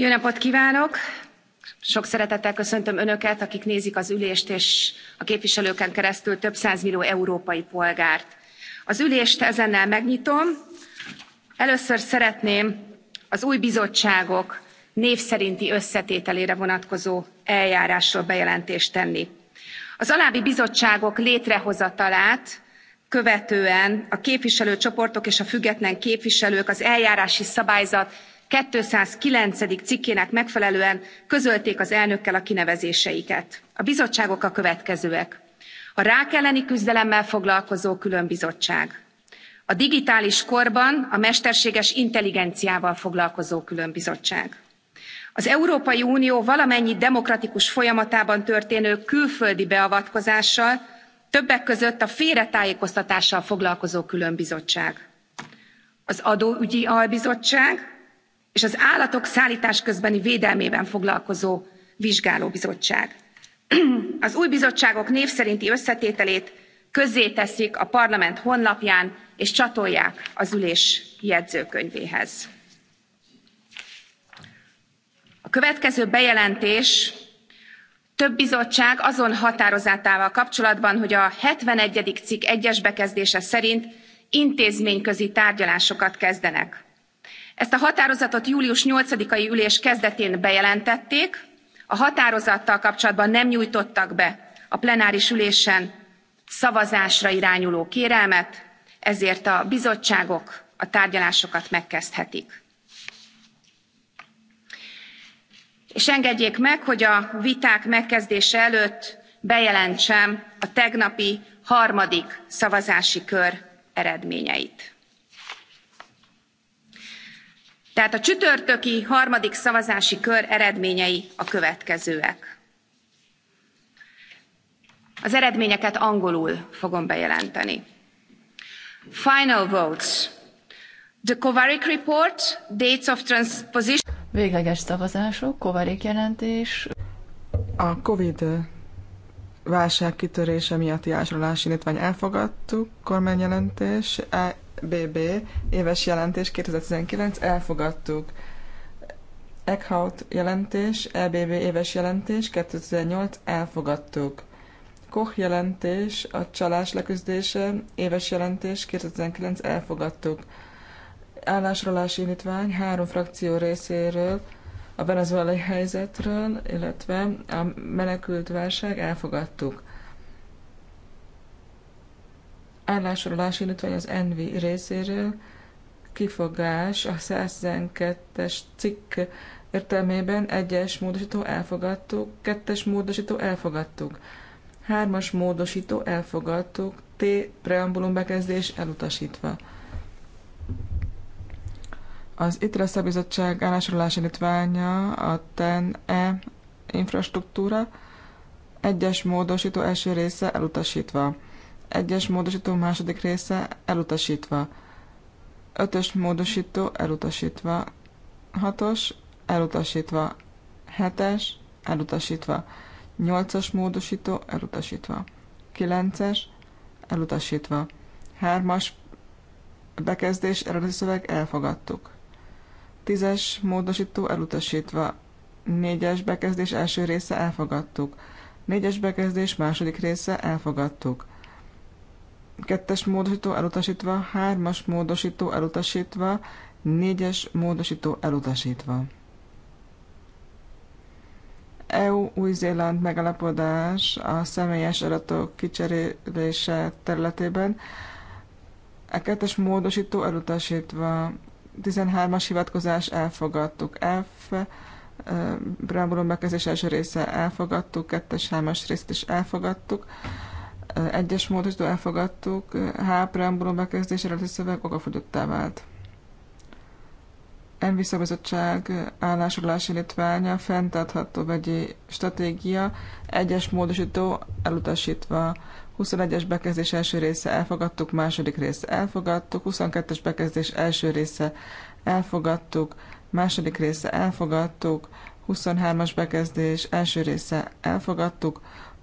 Jó napot kívánok! Sok szeretettel köszöntöm Önöket, akik nézik az ülést, és a képviselőken keresztül több százmillió európai polgárt. Az ülést ezennel megnyitom. Először szeretném az új bizottságok név szerinti összetételére vonatkozó eljárásról bejelentést tenni. Az alábbi bizottságok létrehozatalát követően a képviselőcsoportok és a független képviselők az eljárási szabályzat two hundred and nine cikkének megfelelően közölték az elnökkel a kinevezéseiket. a bizottságok a következőek a rák elleni küzdelemmel foglalkozó külön bizottság a digitális korban a mesterséges intelligenciával foglalkozó külön bizottság az európai unió valamennyi demokratikus folyamatában történő külföldi beavatkozással többek között a félretájékoztatással foglalkozó külön bizottság az adóügyi albizottság és az állatok szálltás közbeni védelmével foglalkozó vizsgálóbizottság. az új bizottságok név szerinti összetételét közzéteszik a parlament honlapján és csatolják az ülés jegyzőkönyvéhez. a következő bejelentés több bizottság azon határozatával kapcsolatban hogy a seventy one cikk egyes bekezdése szerint intézményközi tárgyalásokat kezdenek ezt a határozatot július eight i ülés kezdetén bejelentették a határozattal kapcsolatban nem nyújtottak be a plenáris ülésen szavazásra irányuló kérelmet ezért a bizottságok a tárgyalásokat megkezdhetik. és engedjék meg hogy a viták megkezdése előtt bejelentsem a tegnapi harmadik szavazási kör eredményeit tehát a csütörtöki harmadik szavazási kör eredményei a következőek az eredményeket angolul fogom bejelenteni. final votes the kovarik report dates of transposition Végleges szavazások, Kovarik jelentés. A COVID válság kitörése miatti ásrolási indítvány elfogadtuk, kormányjelentés, e BB éves jelentés 2019 elfogadtuk. Eckhout jelentés, EBB éves jelentés 2008 elfogadtuk. Koch jelentés, a csalás leküzdése, éves jelentés 2009 elfogadtuk. Állásrólás indítvány három frakció részéről, a venezuelai helyzetről, illetve a menekült válság elfogadtuk állásolási illetve az NV részéről kifogás a 112-es cikk értelmében egyes módosító elfogadtuk, kettes módosító elfogadtuk, hármas módosító elfogadtuk, T preambulum bekezdés elutasítva. Az ITRA Szabizottság állásolás indítványa a TEN-E infrastruktúra, egyes módosító első része elutasítva egyes módosító második része elutasítva. Ötös módosító elutasítva. Hatos elutasítva. Hetes elutasítva. Nyolcas módosító elutasítva. Kilences elutasítva. Hármas bekezdés eredeti szöveg elfogadtuk. Tízes módosító elutasítva. Négyes bekezdés első része elfogadtuk. Négyes bekezdés második része elfogadtuk kettes módosító elutasítva, hármas módosító elutasítva, négyes módosító elutasítva. EU-Új-Zéland megalapodás a személyes adatok kicserélése területében. A e kettes módosító elutasítva 13-as hivatkozás elfogadtuk. F preambulum bekezdés első része elfogadtuk, kettes, hármas részt is elfogadtuk egyes módosító elfogadtuk, H. preambulum bekezdés eredeti szöveg okafogyottá vált. Envi Szabadság állásolási litványa, fenntartható vegyi stratégia, egyes módosító elutasítva. 21-es bekezdés első része elfogadtuk, második része elfogadtuk, 22-es bekezdés első része elfogadtuk, második része elfogadtuk, 23-as bekezdés első része elfogadtuk,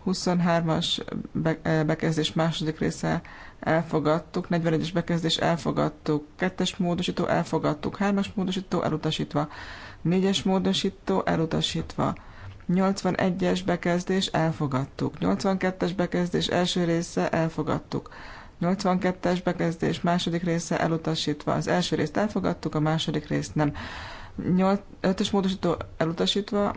23-as eh, bekezdés második része elfogadtuk, 41-es bekezdés elfogadtuk, 2-es módosító elfogadtuk, 3-as módosító elutasítva, 4-es módosító elutasítva, 81-es bekezdés elfogadtuk, 82-es bekezdés első része elfogadtuk, 82-es bekezdés második része elutasítva, az első részt elfogadtuk, a második részt nem. 5-ös módosító elutasítva,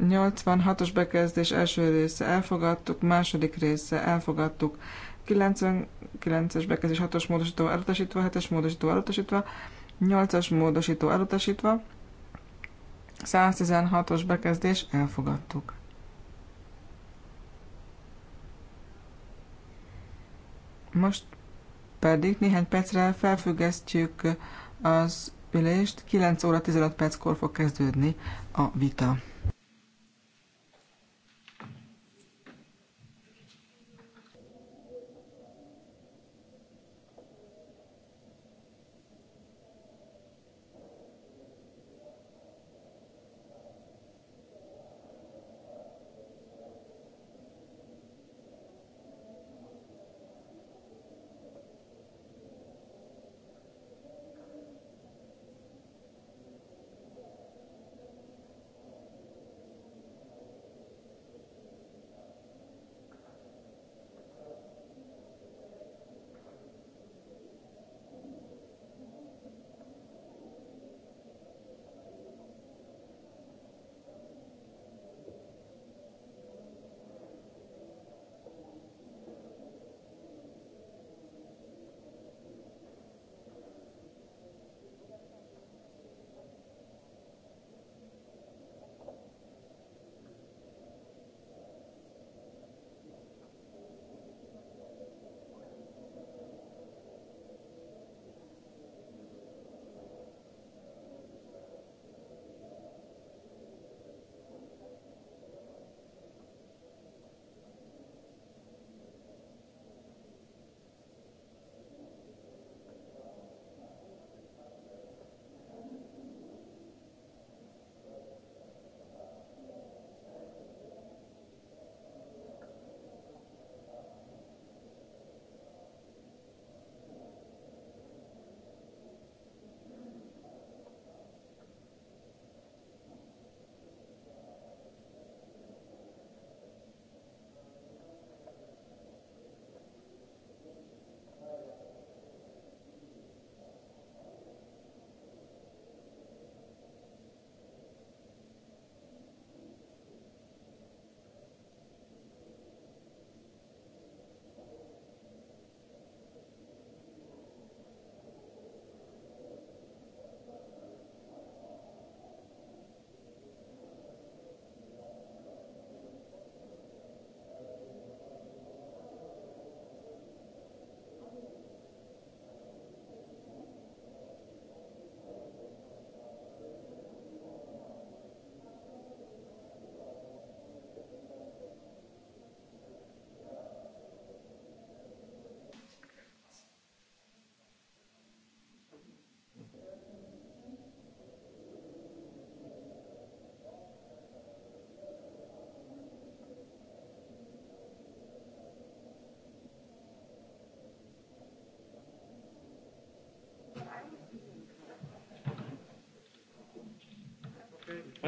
86-os bekezdés első része elfogadtuk, második része elfogadtuk, 99-es bekezdés 6-os módosító elutasítva, 7-es módosító elutasítva, 8-as módosító elutasítva, 116-os bekezdés elfogadtuk. Most pedig néhány percre felfüggesztjük az ülést, 9 óra 15 perckor fog kezdődni a vita.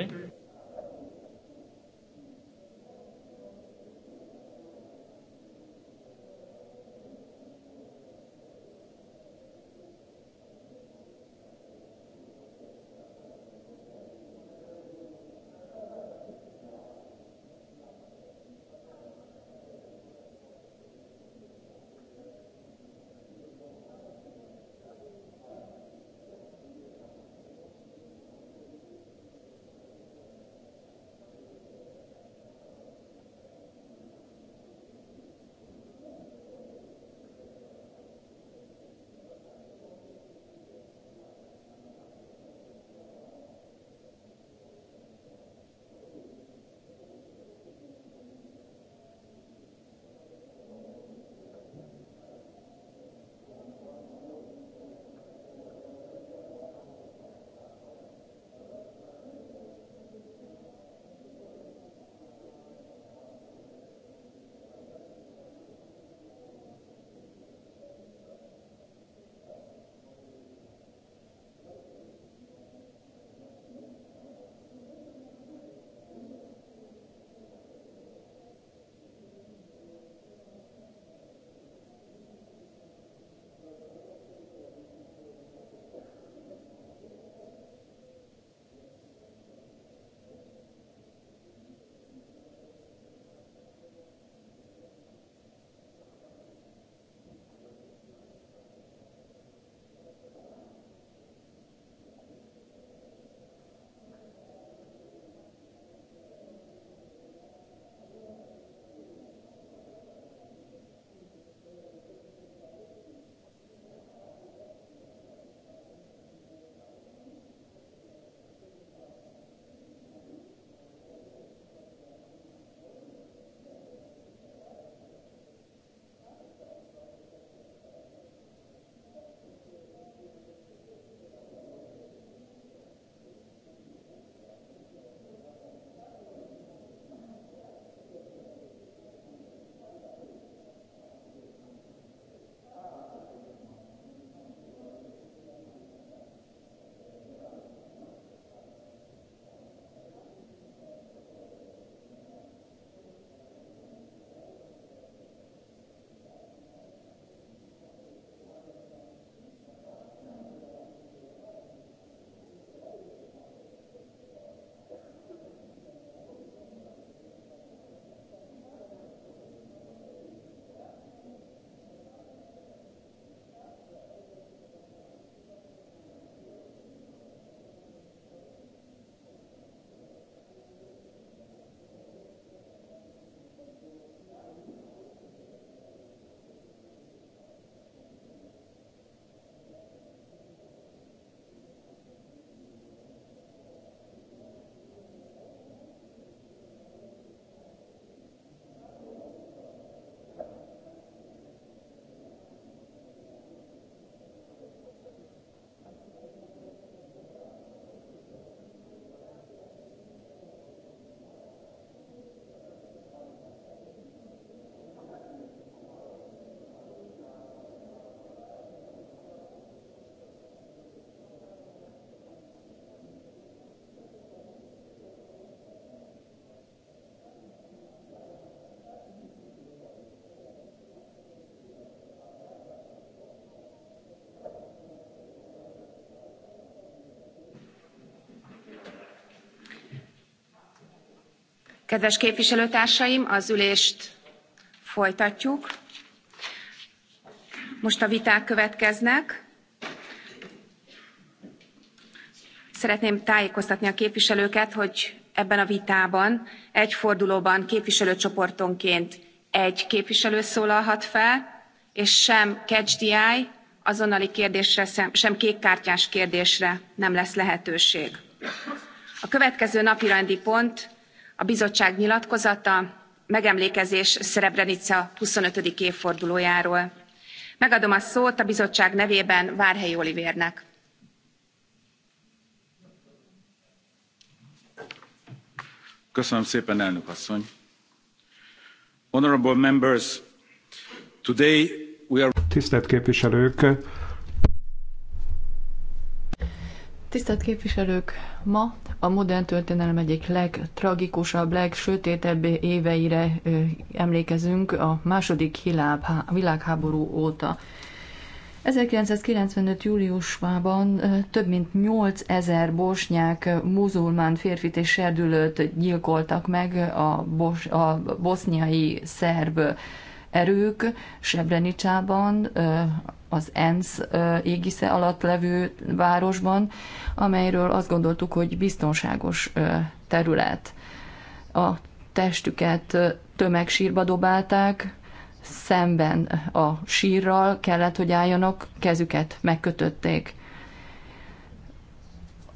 Hey? Kedves képviselőtársaim, az ülést folytatjuk. Most a viták következnek. Szeretném tájékoztatni a képviselőket, hogy ebben a vitában egy fordulóban képviselőcsoportonként egy képviselő szólalhat fel, és sem catch the eye, azonnali kérdésre, sem kékkártyás kérdésre nem lesz lehetőség. A következő napirendi pont a bizottság nyilatkozata megemlékezés szrebrenica twenty five évfordulójáról. megadom a szót a bizottság nevében várhelyi olivérnek. Köszönöm szépen, elnök asszony! Honourable members, today we are... Tisztelt képviselők! Tisztelt képviselők, ma a modern történelem egyik legtragikusabb, legsötétebb éveire emlékezünk a második világháború óta. 1995. júliusában több mint 8000 bosnyák muzulmán férfit és serdülőt gyilkoltak meg a, bos- a boszniai szerb erők sebrenicsában az ENSZ égisze alatt levő városban, amelyről azt gondoltuk, hogy biztonságos terület. A testüket tömegsírba dobálták, szemben a sírral kellett, hogy álljanak, kezüket megkötötték.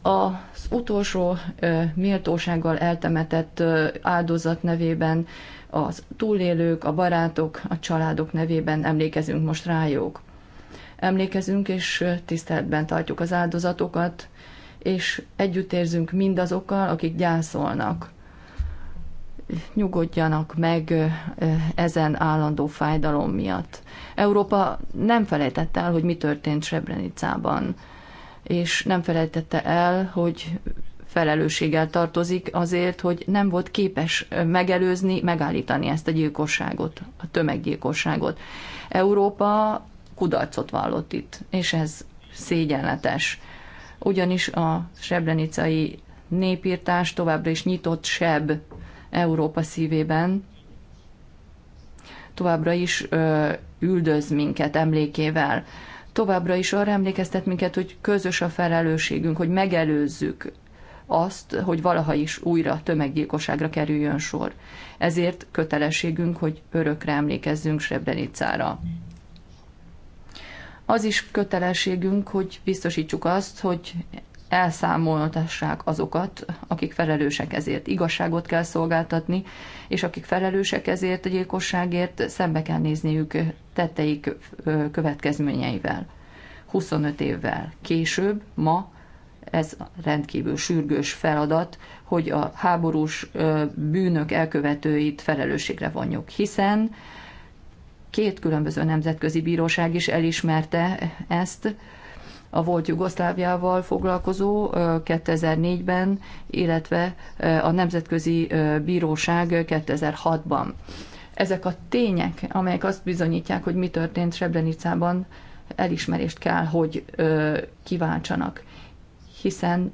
Az utolsó méltósággal eltemetett áldozat nevében a túlélők, a barátok, a családok nevében emlékezünk most rájuk. Emlékezünk és tiszteletben tartjuk az áldozatokat, és együttérzünk mindazokkal, akik gyászolnak. Nyugodjanak meg ezen állandó fájdalom miatt. Európa nem felejtette el, hogy mi történt Srebrenicában, és nem felejtette el, hogy felelősséggel tartozik azért, hogy nem volt képes megelőzni, megállítani ezt a gyilkosságot, a tömeggyilkosságot. Európa kudarcot vallott itt, és ez szégyenletes. Ugyanis a srebrenicai népírtás továbbra is nyitott seb Európa szívében, továbbra is ö, üldöz minket emlékével. Továbbra is arra emlékeztet minket, hogy közös a felelősségünk, hogy megelőzzük azt, hogy valaha is újra tömeggyilkosságra kerüljön sor. Ezért kötelességünk, hogy örökre emlékezzünk Srebrenicára. Az is kötelességünk, hogy biztosítsuk azt, hogy elszámoltassák azokat, akik felelősek ezért. Igazságot kell szolgáltatni, és akik felelősek ezért a gyilkosságért, szembe kell nézniük tetteik következményeivel. 25 évvel később, ma ez rendkívül sürgős feladat, hogy a háborús bűnök elkövetőit felelősségre vonjuk, hiszen két különböző nemzetközi bíróság is elismerte ezt, a volt Jugoszláviával foglalkozó 2004-ben, illetve a Nemzetközi Bíróság 2006-ban. Ezek a tények, amelyek azt bizonyítják, hogy mi történt Srebrenicában, elismerést kell, hogy kiváltsanak hiszen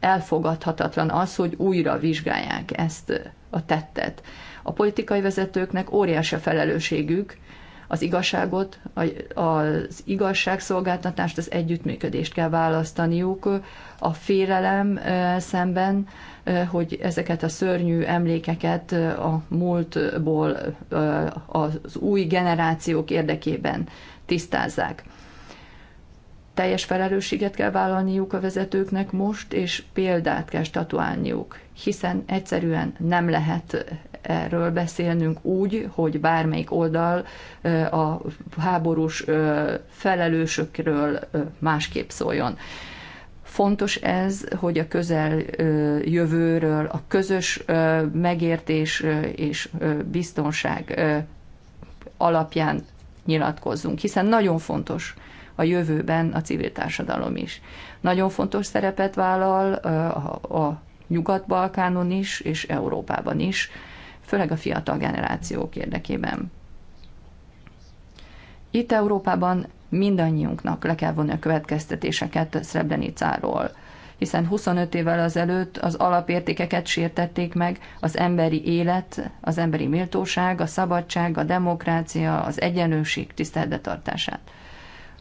elfogadhatatlan az, hogy újra vizsgálják ezt a tettet. A politikai vezetőknek óriási a felelősségük, az igazságot, az igazságszolgáltatást, az együttműködést kell választaniuk a félelem szemben, hogy ezeket a szörnyű emlékeket a múltból az új generációk érdekében tisztázzák teljes felelősséget kell vállalniuk a vezetőknek most, és példát kell statuálniuk, hiszen egyszerűen nem lehet erről beszélnünk úgy, hogy bármelyik oldal a háborús felelősökről másképp szóljon. Fontos ez, hogy a közel jövőről a közös megértés és biztonság alapján nyilatkozzunk, hiszen nagyon fontos a jövőben a civil társadalom is. Nagyon fontos szerepet vállal a Nyugat-Balkánon is, és Európában is, főleg a fiatal generációk érdekében. Itt Európában mindannyiunknak le kell vonni a következtetéseket Srebrenicáról, hiszen 25 évvel azelőtt az alapértékeket sértették meg, az emberi élet, az emberi méltóság, a szabadság, a demokrácia, az egyenlőség tiszteletbe tartását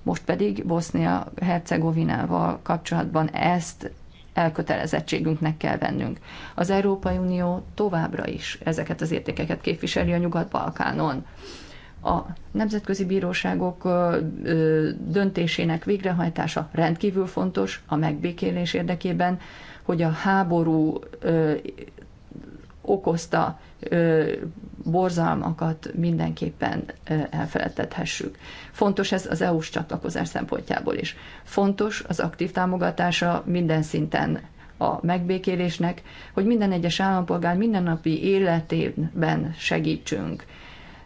most pedig Bosznia-Hercegovinával kapcsolatban ezt elkötelezettségünknek kell vennünk. Az Európai Unió továbbra is ezeket az értékeket képviseli a Nyugat-Balkánon. A nemzetközi bíróságok döntésének végrehajtása rendkívül fontos a megbékélés érdekében, hogy a háború okozta borzalmakat mindenképpen elfeledtethessük. Fontos ez az EU-s csatlakozás szempontjából is. Fontos az aktív támogatása minden szinten a megbékélésnek, hogy minden egyes állampolgár mindennapi életében segítsünk.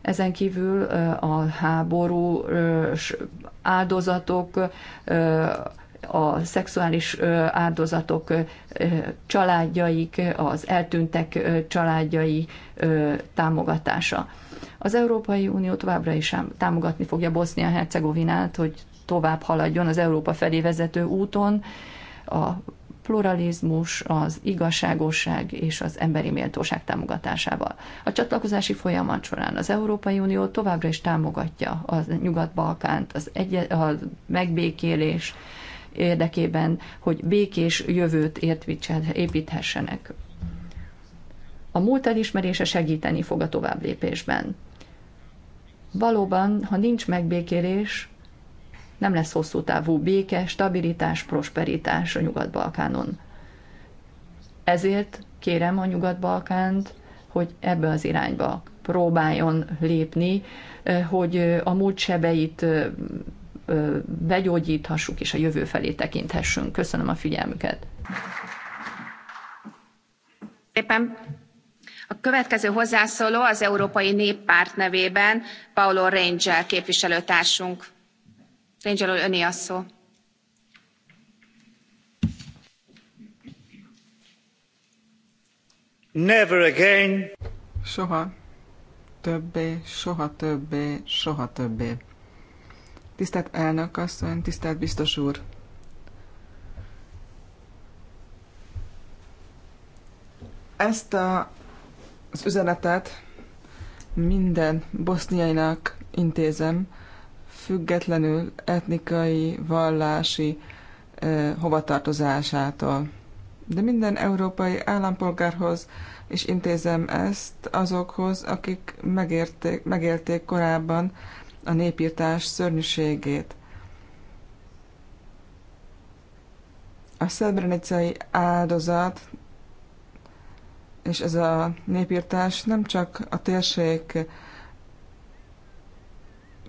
Ezen kívül a háború áldozatok, a szexuális áldozatok családjaik, az eltűntek családjai támogatása. Az Európai Unió továbbra is támogatni fogja Bosznia-Hercegovinát, hogy tovább haladjon az Európa felé vezető úton, a pluralizmus, az igazságosság és az emberi méltóság támogatásával. A csatlakozási folyamat során az Európai Unió továbbra is támogatja a Nyugat-Balkánt, az, egy, a megbékélés, érdekében, hogy békés jövőt építhessenek. A múlt elismerése segíteni fog a tovább lépésben. Valóban, ha nincs megbékélés, nem lesz hosszú távú béke, stabilitás, prosperitás a Nyugat-Balkánon. Ezért kérem a Nyugat-Balkánt, hogy ebbe az irányba próbáljon lépni, eh, hogy eh, a múlt sebeit eh, begyógyíthassuk és a jövő felé tekinthessünk. Köszönöm a figyelmüket. Éppen a következő hozzászóló az Európai Néppárt nevében Paolo Rangel képviselőtársunk. Rangel úr, öné a szó. Never again. Soha többé, soha többé, soha többé. Tisztelt elnök asszony, tisztelt biztos úr! Ezt a, az üzenetet minden boszniainak intézem, függetlenül etnikai, vallási eh, hovatartozásától. De minden európai állampolgárhoz is intézem ezt azokhoz, akik megérték, megélték korábban a népírtás szörnyűségét. A szebrenicai áldozat és ez a népírtás nem csak a térség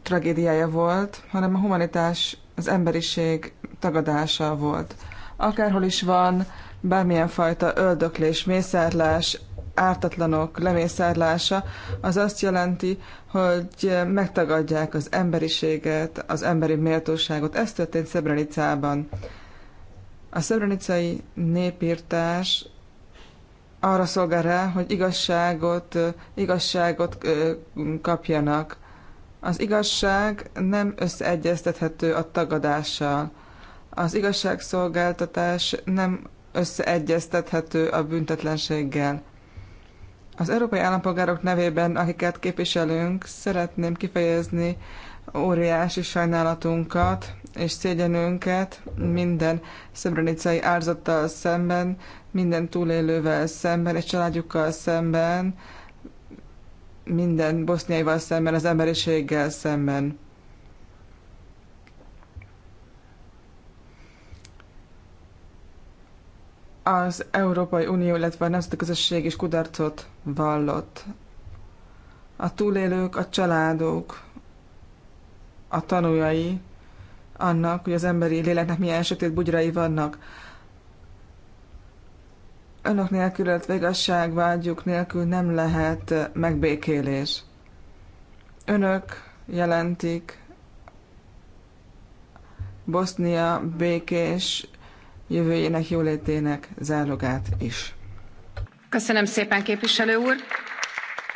tragédiája volt, hanem a humanitás, az emberiség tagadása volt. Akárhol is van bármilyen fajta öldöklés, mészárlás, ártatlanok lemészárlása, az azt jelenti, hogy megtagadják az emberiséget, az emberi méltóságot. Ez történt Szebrenicában. A szebrenicai népírtás arra szolgál rá, hogy igazságot, igazságot kapjanak. Az igazság nem összeegyeztethető a tagadással. Az igazságszolgáltatás nem összeegyeztethető a büntetlenséggel. Az európai állampolgárok nevében, akiket képviselünk, szeretném kifejezni óriási sajnálatunkat és szégyenünket minden szebrenicai árzattal szemben, minden túlélővel szemben és családjukkal szemben, minden boszniaival szemben, az emberiséggel szemben. az Európai Unió, illetve a nemzeti közösség is kudarcot vallott. A túlélők, a családok, a tanújai annak, hogy az emberi léleknek milyen sötét bugyrai vannak. Önök nélkül, illetve igazságvágyuk nélkül nem lehet megbékélés. Önök jelentik Bosznia békés jövőjének jólétének zálogát is. Köszönöm szépen, képviselő úr!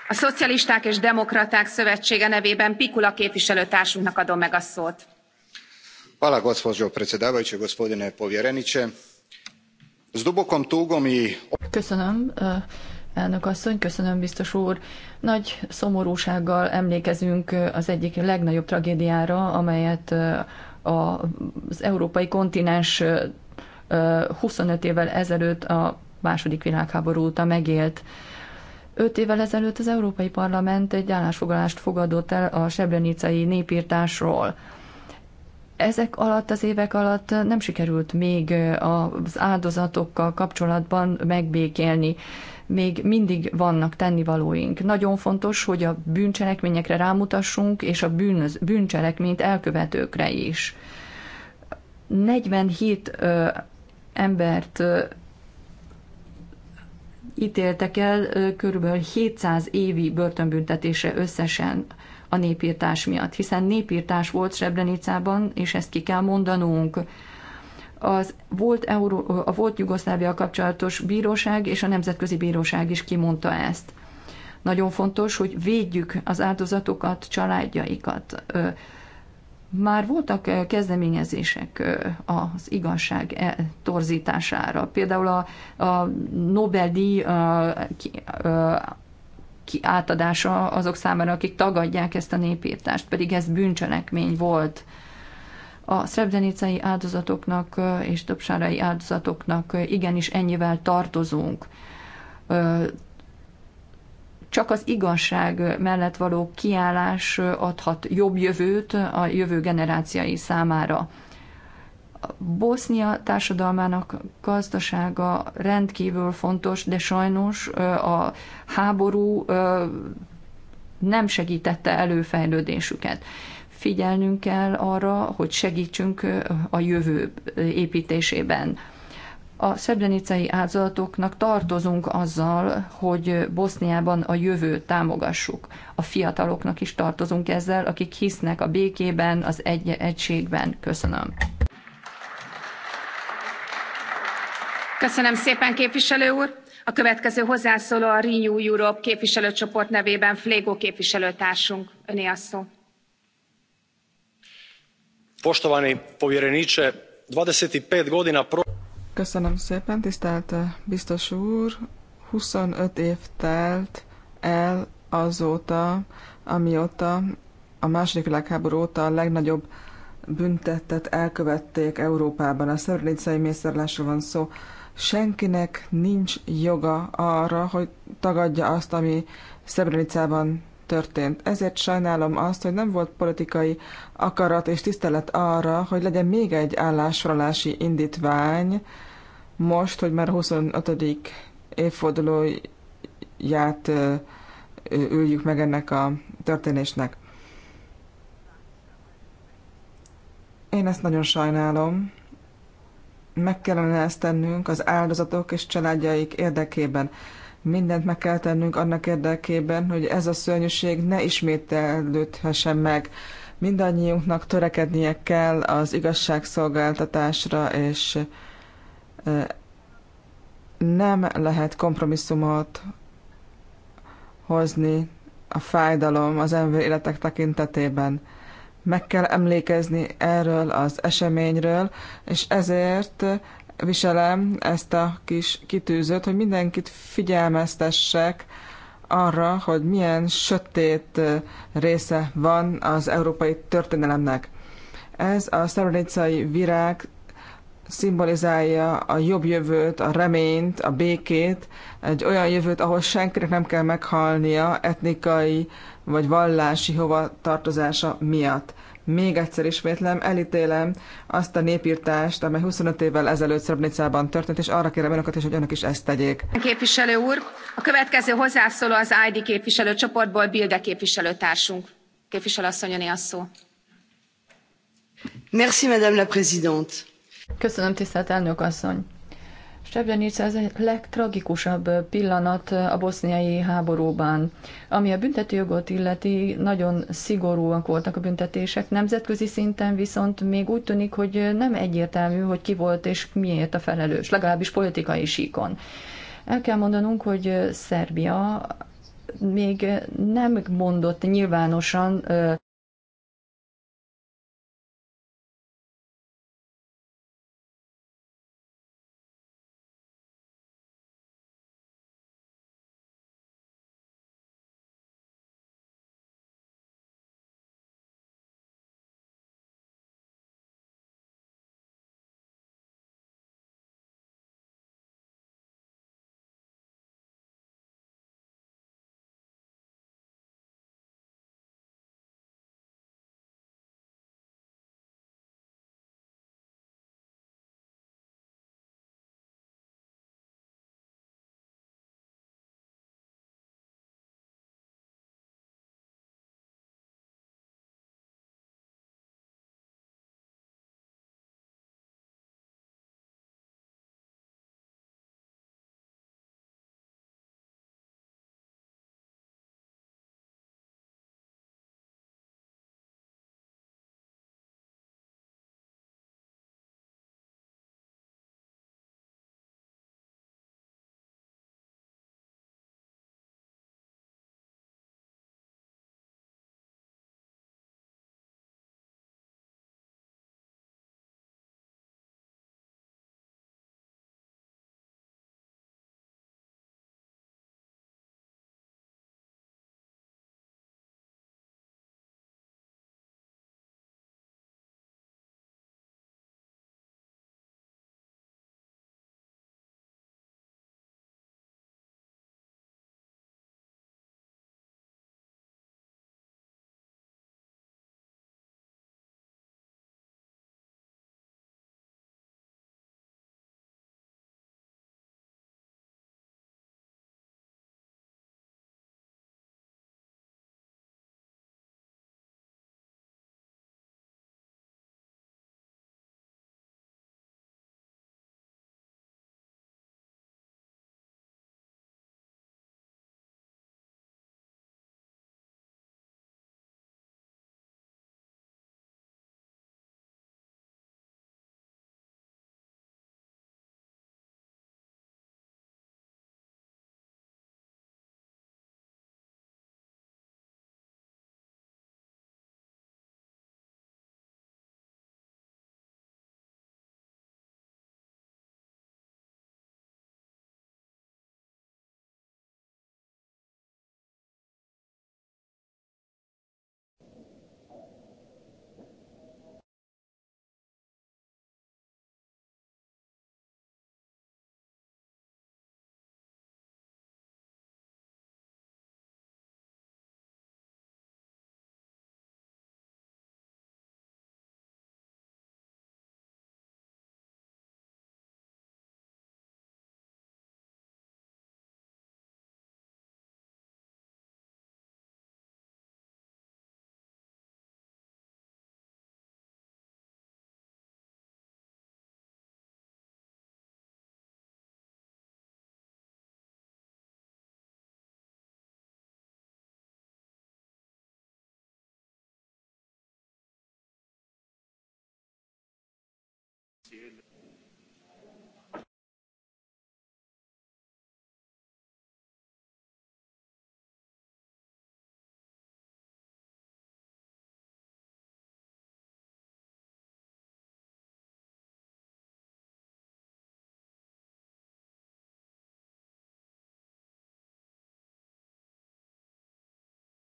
A Szocialisták és Demokraták Szövetsége nevében Pikula képviselőtársunknak adom meg a szót. Hvala, gospođo predsjedavajuća, gospodine povjereniče. S dubokom tugom i... Köszönöm, elnök asszony, köszönöm, biztos úr. Nagy szomorúsággal emlékezünk az egyik legnagyobb tragédiára, amelyet az európai kontinens 25 évvel ezelőtt a második világháború óta megélt. Öt évvel ezelőtt az Európai Parlament egy állásfoglalást fogadott el a sebrenicai népírtásról. Ezek alatt, az évek alatt nem sikerült még az áldozatokkal kapcsolatban megbékélni. Még mindig vannak tennivalóink. Nagyon fontos, hogy a bűncselekményekre rámutassunk, és a bűnöz, bűncselekményt elkövetőkre is. 47 embert ítéltek el körülbelül 700 évi börtönbüntetése összesen a népírtás miatt, hiszen népírtás volt Srebrenicában, és ezt ki kell mondanunk. Az volt Euró- a volt Jugoszlávia kapcsolatos bíróság és a Nemzetközi Bíróság is kimondta ezt. Nagyon fontos, hogy védjük az áldozatokat, családjaikat már voltak eh, kezdeményezések eh, az igazság torzítására. Például a, a Nobel-díj eh, átadása azok számára, akik tagadják ezt a népírtást, pedig ez bűncselekmény volt. A szrebdenicai áldozatoknak és többsárai áldozatoknak igenis ennyivel tartozunk csak az igazság mellett való kiállás adhat jobb jövőt a jövő generáciái számára. Bosznia társadalmának gazdasága rendkívül fontos, de sajnos a háború nem segítette előfejlődésüket. Figyelnünk kell arra, hogy segítsünk a jövő építésében. A srebrenicai áldozatoknak tartozunk azzal, hogy Boszniában a jövőt támogassuk. A fiataloknak is tartozunk ezzel, akik hisznek a békében, az egy- egységben. Köszönöm. Köszönöm szépen, képviselő úr! A következő hozzászóló a Renew Europe képviselőcsoport nevében Flégó képviselőtársunk. Öné a szó. Poštovani povjereniče, 25 godina pro... Köszönöm szépen, tisztelt eh, biztos úr. 25 év telt el azóta, amióta a második világháború óta a legnagyobb büntettet elkövették Európában. A szerlincei mészerlásról van szó. Senkinek nincs joga arra, hogy tagadja azt, ami Szebrenicában történt. Ezért sajnálom azt, hogy nem volt politikai akarat és tisztelet arra, hogy legyen még egy állásfoglalási indítvány, most, hogy már 25. évfordulóját üljük meg ennek a történésnek. Én ezt nagyon sajnálom. Meg kellene ezt tennünk az áldozatok és családjaik érdekében. Mindent meg kell tennünk annak érdekében, hogy ez a szörnyűség ne ismételődhessen meg. Mindannyiunknak törekednie kell az igazságszolgáltatásra, és nem lehet kompromisszumot hozni a fájdalom az ember életek tekintetében. Meg kell emlékezni erről az eseményről, és ezért viselem ezt a kis kitűzőt, hogy mindenkit figyelmeztessek arra, hogy milyen sötét része van az európai történelemnek. Ez a szaroricai virág szimbolizálja a jobb jövőt, a reményt, a békét, egy olyan jövőt, ahol senkinek nem kell meghalnia etnikai vagy vallási hovatartozása miatt. Még egyszer ismétlem, elítélem azt a népírtást, amely 25 évvel ezelőtt Szrebnicában történt, és arra kérem önöket is, hogy önök is ezt tegyék. Képviselő úr, a következő hozzászóló az ID csoportból, Bilde képviselőtársunk. Képviselő asszonyoné a szó. Merci, Madame la Présidente. Köszönöm, tisztelt elnök asszony. Srebrenica ez a legtragikusabb pillanat a boszniai háborúban. Ami a büntetőjogot illeti, nagyon szigorúak voltak a büntetések. Nemzetközi szinten viszont még úgy tűnik, hogy nem egyértelmű, hogy ki volt és miért a felelős, legalábbis politikai síkon. El kell mondanunk, hogy Szerbia még nem mondott nyilvánosan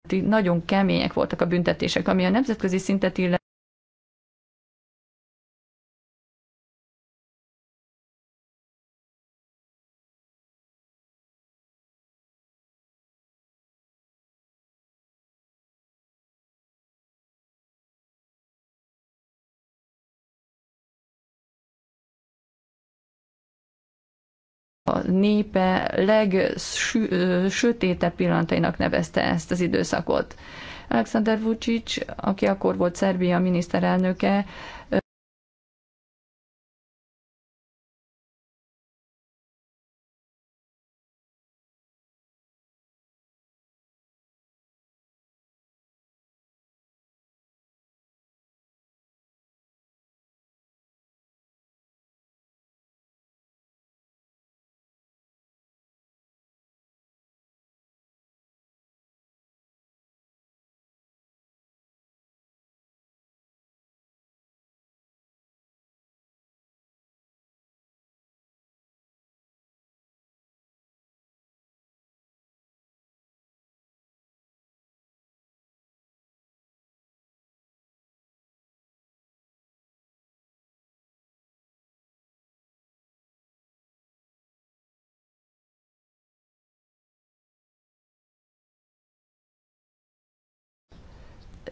ciel nagyon kemények voltak a büntetések, ami a nemzetközi szintet illet. népe legsötétebb pillanatainak nevezte ezt az időszakot. Alexander Vucic, aki akkor volt Szerbia miniszterelnöke,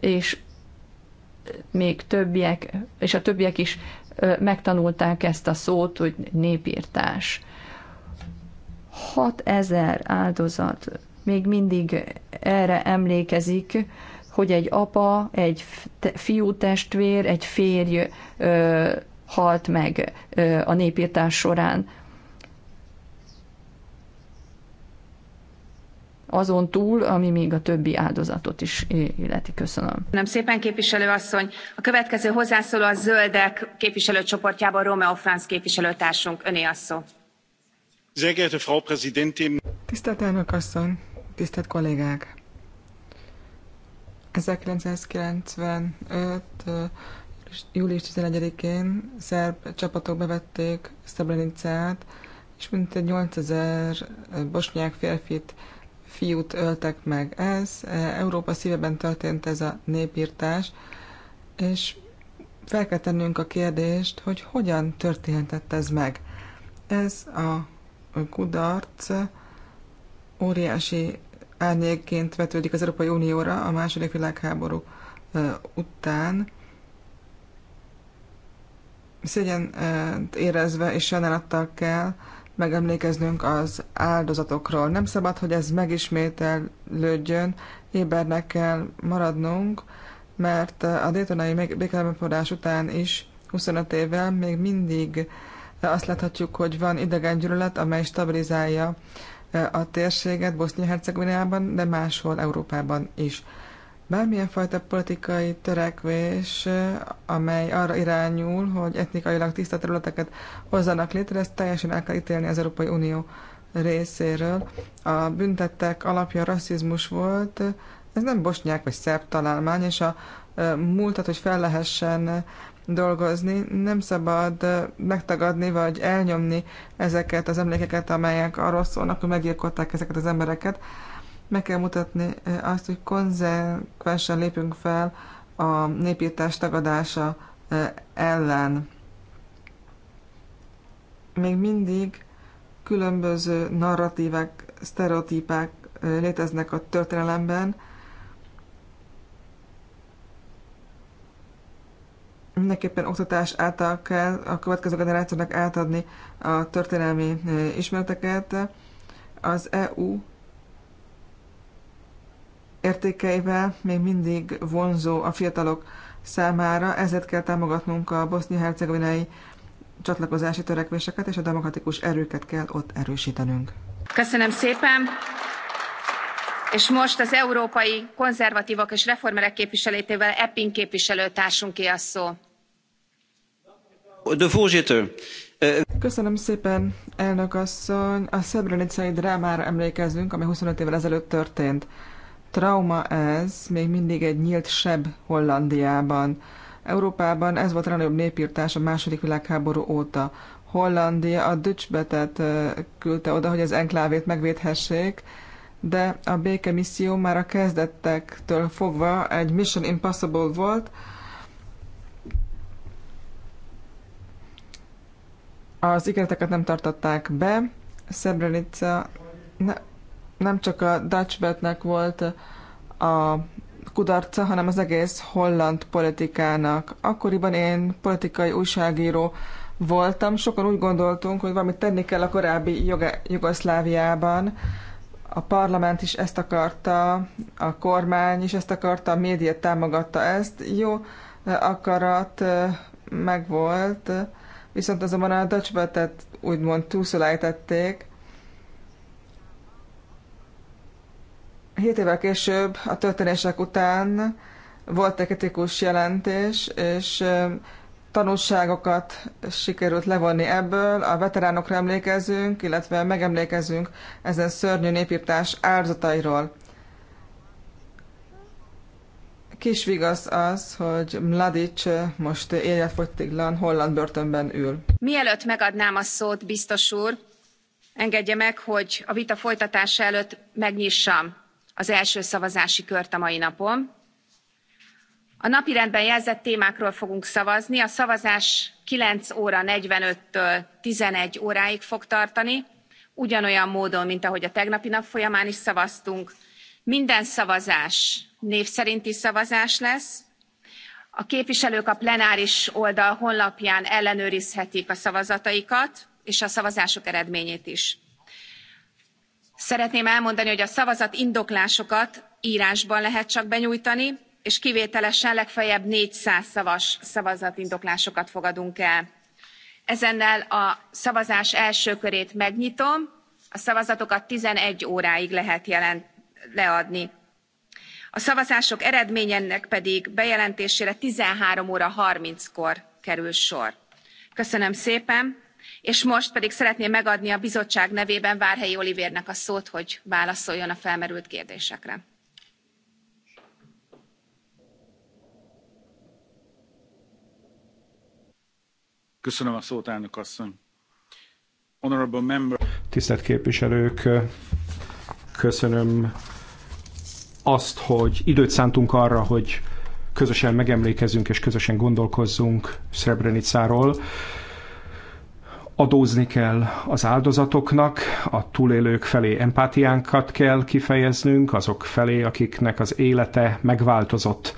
és még többiek, és a többiek is megtanulták ezt a szót, hogy népírtás. 6000 áldozat még mindig erre emlékezik, hogy egy apa, egy fiú testvér, egy férj ö, halt meg ö, a népírtás során. azon túl, ami még a többi áldozatot is illeti. Köszönöm. Nem szépen képviselő asszony. A következő hozzászóló a Zöldek képviselőcsoportjában Romeo Franz képviselőtársunk. Öné a szó. Tisztelt elnök asszony, tisztelt kollégák! 1995. július 11-én szerb csapatok bevették Szebrenicát, és mintegy 8000 bosnyák férfit fiút öltek meg. Ez e, Európa szíveben történt ez a népírtás, és fel kell tennünk a kérdést, hogy hogyan történhetett ez meg. Ez a kudarc óriási árnyékként vetődik az Európai Unióra a második világháború e, után, szégyen e, érezve és sajnálattal kell megemlékeznünk az áldozatokról. Nem szabad, hogy ez megismételődjön, ébernek kell maradnunk, mert a détonai békelemfordás után is 25 évvel még mindig azt láthatjuk, hogy van idegen gyűlölet, amely stabilizálja e, a térséget Bosznia-Hercegovinában, de máshol Európában is. Bármilyen fajta politikai törekvés, eh, amely arra irányul, hogy etnikailag tiszta területeket hozzanak létre, ezt teljesen el kell ítélni az Európai Unió részéről. A büntettek alapja rasszizmus volt, ez nem bosnyák vagy szerb találmány, és a eh, múltat, hogy fel lehessen dolgozni, nem szabad eh, megtagadni vagy elnyomni ezeket az emlékeket, amelyek arról szólnak, hogy meggyilkolták ezeket az embereket. Meg kell mutatni azt, hogy konzekvensen lépünk fel a népírtás tagadása ellen. Még mindig különböző narratívák, sztereotípák léteznek a történelemben. Mindenképpen oktatás által kell a következő generációnak átadni a történelmi ismereteket. Az EU értékeivel még mindig vonzó a fiatalok számára, ezért kell támogatnunk a bosznia-hercegovinai csatlakozási törekvéseket, és a demokratikus erőket kell ott erősítenünk. Köszönöm szépen! És most az európai konzervatívok és reformerek képviselétével Epping képviselőtársunké a szó. De voorzitter, eh, Köszönöm szépen, elnök asszony. A szebrenicai drámára emlékezünk, ami 25 évvel ezelőtt történt trauma ez, még mindig egy nyílt seb Hollandiában. Európában ez volt a legnagyobb népírtás a második világháború óta. Hollandia a Dücsbetet küldte oda, hogy az enklávét megvédhessék, de a béke misszió már a kezdettektől fogva egy Mission Impossible volt. Az ígéreteket nem tartották be. Szebrenica... Ne, nem csak a Dutch volt a kudarca, hanem az egész holland politikának. Akkoriban én politikai újságíró voltam, sokan úgy gondoltunk, hogy valamit tenni kell a korábbi Jugoszláviában. A parlament is ezt akarta, a kormány is ezt akarta, a média támogatta ezt. Jó akarat megvolt, viszont azonban a Dutch úgymond túlszolájtették, Hét évvel később, a történések után volt egy kritikus jelentés, és tanulságokat sikerült levonni ebből, a veteránokra emlékezünk, illetve megemlékezünk ezen szörnyű népírtás áldozatairól. Kis vigasz az, hogy Mladic most életfogytiglan holland börtönben ül. Mielőtt megadnám a szót, biztos úr, engedje meg, hogy a vita folytatása előtt megnyissam az első szavazási kört a mai napon. a napirendben jelzett témákról fogunk szavazni a szavazás nine óra forty five től eleven óráig fog tartani ugyanolyan módon mint ahogy a tegnapi nap folyamán is szavaztunk. minden szavazás név szerinti szavazás lesz a képviselők a plenáris oldal honlapján ellenőrizhetik a szavazataikat és a szavazások eredményét is szeretném elmondani hogy a szavazatindoklásokat rásban lehet csak benyújtani és kivételesen legfeljebb four hundred szavas szavazatindoklásokat fogadunk el. ezennel a szavazás első körét megnyitom a szavazatokat eleven óráig lehet leadni. a szavazások eredményének pedig bejelentésére thirteen óra thirty kor kerül sor. köszönöm szépen! és most pedig szeretném megadni a bizottság nevében várhelyi olivérnek a szót hogy válaszoljon a felmerült kérdésekre. Köszönöm a szót, elnök asszony. Honorable member. Tisztelt képviselők, köszönöm azt, hogy időt szántunk arra, hogy közösen megemlékezünk és közösen gondolkozzunk Srebrenicáról adózni kell az áldozatoknak, a túlélők felé empátiánkat kell kifejeznünk, azok felé, akiknek az élete megváltozott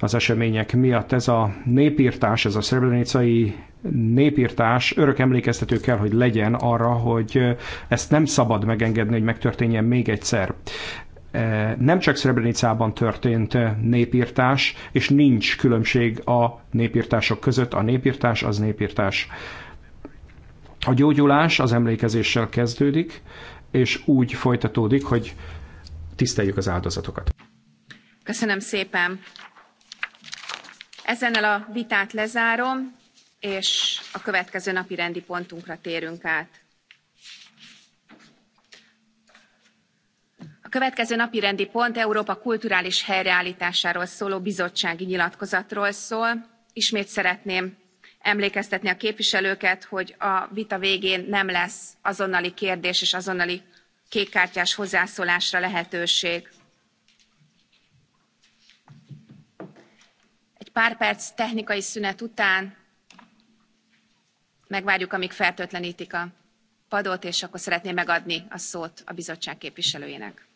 az események miatt. Ez a népírtás, ez a szrebrenicai népírtás örök emlékeztető kell, hogy legyen arra, hogy ezt nem szabad megengedni, hogy megtörténjen még egyszer e, nem csak Srebrenicában történt népírtás, és nincs különbség a népírtások között. A népírtás az népírtás. A gyógyulás az emlékezéssel kezdődik, és úgy folytatódik, hogy tiszteljük az áldozatokat. Köszönöm szépen. Ezennel a vitát lezárom, és a következő napi rendi pontunkra térünk át. A következő napi rendi pont Európa kulturális helyreállításáról szóló bizottsági nyilatkozatról szól. Ismét szeretném emlékeztetni a képviselőket hogy a vita végén nem lesz azonnali kérdés és azonnali kékkártyás hozzászólásra lehetőség. egy pár perc technikai szünet után megvárjuk amg fertőtlentik a padot és akkor szeretném megadni a szót a bizottság képviselőjének.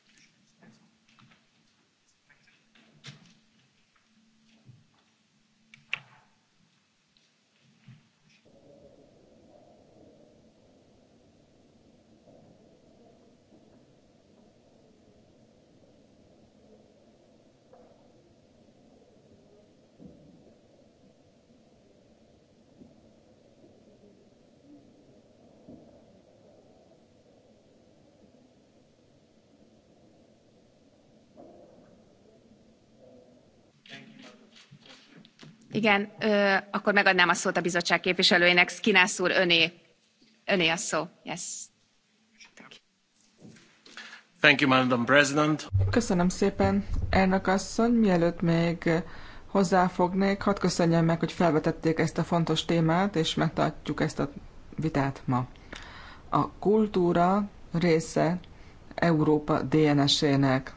Igen, ö, akkor megadnám a szót a bizottság képviselőjének. Skinász úr, öné, öné a szó. Yes. Thank you, Madam President. Köszönöm szépen, elnök asszony. Mielőtt még hozzáfognék, hadd köszönjem meg, hogy felvetették ezt a fontos témát, és megtartjuk ezt a vitát ma. A kultúra része Európa DNS-ének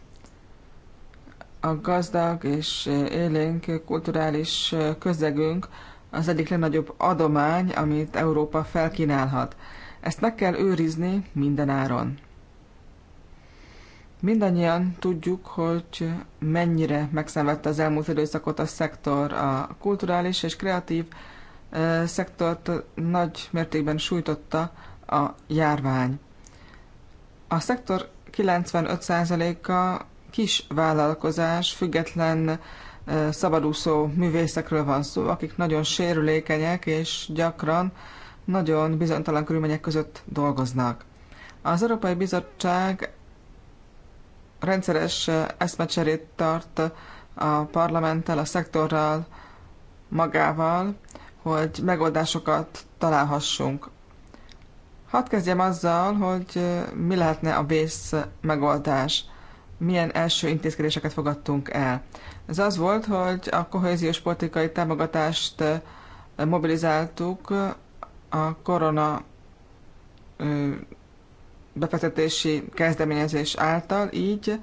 a gazdag és élénk kulturális közegünk az egyik legnagyobb adomány, amit Európa felkínálhat. Ezt meg kell őrizni minden áron. Mindannyian tudjuk, hogy mennyire megszenvedte az elmúlt időszakot a szektor, a kulturális és kreatív szektort nagy mértékben sújtotta a járvány. A szektor 95%-a kis vállalkozás, független szabadúszó művészekről van szó, akik nagyon sérülékenyek és gyakran nagyon bizonytalan körülmények között dolgoznak. Az Európai Bizottság rendszeres eszmecserét tart a parlamenttel, a szektorral, magával, hogy megoldásokat találhassunk. Hadd kezdjem azzal, hogy mi lehetne a vész megoldás milyen első intézkedéseket fogadtunk el. Ez az volt, hogy a kohéziós politikai támogatást mobilizáltuk a korona befektetési kezdeményezés által, így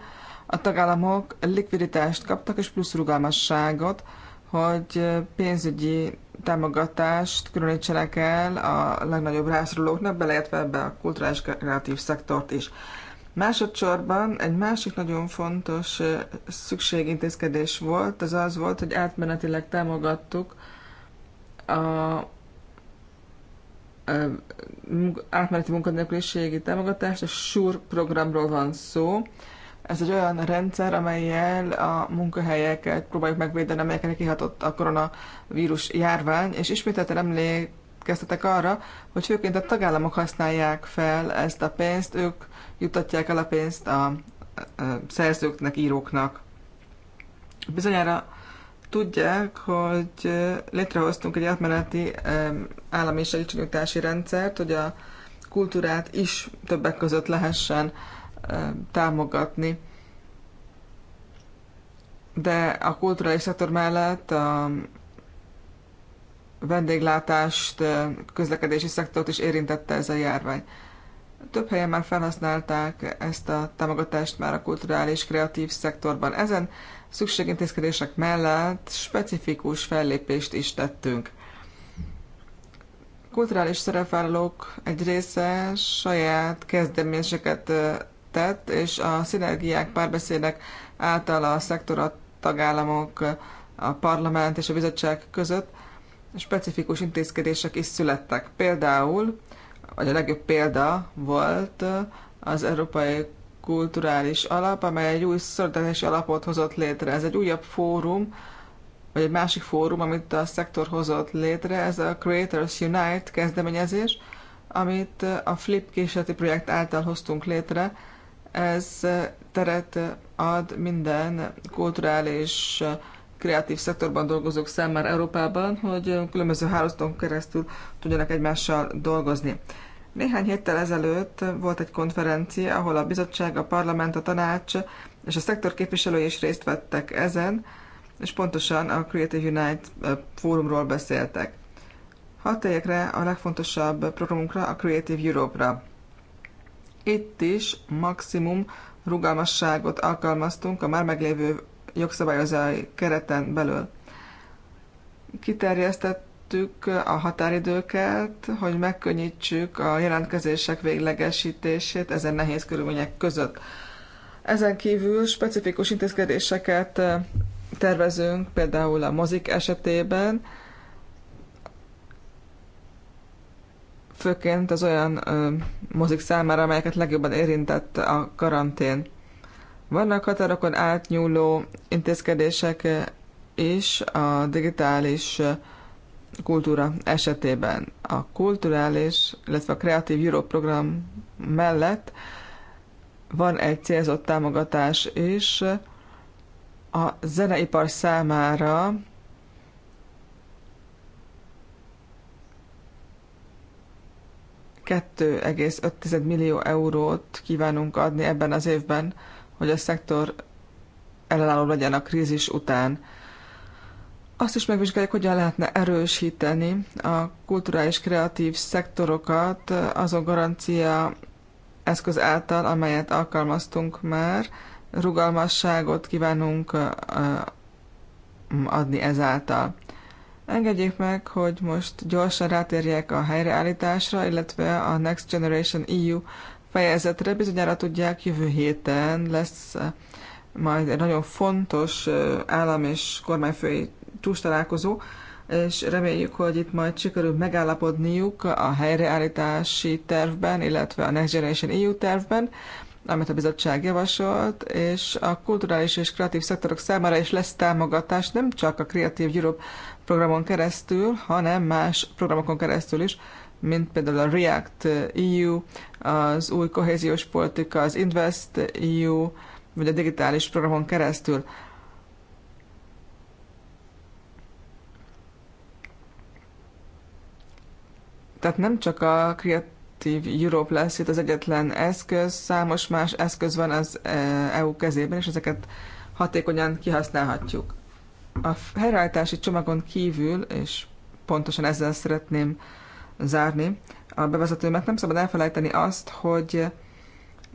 a tagállamok likviditást kaptak és plusz rugalmasságot, hogy pénzügyi támogatást különítsenek el a legnagyobb rászorulóknak, beleértve ebbe a kulturális kreatív szektort is. Másodszorban egy másik nagyon fontos szükségintézkedés volt, az az volt, hogy átmenetileg támogattuk a átmeneti munkanélküliségi támogatást, a SURE programról van szó. Ez egy olyan rendszer, amelyel a munkahelyeket próbáljuk megvédeni, amelyekre kihatott a koronavírus járvány, és ismételten emlékeztetek arra, hogy főként a tagállamok használják fel ezt a pénzt, ők jutatják el a pénzt a szerzőknek, íróknak. Bizonyára tudják, hogy létrehoztunk egy átmeneti állami segítségnyújtási rendszert, hogy a kultúrát is többek között lehessen támogatni. De a kulturális szektor mellett a vendéglátást, közlekedési szektort is érintette ez a járvány. Több helyen már felhasználták ezt a támogatást már a kulturális, kreatív szektorban. Ezen szükségintézkedések mellett specifikus fellépést is tettünk. Kulturális szerepvállalók egy része saját kezdeményezéseket tett, és a szinergiák, párbeszédek által a szektor, a tagállamok, a parlament és a bizottság között specifikus intézkedések is születtek. Például vagy a legjobb példa volt az Európai Kulturális Alap, amely egy új szolidaritási alapot hozott létre. Ez egy újabb fórum, vagy egy másik fórum, amit a szektor hozott létre, ez a Creators Unite kezdeményezés, amit a Flip kísérleti projekt által hoztunk létre. Ez teret ad minden kulturális kreatív szektorban dolgozók számára Európában, hogy különböző hálózaton keresztül tudjanak egymással dolgozni. Néhány héttel ezelőtt volt egy konferencia, ahol a bizottság, a parlament, a tanács és a szektor képviselői is részt vettek ezen, és pontosan a Creative Unite fórumról beszéltek. Hadd a legfontosabb programunkra, a Creative Europe-ra. Itt is maximum rugalmasságot alkalmaztunk a már meglévő jogszabályozói kereten belül. Kiterjesztett csökkentettük a határidőket, hogy megkönnyítsük a jelentkezések véglegesítését ezen nehéz körülmények között. Ezen kívül specifikus intézkedéseket tervezünk, például a mozik esetében, főként az olyan ö, mozik számára, amelyeket legjobban érintett a karantén. Vannak határokon átnyúló intézkedések is a digitális kultúra esetében. A kulturális, illetve a Creative Europe program mellett van egy célzott támogatás is a zeneipar számára, ,5 millió eurót kívánunk adni ebben az évben, hogy a szektor ellenálló legyen a krízis után. Azt is megvizsgáljuk, hogyan lehetne erősíteni a kulturális kreatív szektorokat azon garancia eszköz által, amelyet alkalmaztunk már. Rugalmasságot kívánunk adni ezáltal. Engedjék meg, hogy most gyorsan rátérjek a helyreállításra, illetve a Next Generation EU fejezetre. Bizonyára tudják, jövő héten lesz majd egy nagyon fontos állam és kormányfői csúcs találkozó, és reméljük, hogy itt majd sikerül megállapodniuk a helyreállítási tervben, illetve a Next Generation EU tervben, amit a bizottság javasolt, és a kulturális és kreatív szektorok számára is lesz támogatás, nem csak a Creative Europe programon keresztül, hanem más programokon keresztül is, mint például a React EU, az új kohéziós politika, az Invest EU, vagy a digitális programon keresztül. Tehát nem csak a Creative Europe lesz itt az egyetlen eszköz, számos más eszköz van az e, EU kezében, és ezeket hatékonyan kihasználhatjuk. A helyreállítási csomagon kívül, és pontosan ezzel szeretném zárni a bevezetőmet, nem szabad elfelejteni azt, hogy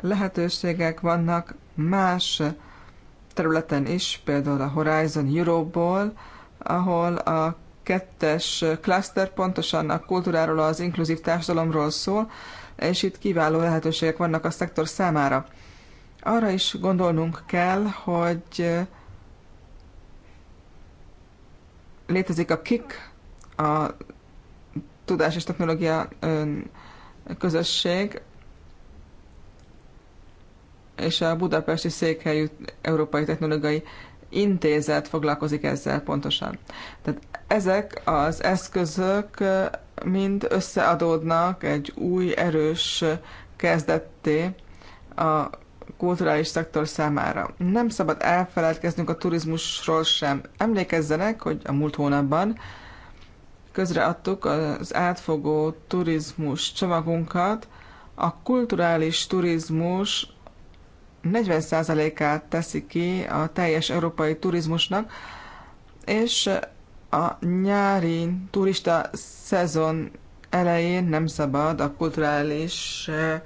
lehetőségek vannak más területen is, például a Horizon Europe-ból, ahol a 2-es cluster pontosan a kultúráról, az inkluzív társadalomról szól, és itt kiváló lehetőségek vannak a szektor számára. Arra is gondolnunk kell, hogy létezik a KIK, a Tudás és Technológia Közösség, és a Budapesti Székhelyű Európai Technológiai intézet foglalkozik ezzel pontosan. Tehát ezek az eszközök mind összeadódnak egy új, erős kezdetté a kulturális szektor számára. Nem szabad elfeledkeznünk a turizmusról sem. Emlékezzenek, hogy a múlt hónapban közreadtuk az átfogó turizmus csomagunkat. A kulturális turizmus 40%-át teszi ki a teljes európai turizmusnak, és a nyári turista szezon elején nem szabad a kulturális eh,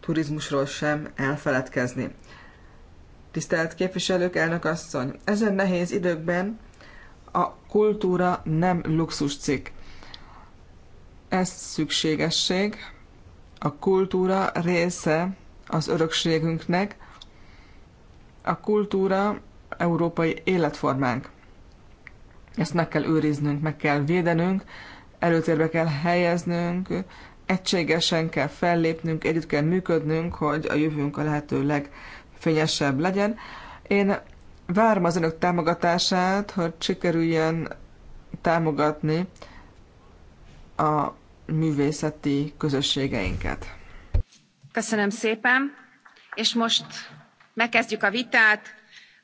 turizmusról sem elfeledkezni. Tisztelt képviselők, elnök asszony, ezen nehéz időkben a kultúra nem luxuscikk. Ez szükségesség. A kultúra része az örökségünknek, a kultúra európai életformánk. Ezt meg kell őriznünk, meg kell védenünk, előtérbe kell helyeznünk, egységesen kell fellépnünk, együtt kell működnünk, hogy a jövőnk a lehető legfényesebb legyen. Én várom az önök támogatását, hogy sikerüljön támogatni a művészeti közösségeinket. Köszönöm szépen, és most megkezdjük a vitát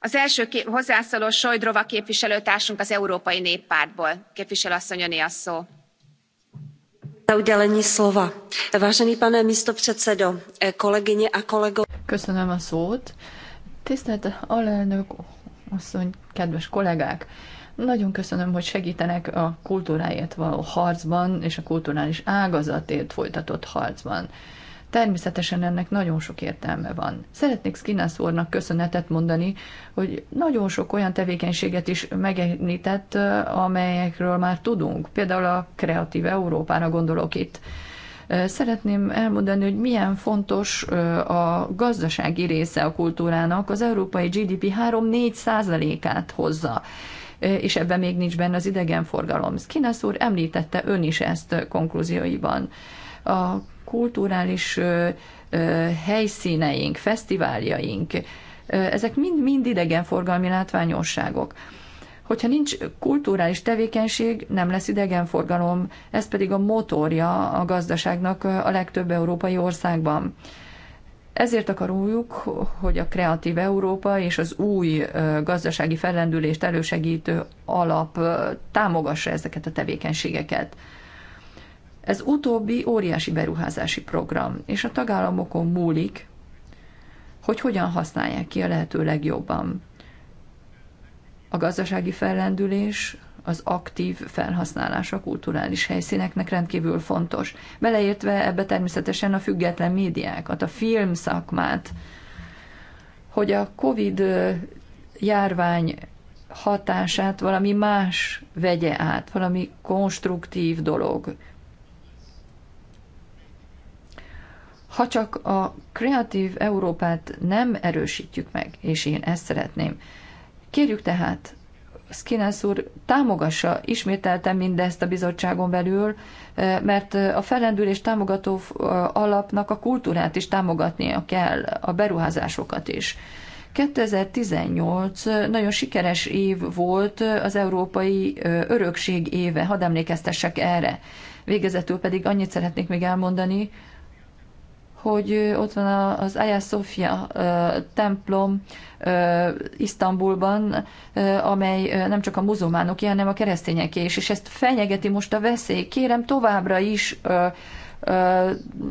az első hozzászóló sojdrova képviselőtársunk az európai néppártból. képviselő asszony öné a szó. pane místopředsedo eh, kolegyně a köszönöm a szót. tisztelt alelnök asszony, kedves kollégák! Nagyon köszönöm, hogy segítenek a kultúráért való harcban és a kulturális ágazatért folytatott harcban. Természetesen ennek nagyon sok értelme van. Szeretnék Skinász úrnak köszönetet mondani, hogy nagyon sok olyan tevékenységet is megemlített, amelyekről már tudunk. Például a Kreatív Európára gondolok itt. Szeretném elmondani, hogy milyen fontos a gazdasági része a kultúrának, az európai GDP 3-4 százalékát hozza és ebben még nincs benne az idegenforgalom. Skinas úr említette ön is ezt konklúzióiban. A kulturális helyszíneink, fesztiváljaink, ezek mind-mind idegenforgalmi látványosságok. Hogyha nincs kulturális tevékenység, nem lesz idegenforgalom, ez pedig a motorja a gazdaságnak a legtöbb európai országban. Ezért akaruljuk, hogy a Kreatív Európa és az új gazdasági fellendülést elősegítő alap támogassa ezeket a tevékenységeket. Ez utóbbi óriási beruházási program, és a tagállamokon múlik, hogy hogyan használják ki a lehető legjobban. A gazdasági fellendülés, az aktív felhasználás a kulturális helyszíneknek rendkívül fontos. Beleértve ebbe természetesen a független médiákat, a film szakmát, hogy a COVID járvány hatását valami más vegye át, valami konstruktív dolog, ha csak a kreatív Európát nem erősítjük meg, és én ezt szeretném. Kérjük tehát, Skinász úr támogassa ismételtem mindezt a bizottságon belül, eh, mert eh, a felendülés támogató eh, alapnak a kultúrát is támogatnia kell, a beruházásokat is. 2018 nagyon sikeres év volt az Európai Örökség éve, hadd emlékeztessek erre. Végezetül pedig annyit szeretnék még elmondani, hogy ott van az Aya Sofia templom Isztambulban, amely nem csak a muzulmánoké, hanem a keresztényeké is, és ezt fenyegeti most a veszély. Kérem továbbra is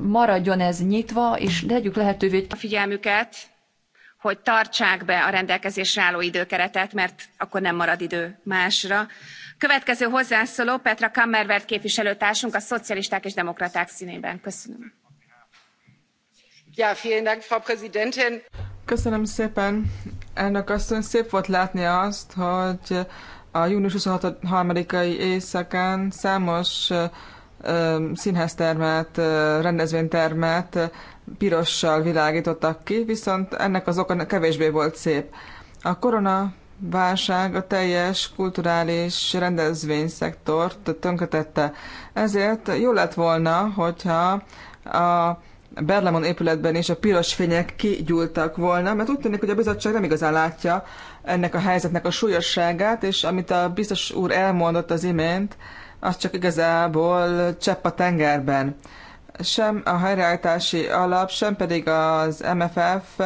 maradjon ez nyitva, és legyük lehetővé a figyelmüket, hogy tartsák be a rendelkezésre álló időkeretet, mert akkor nem marad idő másra. Következő hozzászóló Petra Kammervert képviselőtársunk a szocialisták és demokraták színében. Köszönöm Köszönöm szépen, elnök asszony. Szép volt látni azt, hogy a június 23-ai éjszakán számos színháztermet, rendezvénytermet pirossal világítottak ki, viszont ennek az oka kevésbé volt szép. A koronaválság a teljes kulturális rendezvényszektort tönkretette. Ezért jó lett volna, hogyha a Berlemon épületben is a piros fények kigyúltak volna, mert úgy tűnik, hogy a bizottság nem igazán látja ennek a helyzetnek a súlyosságát, és amit a biztos úr elmondott az imént, az csak igazából csepp a tengerben. Sem a helyreállítási alap, sem pedig az MFF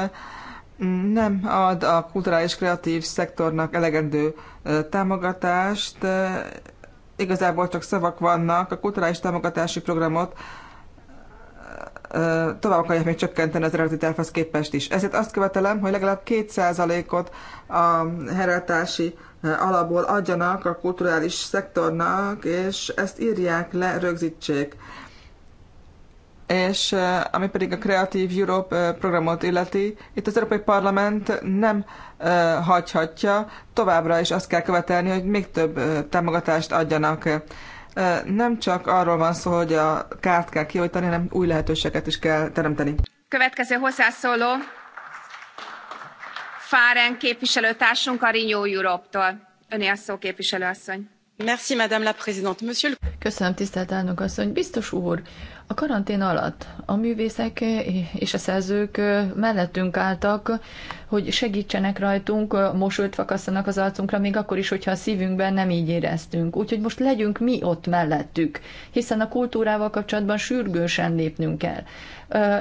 nem ad a kulturális kreatív szektornak elegendő támogatást, igazából csak szavak vannak, a kulturális támogatási programot tovább akarják még csökkenteni az eredeti tervhez képest is. Ezért azt követelem, hogy legalább 2%-ot a heretási alapból adjanak a kulturális szektornak, és ezt írják le, rögzítsék. És ami pedig a Creative Europe programot illeti, itt az Európai Parlament nem hagyhatja, továbbra is azt kell követelni, hogy még több támogatást adjanak nem csak arról van szó, hogy a kárt kell kioltani, hanem új lehetőséget is kell teremteni. Következő hozzászóló Fáren képviselőtársunk a Renew Europe-tól. Öné a szó, képviselőasszony. Merci, Madame la Présidente. Monsieur... Köszönöm, tisztelt elnök asszony. Biztos úr, a karantén alatt a művészek és a szerzők mellettünk álltak, hogy segítsenek rajtunk, mosolyt fakasztanak az arcunkra, még akkor is, hogyha a szívünkben nem így éreztünk. Úgyhogy most legyünk mi ott mellettük, hiszen a kultúrával kapcsolatban sürgősen lépnünk kell.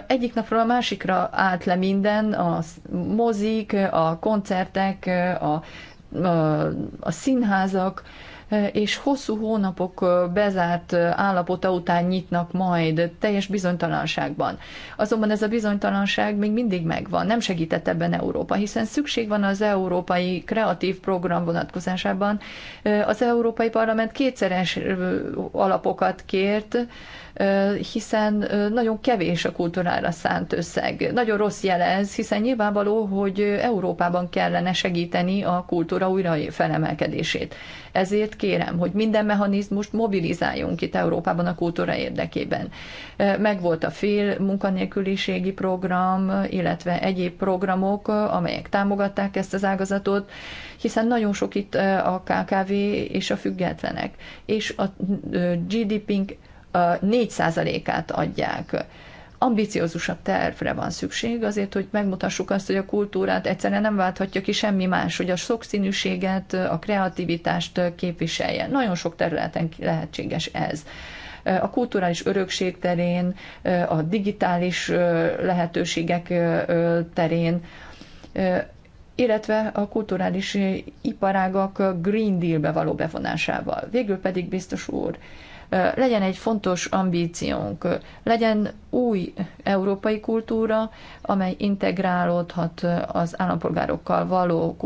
Egyik napról a másikra állt le minden, a mozik, a koncertek, a, a, a színházak, E, és hosszú hónapok bezárt állapota után nyitnak majd teljes bizonytalanságban. Azonban ez a bizonytalanság még mindig megvan, nem segített ebben Európa, hiszen szükség van az európai kreatív program vonatkozásában. E, az Európai Parlament kétszeres alapokat kért, hiszen nagyon kevés a kultúrára szánt összeg. Nagyon rossz jelez, hiszen nyilvánvaló, hogy Európában kellene segíteni a kultúra újra felemelkedését. Ezért kérem, hogy minden mechanizmust mobilizáljunk itt Európában a kultúra érdekében. Megvolt a fél munkanélküliségi program, illetve egyéb programok, amelyek támogatták ezt az ágazatot, hiszen nagyon sok itt a KKV és a függetlenek. És a GDP-nk 4%-át adják. Ambiciózusabb tervre van szükség azért, hogy megmutassuk azt, hogy a kultúrát egyszerűen nem válthatja ki semmi más, hogy a sokszínűséget, a kreativitást képviselje. Nagyon sok területen lehetséges ez a kulturális örökség terén, a digitális lehetőségek terén, illetve a kulturális iparágak Green Deal-be való bevonásával. Végül pedig, biztos úr, legyen egy fontos ambíciónk, legyen új európai kultúra, amely integrálódhat az állampolgárokkal való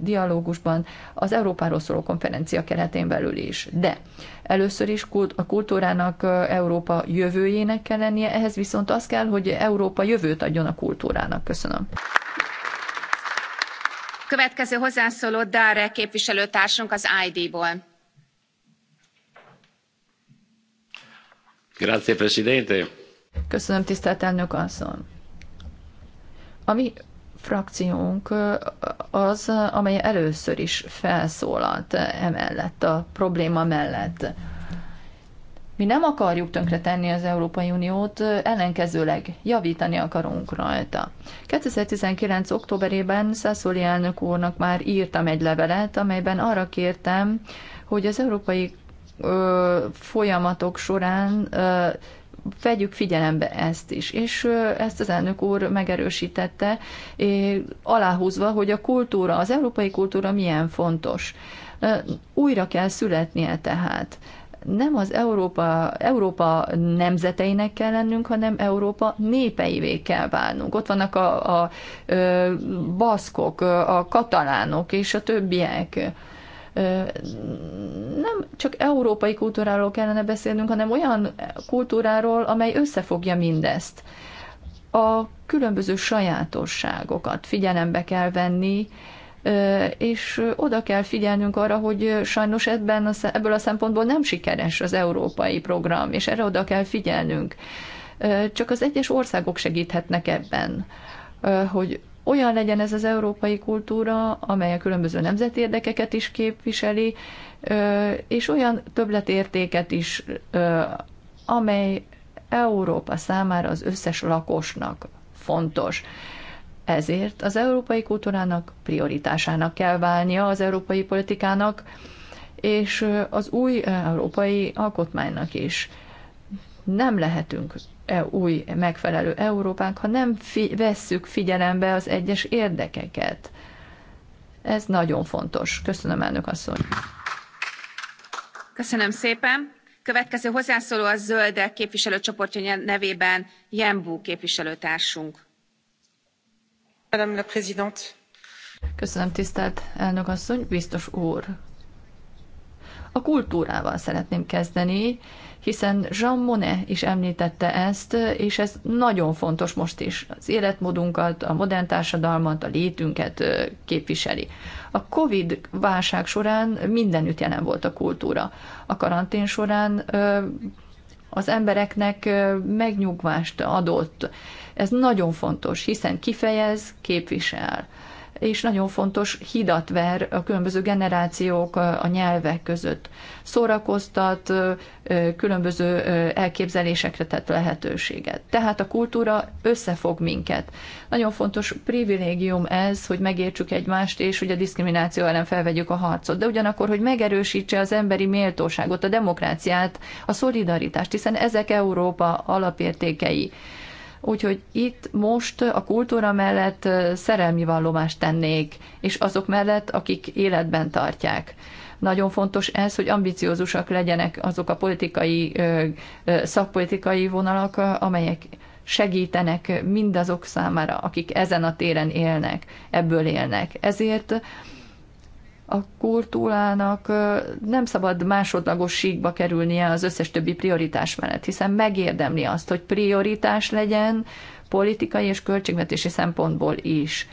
dialógusban, az Európáról szóló konferencia keretén belül is. De először is a kultúrának Európa jövőjének kell lennie, ehhez viszont az kell, hogy Európa jövőt adjon a kultúrának. Köszönöm. Következő hozzászóló Dáre képviselőtársunk az ID-ból Köszönöm, tisztelt elnök asszony. A mi frakciónk az, amely először is felszólalt emellett, a probléma mellett. Mi nem akarjuk tönkretenni az Európai Uniót, ellenkezőleg javítani akarunk rajta. 2019. októberében Szászoli elnök úrnak már írtam egy levelet, amelyben arra kértem, hogy az Európai ö, folyamatok során ö, vegyük figyelembe ezt is. És ezt az elnök úr megerősítette, aláhúzva, hogy a kultúra, az európai kultúra milyen fontos. Újra kell születnie tehát. Nem az Európa, Európa nemzeteinek kell lennünk, hanem Európa népeivé kell válnunk. Ott vannak a, a, a baszkok, a katalánok és a többiek nem csak európai kultúráról kellene beszélnünk, hanem olyan kultúráról, amely összefogja mindezt. A különböző sajátosságokat figyelembe kell venni, és oda kell figyelnünk arra, hogy sajnos ebben a, ebből a szempontból nem sikeres az európai program, és erre oda kell figyelnünk. Csak az egyes országok segíthetnek ebben, hogy olyan legyen ez az európai kultúra, amely a különböző nemzeti érdekeket is képviseli, és olyan többletértéket is, amely Európa számára az összes lakosnak fontos. Ezért az európai kultúrának prioritásának kell válnia az európai politikának, és az új európai alkotmánynak is. Nem lehetünk új megfelelő Európánk, ha nem fi- vesszük figyelembe az egyes érdekeket. Ez nagyon fontos. Köszönöm, elnök asszony. Köszönöm szépen. Következő hozzászóló a Zöldek képviselőcsoportja nevében Jembu képviselőtársunk. Madame la Présidente. Köszönöm, tisztelt elnök asszony, biztos úr. A kultúrával szeretném kezdeni hiszen Jean Monnet is említette ezt, és ez nagyon fontos most is. Az életmódunkat, a modern társadalmat, a létünket képviseli. A Covid válság során mindenütt jelen volt a kultúra. A karantén során az embereknek megnyugvást adott. Ez nagyon fontos, hiszen kifejez, képvisel és nagyon fontos hidat ver a különböző generációk a nyelvek között. Szórakoztat, különböző elképzelésekre tett lehetőséget. Tehát a kultúra összefog minket. Nagyon fontos privilégium ez, hogy megértsük egymást, és hogy a diszkrimináció ellen felvegyük a harcot, de ugyanakkor, hogy megerősítse az emberi méltóságot, a demokráciát, a szolidaritást, hiszen ezek Európa alapértékei. Úgyhogy itt most a kultúra mellett szerelmi vallomást tennék, és azok mellett, akik életben tartják. Nagyon fontos ez, hogy ambiciózusak legyenek azok a politikai, szakpolitikai vonalak, amelyek segítenek mindazok számára, akik ezen a téren élnek, ebből élnek. Ezért a kultúrának nem szabad másodlagos síkba kerülnie az összes többi prioritás mellett, hiszen megérdemli azt, hogy prioritás legyen politikai és költségvetési szempontból is.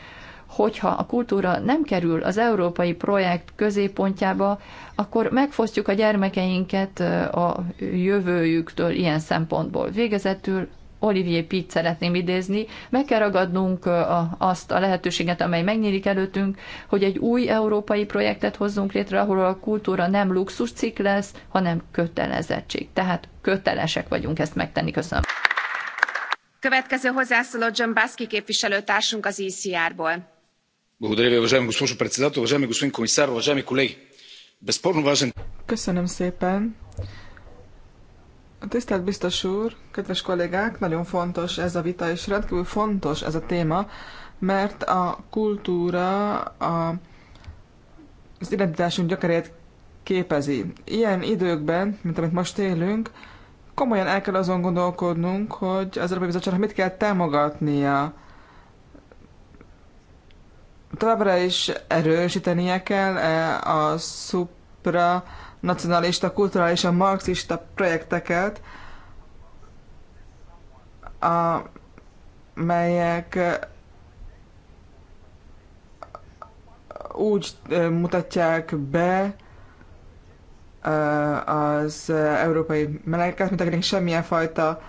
Hogyha a kultúra nem kerül az európai projekt középpontjába, akkor megfosztjuk a gyermekeinket a jövőjüktől ilyen szempontból. Végezetül Olivier Pitt szeretném idézni, meg kell ragadnunk azt a lehetőséget, amely megnyílik előttünk, hogy egy új európai projektet hozzunk létre, ahol a kultúra nem luxuscikk lesz, hanem kötelezettség. Tehát kötelesek vagyunk ezt megtenni. Köszönöm. Következő hozzászóló John Baszki képviselőtársunk az ECR-ból. Köszönöm szépen. Tisztelt biztos úr, kedves kollégák, nagyon fontos ez a vita, és rendkívül fontos ez a téma, mert a kultúra a, az identitásunk gyökerét képezi. Ilyen időkben, mint amit most élünk, komolyan el kell azon gondolkodnunk, hogy az Európai Bizottságnak mit kell támogatnia. Továbbra is erősítenie kell a szupra nacionalista, a marxista projekteket, a, melyek úgy mutatják be az európai melegeket, mint akinek semmilyen fajta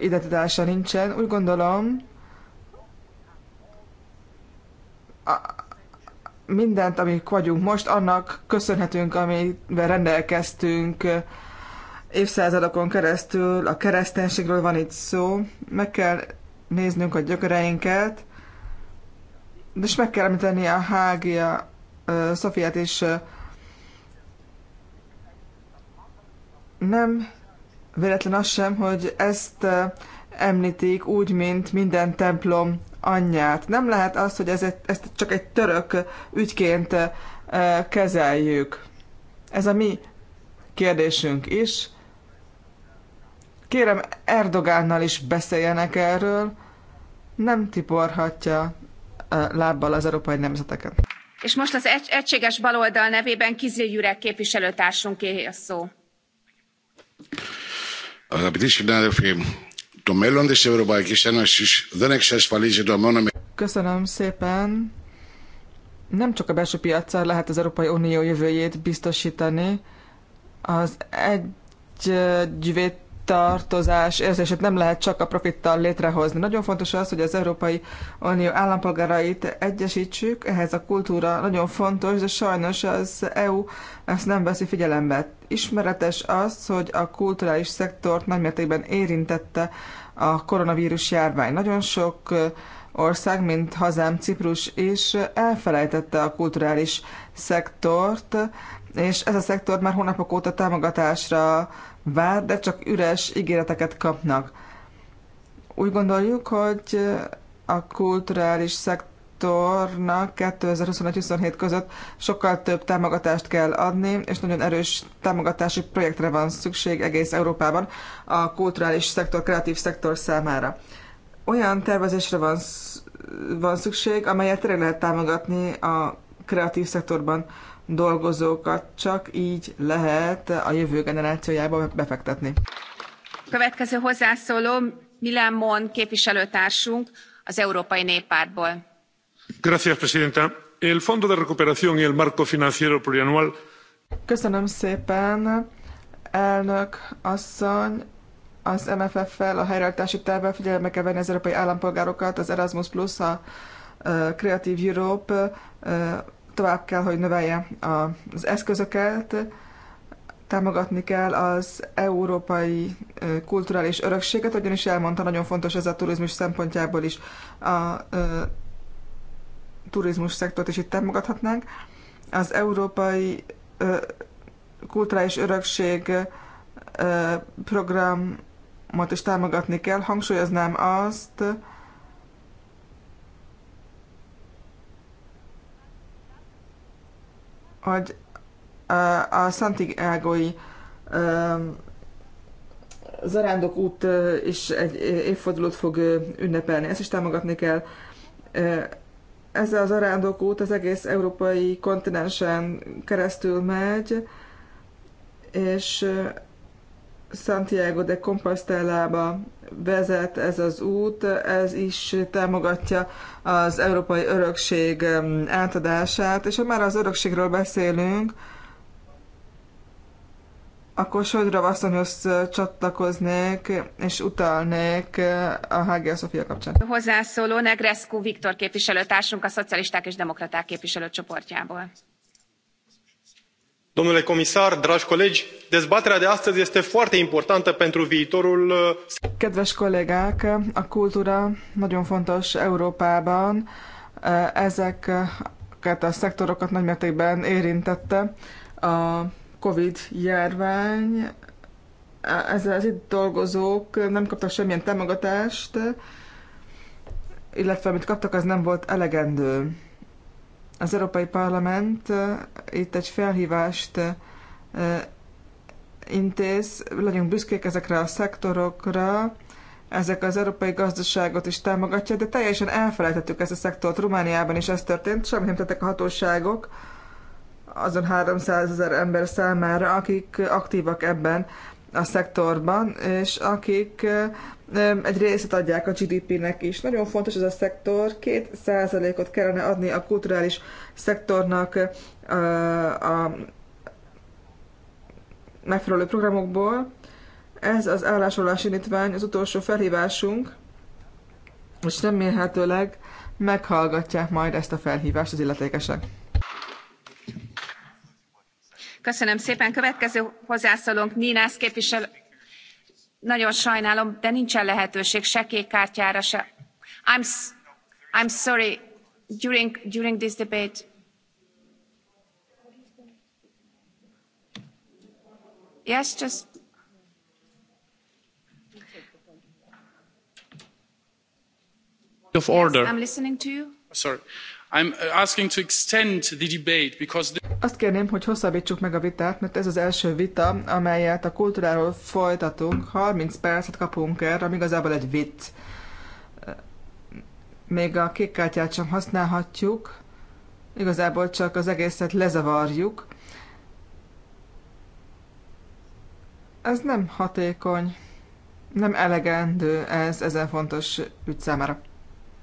identitása nincsen. Úgy gondolom, mindent, amik vagyunk most, annak köszönhetünk, amivel rendelkeztünk évszázadokon keresztül, a kereszténységről van itt szó, meg kell néznünk a gyökereinket, és meg kell említeni a Hágia Szofiát is. Nem véletlen az sem, hogy ezt említik úgy, mint minden templom anyját. Nem lehet az, hogy ez egy, ezt csak egy török ügyként kezeljük. Ez a mi kérdésünk is. Kérem, Erdogánnal is beszéljenek erről. Nem tiporhatja lábbal az európai nemzeteket. És most az egy, egységes baloldal nevében Kizil Jürek éhé a szó. Az a Το μέλλον της Ευρωπαϊκής Ένωσης δεν μόνο με... Köszönöm szépen. Nem csak a belső piacsal lehet az Európai Unió jövőjét biztosítani. Az egy gyűvét tartozás érzését nem lehet csak a profittal létrehozni. Nagyon fontos az, hogy az Európai Unió állampolgárait egyesítsük, ehhez a kultúra nagyon fontos, de sajnos az EU ezt nem veszi figyelembe. Ismeretes az, hogy a kulturális szektort nagymértékben érintette a koronavírus járvány. Nagyon sok ország, mint hazám Ciprus is elfelejtette a kulturális szektort, és ez a szektor már hónapok óta támogatásra vár, de csak üres ígéreteket kapnak. Úgy gondoljuk, hogy a kulturális szektornak 2021-27 között sokkal több támogatást kell adni, és nagyon erős támogatási projektre van szükség egész Európában a kulturális szektor, kreatív szektor számára. Olyan tervezésre van, van szükség, amelyet tényleg lehet támogatni a kreatív szektorban dolgozókat. Csak így lehet a jövő generációjába befektetni. Következő hozzászóló Milán Mon képviselőtársunk az Európai Néppártból. Gracias, Presidenta. El Fondo de Recuperación y el Marco Financiero Plurianual. Köszönöm szépen, elnök asszony az MFF-fel, a helyreállítási tervvel figyelembe kell venni az európai állampolgárokat, az Erasmus Plus, a Creative Europe tovább kell, hogy növelje az eszközöket, támogatni kell az európai kulturális örökséget, ugyanis elmondta, nagyon fontos ez a turizmus szempontjából is. A, turizmus szektort is itt támogathatnánk. Az európai kulturális örökség programot is támogatni kell. Hangsúlyoznám azt, hogy a Santiago-i zarándok út is egy évfordulót fog ünnepelni. Ezt is támogatni kell. Ez a zarándok út az egész európai kontinensen keresztül megy, és Santiago de Compostelába vezet ez az út, ez is támogatja az európai örökség átadását, és ha már az örökségről beszélünk, akkor Sodra Vasszonyhoz csatlakoznék, és utalnék a Hagia Sofia kapcsán. Hozzászóló Negrescu Viktor képviselőtársunk a Szocialisták és Demokraták képviselőcsoportjából domnule comisar dragi colegi dezbaterea de astăzi este foarte importantă pentru viitorul. Uh, kedves kollégák a kultúra nagyon fontos európában uh, ezeket a szektorokat nagymértékben érintette a covid járvány uh, ezzel az itt dolgozók nem kaptak semmilyen támogatást illetve amit kaptak az nem volt elegendő az Európai Parlament itt egy felhívást intéz, legyünk büszkék ezekre a szektorokra, ezek az európai gazdaságot is támogatja, de teljesen elfelejtettük ezt a szektort. Romániában is ez történt, semmit nem tettek a hatóságok azon 300 ezer ember számára, akik aktívak ebben a szektorban, és akik egy részét adják a GDP-nek is. Nagyon fontos ez a szektor, két százalékot kellene adni a kulturális szektornak a megfelelő programokból. Ez az állásolás indítvány az utolsó felhívásunk, és remélhetőleg meghallgatják majd ezt a felhívást az illetékesek köszönöm szépen következő hozzászólónk nins képviselő nagyon sajnálom de nincsen lehetőség se kék se i'm, I'm sorry during, during this debate yes just of order yes, i'm listening to you sorry I'm asking to extend the debate because Azt kérném, hogy hosszabbítsuk meg a vitát, mert ez az első vita, amelyet a kultúráról folytatunk. 30 percet kapunk erre, ami igazából egy vicc. Még a kék kártyát sem használhatjuk, igazából csak az egészet lezavarjuk. Ez nem hatékony, nem elegendő ez ezen fontos ügy számára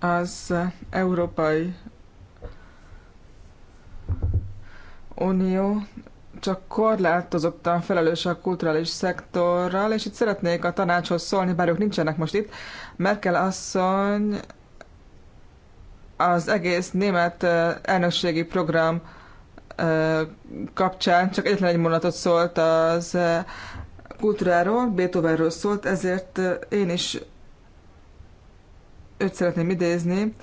Az Európai Unió csak korlátozottan felelős a kulturális szektorral, és itt szeretnék a tanácshoz szólni, bár ők nincsenek most itt. Merkel asszony az egész német elnökségi program kapcsán csak egyetlen egy mondatot szólt az kultúráról, Beethovenről szólt, ezért én is őt szeretném idézni.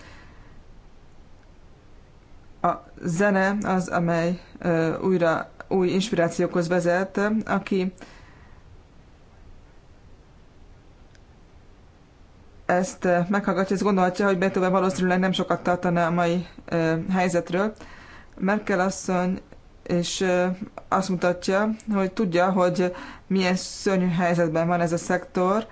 A zene az, amely újra új inspirációkhoz vezet, aki ezt meghallgatja, ezt gondolhatja, hogy Beethoven valószínűleg nem sokat tartana a mai helyzetről. Merkel asszony és azt mutatja, hogy tudja, hogy milyen szörnyű helyzetben van ez a szektor,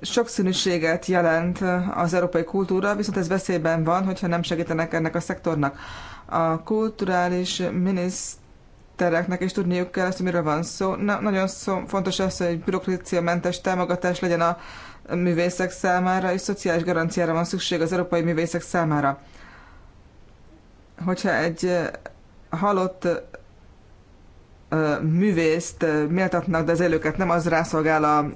sokszínűséget jelent az európai kultúra, viszont ez veszélyben van, hogyha nem segítenek ennek a szektornak. A kulturális minisztereknek is tudniuk kell azt, hogy miről van szó. Na, nagyon szó, fontos az, hogy bürokráciamentes támogatás legyen a művészek számára, és szociális garanciára van szükség az európai művészek számára. Hogyha egy halott művészt méltatnak, de az élőket nem, az rászolgál a...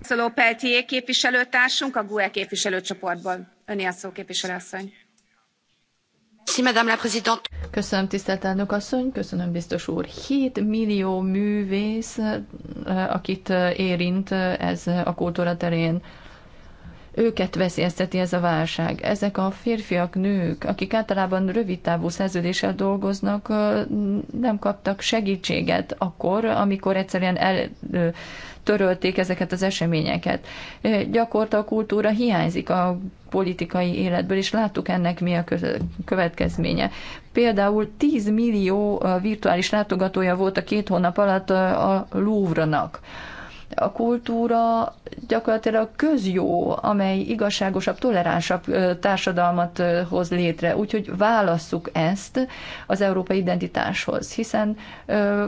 Szóló Peltié képviselőtársunk a GUE képviselőcsoportból. Öné a szó, képviselőasszony. Köszönöm, tisztelt elnök asszony, köszönöm, biztos úr. 7 millió művész, akit érint ez a kultúra terén őket veszélyezteti ez a válság. Ezek a férfiak, nők, akik általában rövid távú szerződéssel dolgoznak, nem kaptak segítséget akkor, amikor egyszerűen eltörölték ezeket az eseményeket. Gyakorta a kultúra hiányzik a politikai életből, és láttuk ennek mi a következménye. Például 10 millió virtuális látogatója volt a két hónap alatt a Louvre-nak a kultúra gyakorlatilag közjó, amely igazságosabb, toleránsabb társadalmat hoz létre. Úgyhogy válasszuk ezt az európai identitáshoz, hiszen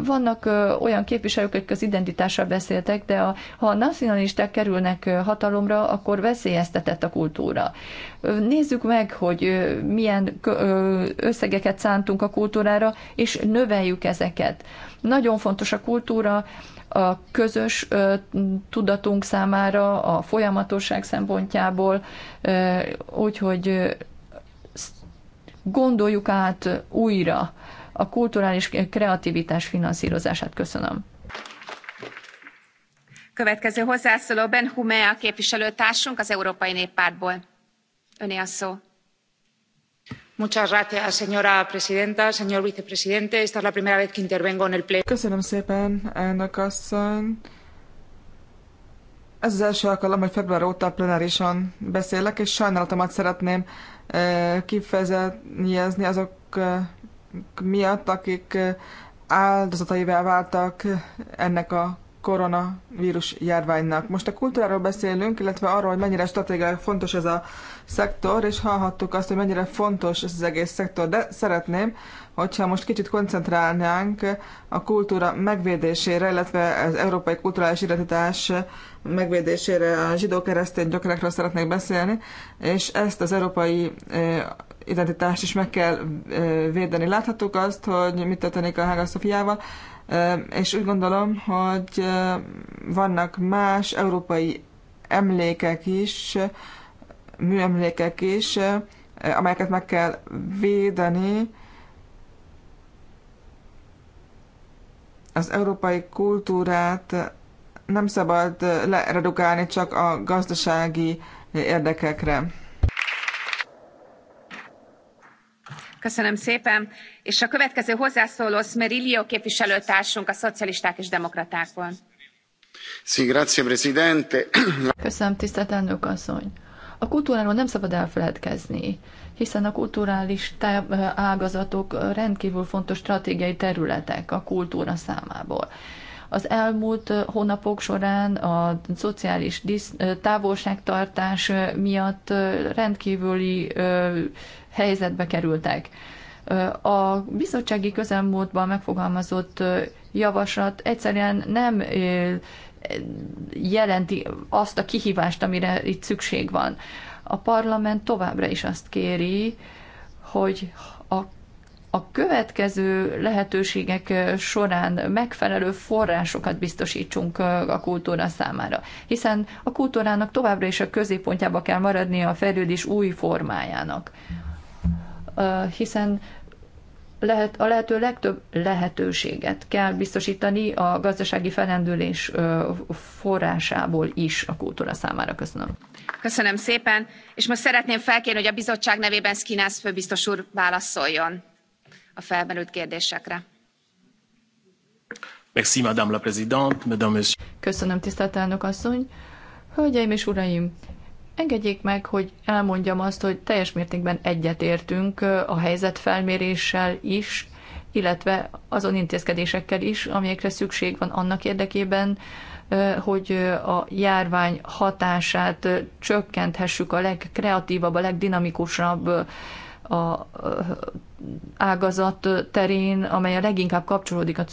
vannak olyan képviselők, akik az identitással beszéltek, de a, ha a nacionalisták kerülnek hatalomra, akkor veszélyeztetett a kultúra. Nézzük meg, hogy milyen összegeket szántunk a kultúrára, és növeljük ezeket. Nagyon fontos a kultúra, a közös tudatunk számára, a folyamatosság szempontjából, úgyhogy gondoljuk át újra a kulturális kreativitás finanszírozását. Köszönöm. Következő hozzászóló Ben Humea képviselőtársunk az Európai Néppártból. Öné a szó señora presidenta señor vicepresidente esta es la primera vez que intervengo en el pleno. köszönöm szépen elnök asszony ez az első alkalom hogy február óta plenárison beszélek és sajnálatomat szeretném eh, kifejezni azok eh, miatt akik eh, áldozataivá váltak ennek a koronavírus járványnak. Most a kultúráról beszélünk, illetve arról, hogy mennyire stratégiai fontos ez a szektor, és hallhattuk azt, hogy mennyire fontos ez az egész szektor, de szeretném, hogyha most kicsit koncentrálnánk a kultúra megvédésére, illetve az európai kulturális identitás megvédésére, a zsidó-keresztény gyökerekről szeretnék beszélni, és ezt az európai identitást is meg kell védeni. Láthatók azt, hogy mit történik a Hága Szofiával, és úgy gondolom, hogy vannak más európai emlékek is, műemlékek is, amelyeket meg kell védeni. Az európai kultúrát nem szabad leredukálni csak a gazdasági érdekekre. Köszönöm szépen és a következő hozzászóló smerillo képviselőtársunk a szocialisták és demokratákból. Köszönöm, tisztelt elnök asszony! A kultúráról nem szabad elfeledkezni, hiszen a kulturális ágazatok rendkívül fontos stratégiai területek a kultúra számából. Az elmúlt hónapok során a szociális távolságtartás miatt rendkívüli helyzetbe kerültek. A bizottsági közelmúltban megfogalmazott javaslat egyszerűen nem jelenti azt a kihívást, amire itt szükség van. A parlament továbbra is azt kéri, hogy a a következő lehetőségek során megfelelő forrásokat biztosítsunk a kultúra számára, hiszen a kultúrának továbbra is a középpontjába kell maradnia a fejlődés új formájának hiszen lehet, a lehető legtöbb lehetőséget kell biztosítani a gazdasági felendülés forrásából is a kultúra számára. Köszönöm. Köszönöm szépen, és most szeretném felkérni, hogy a bizottság nevében Skinász főbiztos úr válaszoljon a felmerült kérdésekre. Merci, Madame la Présidente, Madame, Monsieur. Köszönöm, tisztelt elnök asszony. Hölgyeim és uraim, Engedjék meg, hogy elmondjam azt, hogy teljes mértékben egyetértünk a helyzetfelméréssel is, illetve azon intézkedésekkel is, amelyekre szükség van annak érdekében, hogy a járvány hatását csökkenthessük a legkreatívabb, a legdinamikusabb a ágazat terén, amely a leginkább kapcsolódik a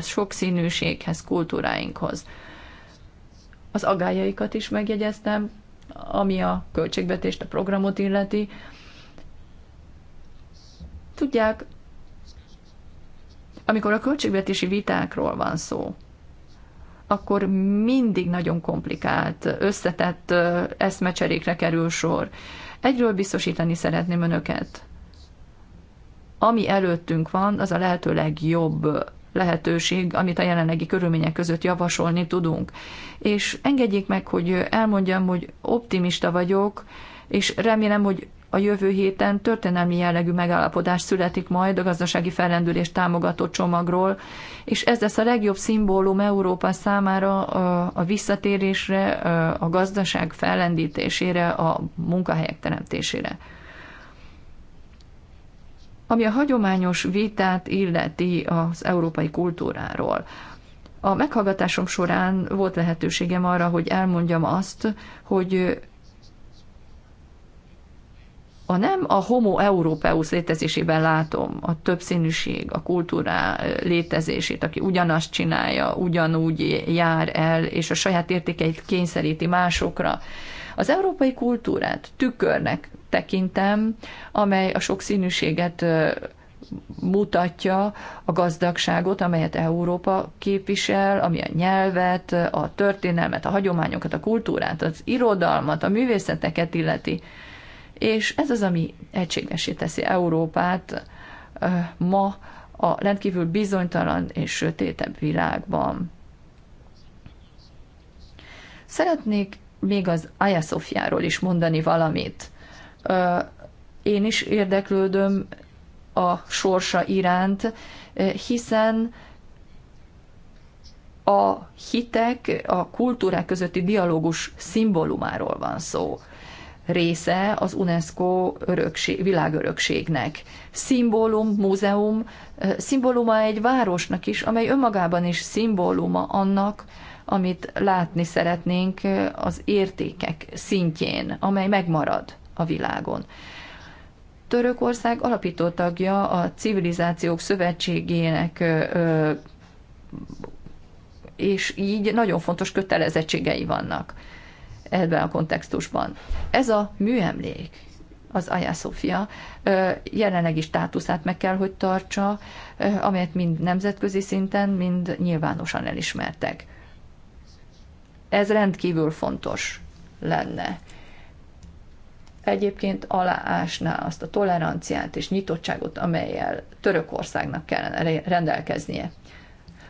sokszínűséghez, kultúráinkhoz. Az agályaikat is megjegyeztem, ami a költségvetést, a programot illeti. Tudják, amikor a költségvetési vitákról van szó, akkor mindig nagyon komplikált, összetett eszmecserékre kerül sor. Egyről biztosítani szeretném önöket. Ami előttünk van, az a lehető legjobb lehetőség, amit a jelenlegi körülmények között javasolni tudunk. És engedjék meg, hogy elmondjam, hogy optimista vagyok, és remélem, hogy a jövő héten történelmi jellegű megállapodás születik majd a gazdasági felrendülés támogató csomagról, és ez lesz a legjobb szimbólum Európa számára a visszatérésre, a gazdaság fellendítésére, a munkahelyek teremtésére. Ami a hagyományos vitát illeti az európai kultúráról. A meghallgatásom során volt lehetőségem arra, hogy elmondjam azt, hogy a nem a homo európeus létezésében látom a többszínűség, a kultúrá létezését, aki ugyanazt csinálja, ugyanúgy jár el, és a saját értékeit kényszeríti másokra. Az európai kultúrát tükörnek tekintem, amely a sokszínűséget mutatja a gazdagságot, amelyet Európa képvisel, ami a nyelvet, a történelmet, a hagyományokat, a kultúrát, az irodalmat, a művészeteket illeti. És ez az, ami egységesé teszi Európát ma a rendkívül bizonytalan és sötétebb világban. Szeretnék még az Aya Sofiáról is mondani valamit. Én is érdeklődöm a sorsa iránt, hiszen a hitek, a kultúrák közötti dialógus szimbólumáról van szó része az UNESCO örökség, világörökségnek. Szimbólum, múzeum, szimbóluma egy városnak is, amely önmagában is szimbóluma annak, amit látni szeretnénk az értékek szintjén, amely megmarad a világon. Törökország alapító tagja a Civilizációk Szövetségének és így nagyon fontos kötelezettségei vannak ebben a kontextusban. Ez a műemlék, az Aya Sofia is státuszát meg kell, hogy tartsa, amelyet mind nemzetközi szinten, mind nyilvánosan elismertek. Ez rendkívül fontos lenne egyébként aláásná azt a toleranciát és nyitottságot, amelyel Törökországnak kellene rendelkeznie.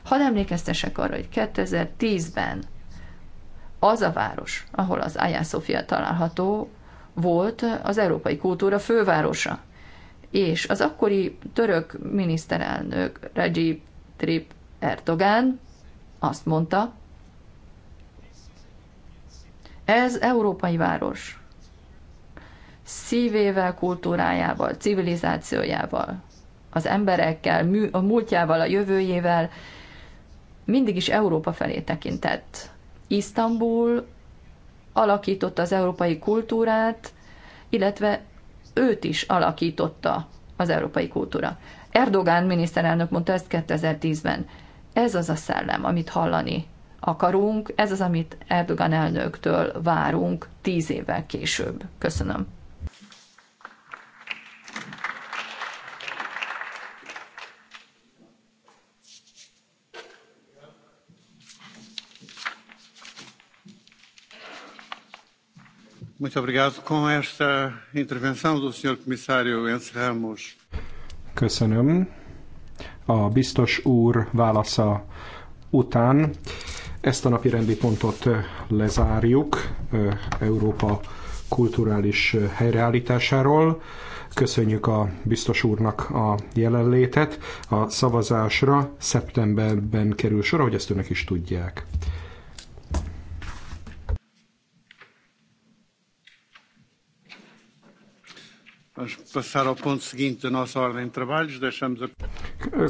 Hadd emlékeztesek arra, hogy 2010-ben az a város, ahol az Ayá Sofia található, volt az európai kultúra fővárosa. És az akkori török miniszterelnök Recep Trip Erdogan azt mondta, ez európai város, szívével, kultúrájával, civilizációjával, az emberekkel, a múltjával, a jövőjével, mindig is Európa felé tekintett. Isztambul alakította az európai kultúrát, illetve őt is alakította az európai kultúra. Erdogán miniszterelnök mondta ezt 2010-ben. Ez az a szellem, amit hallani akarunk, ez az, amit Erdogan elnöktől várunk tíz évvel később. Köszönöm. Muito obrigado. Com esta intervenção do Sr. Comissário encerramos. Köszönöm. A biztos úr válasza után ezt a napi rendi pontot lezárjuk Európa kulturális helyreállításáról. Köszönjük a biztos úrnak a jelenlétet. A szavazásra szeptemberben kerül sor, ahogy ezt önök is tudják.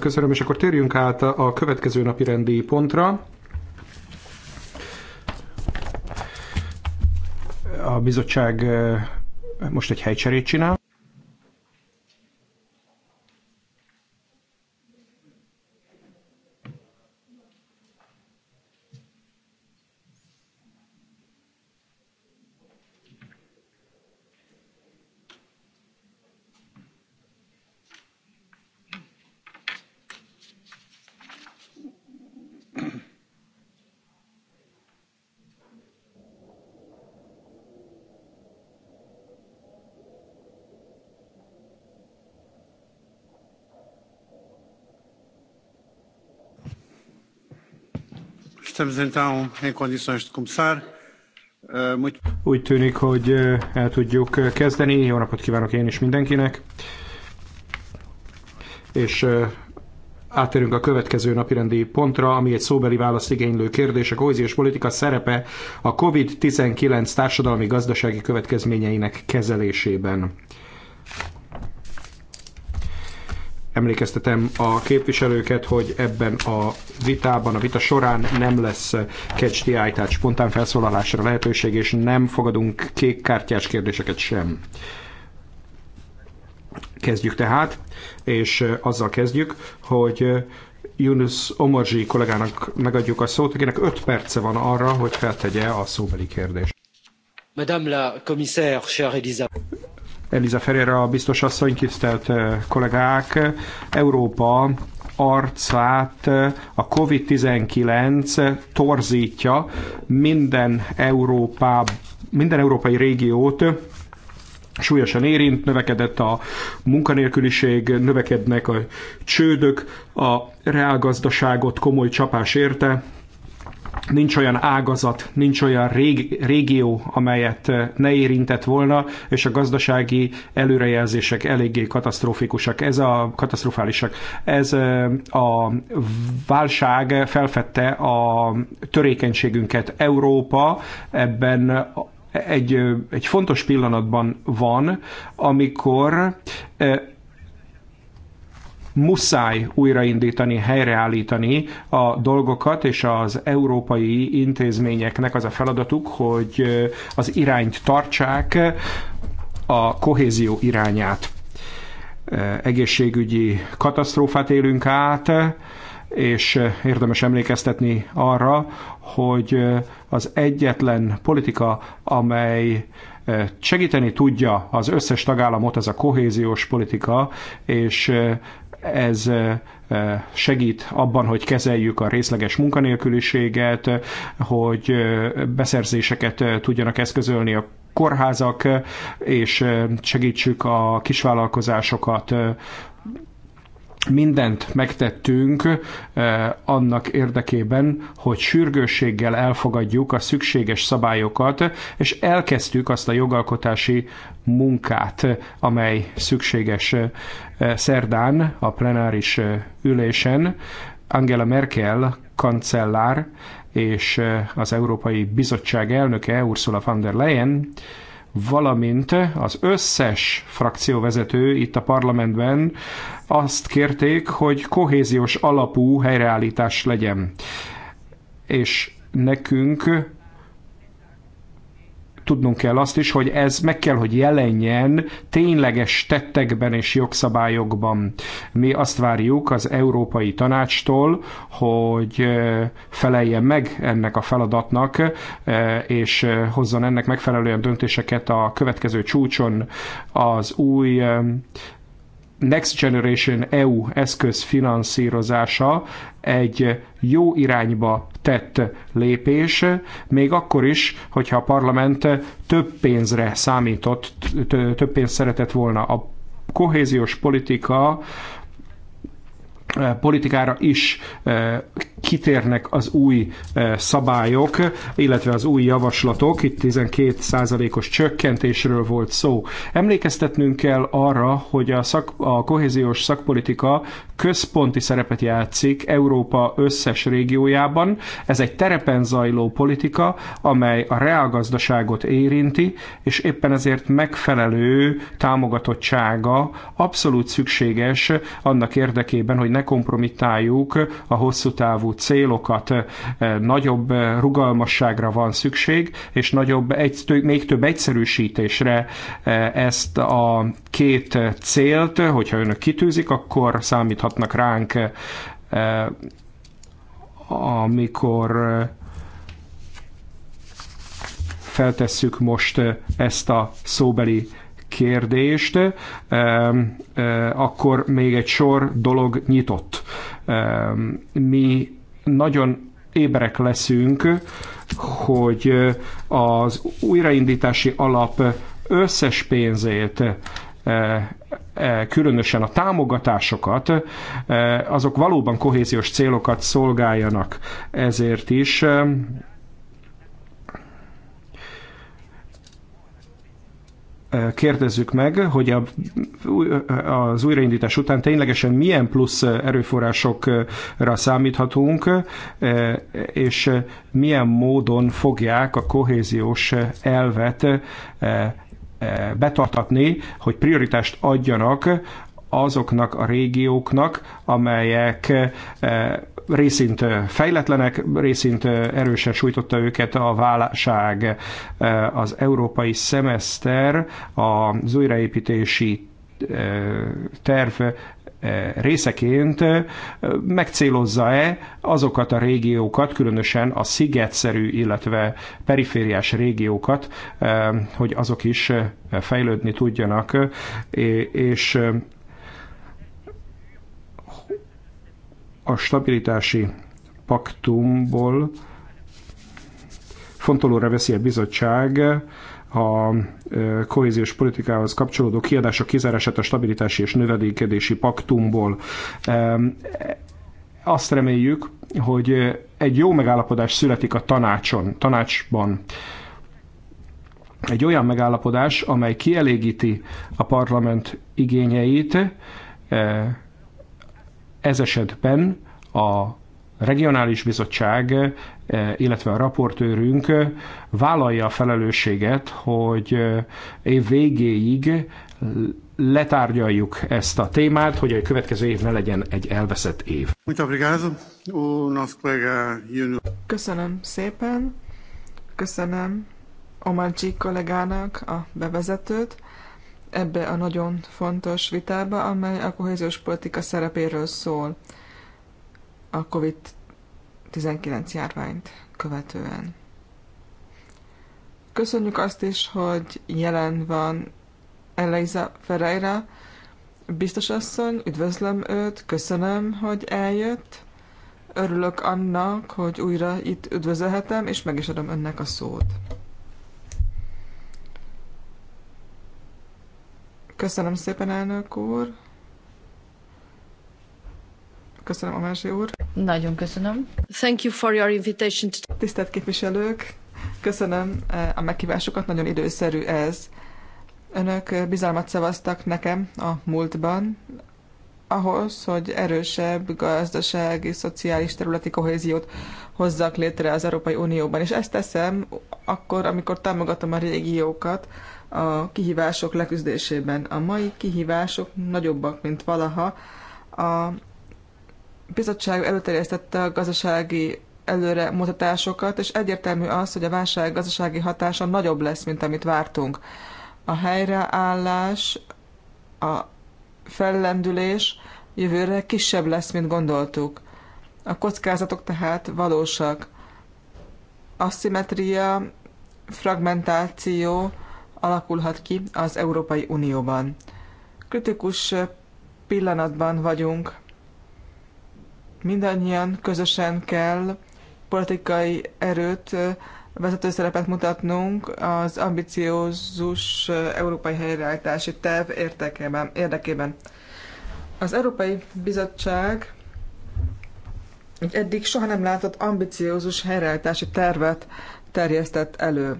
Köszönöm, és akkor térjünk át a következő napi rendi pontra. A bizottság eh, most egy helycserét csinál. Eh, Úgy tűnik, hogy eh, el tudjuk eh, kezdeni. Jó napot kívánok én is mindenkinek. És Átérünk a következő napirendi pontra, ami egy szóbeli választ igénylő kérdés, a kohéziós politika szerepe a COVID-19 társadalmi gazdasági következményeinek kezelésében. Emlékeztetem a képviselőket, hogy ebben a vitában, a vita során nem lesz catch the eye, tehát spontán felszólalásra lehetőség, és nem fogadunk kék kártyás kérdéseket sem. Kezdjük tehát, és azzal kezdjük, hogy Yunus Omorzsi kollégának megadjuk a szót, akinek 5 perce van arra, hogy feltegye a szóbeli kérdést. Madame la commissaire, chère Elisabeth. Eliza Ferreira biztos asszony, tisztelt eh, kollégák, Európa arcát eh, a COVID-19 torzítja minden, Európá, minden európai régiót, súlyosan érint, növekedett a munkanélküliség, növekednek a csődök, a reálgazdaságot komoly csapás érte, nincs olyan ágazat, nincs olyan rég, régió, amelyet eh, ne érintett volna, és a gazdasági előrejelzések eléggé katasztrofikusak. ez a katasztrofálisak. Ez eh, a válság felfedte a törékenységünket. Európa ebben egy, eh, egy fontos pillanatban van, amikor muszáj újraindítani, helyreállítani a dolgokat, és az európai intézményeknek az a feladatuk, hogy az irányt tartsák, a kohézió irányát. Egészségügyi katasztrófát élünk át, és érdemes emlékeztetni arra, hogy az egyetlen politika, amely segíteni tudja az összes tagállamot, az a kohéziós politika, és ez eh, segít abban, hogy kezeljük a részleges munkanélküliséget, hogy eh, beszerzéseket eh, tudjanak eszközölni a kórházak, és segítsük a kisvállalkozásokat mindent megtettünk eh, annak érdekében, hogy sürgősséggel elfogadjuk a szükséges szabályokat, és elkezdtük azt a jogalkotási munkát, amely szükséges eh, szerdán a plenáris eh, ülésen. Angela Merkel kancellár és az Európai Bizottság elnöke Ursula von der Leyen valamint az összes frakcióvezető itt a parlamentben azt kérték, hogy kohéziós alapú helyreállítás legyen. És nekünk tudnunk kell azt is, hogy ez meg kell, hogy jelenjen tényleges tettekben és jogszabályokban. Mi azt várjuk az Európai Tanácstól, hogy feleljen meg ennek a feladatnak, és hozzon ennek megfelelően döntéseket a következő csúcson az új Next Generation EU eszköz finanszírozása egy jó irányba tett lépés, még akkor is, hogyha a parlament több pénzre számított, több pénzt szeretett volna. A kohéziós politika eh, politikára is eh, kitérnek az új eh, szabályok, illetve az új javaslatok. Itt 12%-os csökkentésről volt szó. Emlékeztetnünk kell arra, hogy a, szak, a kohéziós szakpolitika központi szerepet játszik Európa összes régiójában. Ez egy terepen zajló politika, amely a reálgazdaságot érinti, és éppen ezért megfelelő támogatottsága abszolút szükséges annak érdekében, hogy ne kompromittáljuk a hosszú távú távú célokat, eh, nagyobb eh, rugalmasságra van szükség, és nagyobb, egy, még több egyszerűsítésre eh, ezt a két célt, hogyha önök kitűzik, akkor számíthatnak ránk, amikor feltesszük most ezt a szóbeli kérdést, akkor még egy sor dolog nyitott. Mi nagyon éberek leszünk, hogy az újraindítási alap összes pénzét különösen a támogatásokat, azok valóban kohéziós célokat szolgáljanak. Ezért is kérdezzük meg, hogy a, az újraindítás után ténylegesen milyen plusz erőforrásokra számíthatunk, és milyen módon fogják a kohéziós elvet betartatni, hogy prioritást adjanak azoknak a régióknak, amelyek eh, részint eh, fejletlenek, részint eh, erősen sújtotta őket a válság. Az európai szemeszter az újraépítési terv részeként megcélozza-e azokat a régiókat, különösen a szigetszerű, illetve perifériás régiókat, hogy azok is fejlődni tudjanak, és a stabilitási paktumból fontolóra veszi a bizottság a kohéziós politikához kapcsolódó kiadások kizárását a stabilitási és növelékedési paktumból. Azt reméljük, hogy egy jó megállapodás születik a tanácson, tanácsban. Egy olyan megállapodás, amely kielégíti a parlament igényeit, ez esetben a regionális bizottság, eh, illetve a raportőrünk eh, vállalja a felelősséget, hogy eh, év végéig letárgyaljuk ezt a témát, hogy a következő év ne legyen egy elveszett év. Köszönöm szépen, köszönöm Omancsi kollégának a bevezetőt ebbe a nagyon fontos vitába, amely a kohéziós politika szerepéről szól a COVID-19 járványt követően. Köszönjük azt is, hogy jelen van Eliza Ferreira, biztos asszony, üdvözlöm őt, köszönöm, hogy eljött. Örülök annak, hogy újra itt üdvözölhetem, és meg is adom önnek a szót. Köszönöm szépen, elnök úr. Köszönöm a másik úr. Nagyon köszönöm. Thank you for your invitation. To... Tisztelt képviselők, köszönöm eh, a meghívásokat, nagyon időszerű ez. Önök eh, bizalmat szavaztak nekem a múltban, ahhoz, hogy erősebb gazdasági, szociális területi kohéziót hozzak létre az Európai Unióban. És ezt teszem akkor, amikor támogatom a régiókat a kihívások leküzdésében. A mai kihívások nagyobbak, mint valaha. A bizottság előterjesztette a gazdasági előre mutatásokat, és egyértelmű az, hogy a válság gazdasági hatása nagyobb lesz, mint amit vártunk. A helyreállás, a fellendülés jövőre kisebb lesz, mint gondoltuk. A kockázatok tehát valósak. Aszimetria, fragmentáció, alakulhat ki az Európai Unióban. Kritikus pillanatban vagyunk. Mindannyian közösen kell politikai erőt, vezető szerepet mutatnunk az ambiciózus európai helyreállítási terv értekében, érdekében. Az Európai Bizottság egy eddig soha nem látott ambiciózus helyreállítási tervet terjesztett elő.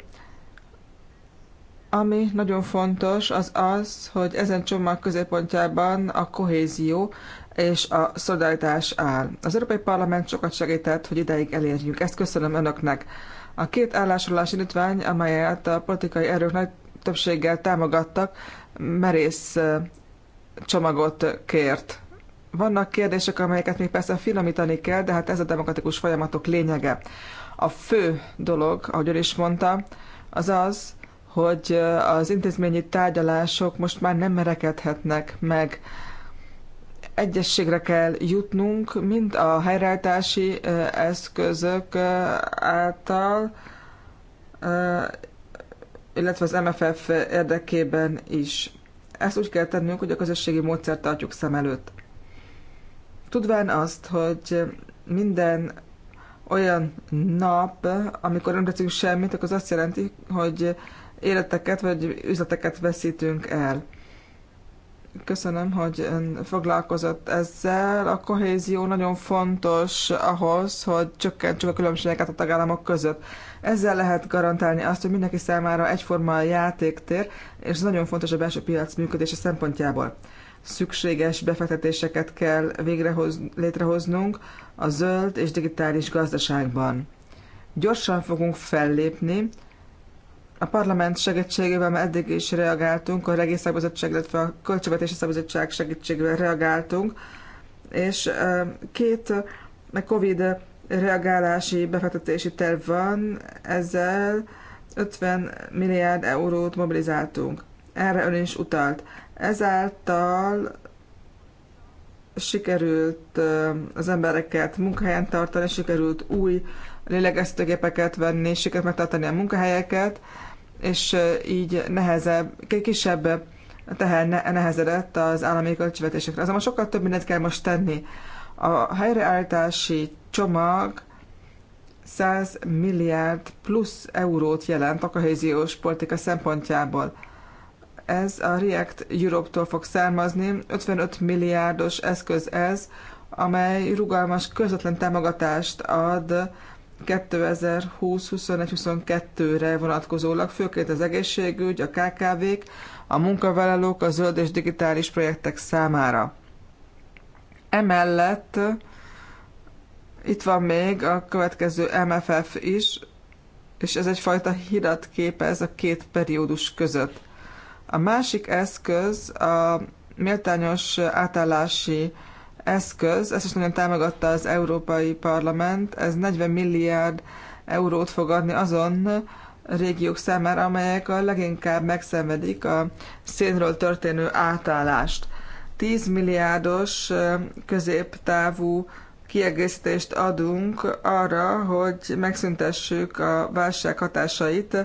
Ami nagyon fontos, az az, hogy ezen csomag középpontjában a kohézió és a szolidaritás áll. Az Európai Parlament sokat segített, hogy ideig elérjünk. Ezt köszönöm Önöknek. A két állásolási nyitvány, amelyet a politikai erők nagy többséggel támogattak, merész csomagot kért. Vannak kérdések, amelyeket még persze finomítani kell, de hát ez a demokratikus folyamatok lényege. A fő dolog, ahogy ön is mondta, az az, hogy az intézményi tárgyalások most már nem merekedhetnek meg. Egyességre kell jutnunk, mind a helyreállítási eszközök által, illetve az MFF érdekében is. Ezt úgy kell tennünk, hogy a közösségi módszert tartjuk szem előtt. Tudván azt, hogy minden olyan nap, amikor nem teszünk semmit, akkor az azt jelenti, hogy életeket vagy üzleteket veszítünk el. Köszönöm, hogy ön foglalkozott ezzel. A kohézió nagyon fontos ahhoz, hogy csökkentsük a különbségeket a tagállamok között. Ezzel lehet garantálni azt, hogy mindenki számára egyforma a játéktér, és ez nagyon fontos a belső piac működése szempontjából. Szükséges befektetéseket kell végrehoz, létrehoznunk a zöld és digitális gazdaságban. Gyorsan fogunk fellépni, a parlament segítségével már eddig is reagáltunk, a regészszabadság, illetve a költségvetési szabadság segítségével reagáltunk, és két COVID reagálási befektetési terv van, ezzel 50 milliárd eurót mobilizáltunk. Erre ön is utalt. Ezáltal sikerült az embereket munkahelyen tartani, sikerült új lélegeztetőgépeket venni, sikerült megtartani a munkahelyeket, és így nehezebb, kisebb teher nehezedett az állami költségvetésekre. Azonban sokkal több mindent kell most tenni. A helyreállítási csomag 100 milliárd plusz eurót jelent a kohéziós politika szempontjából. Ez a React Europe-tól fog származni, 55 milliárdos eszköz ez, amely rugalmas közvetlen támogatást ad 2020-21-22-re vonatkozólag, főként az egészségügy, a KKV-k, a munkavállalók, a zöld és digitális projektek számára. Emellett itt van még a következő MFF is, és ez egyfajta hidat képez a két periódus között. A másik eszköz a méltányos átállási eszköz, ezt is nagyon támogatta az Európai Parlament, ez 40 milliárd eurót fog adni azon régiók számára, amelyek a leginkább megszenvedik a szénről történő átállást. 10 milliárdos középtávú kiegészítést adunk arra, hogy megszüntessük a válság hatásait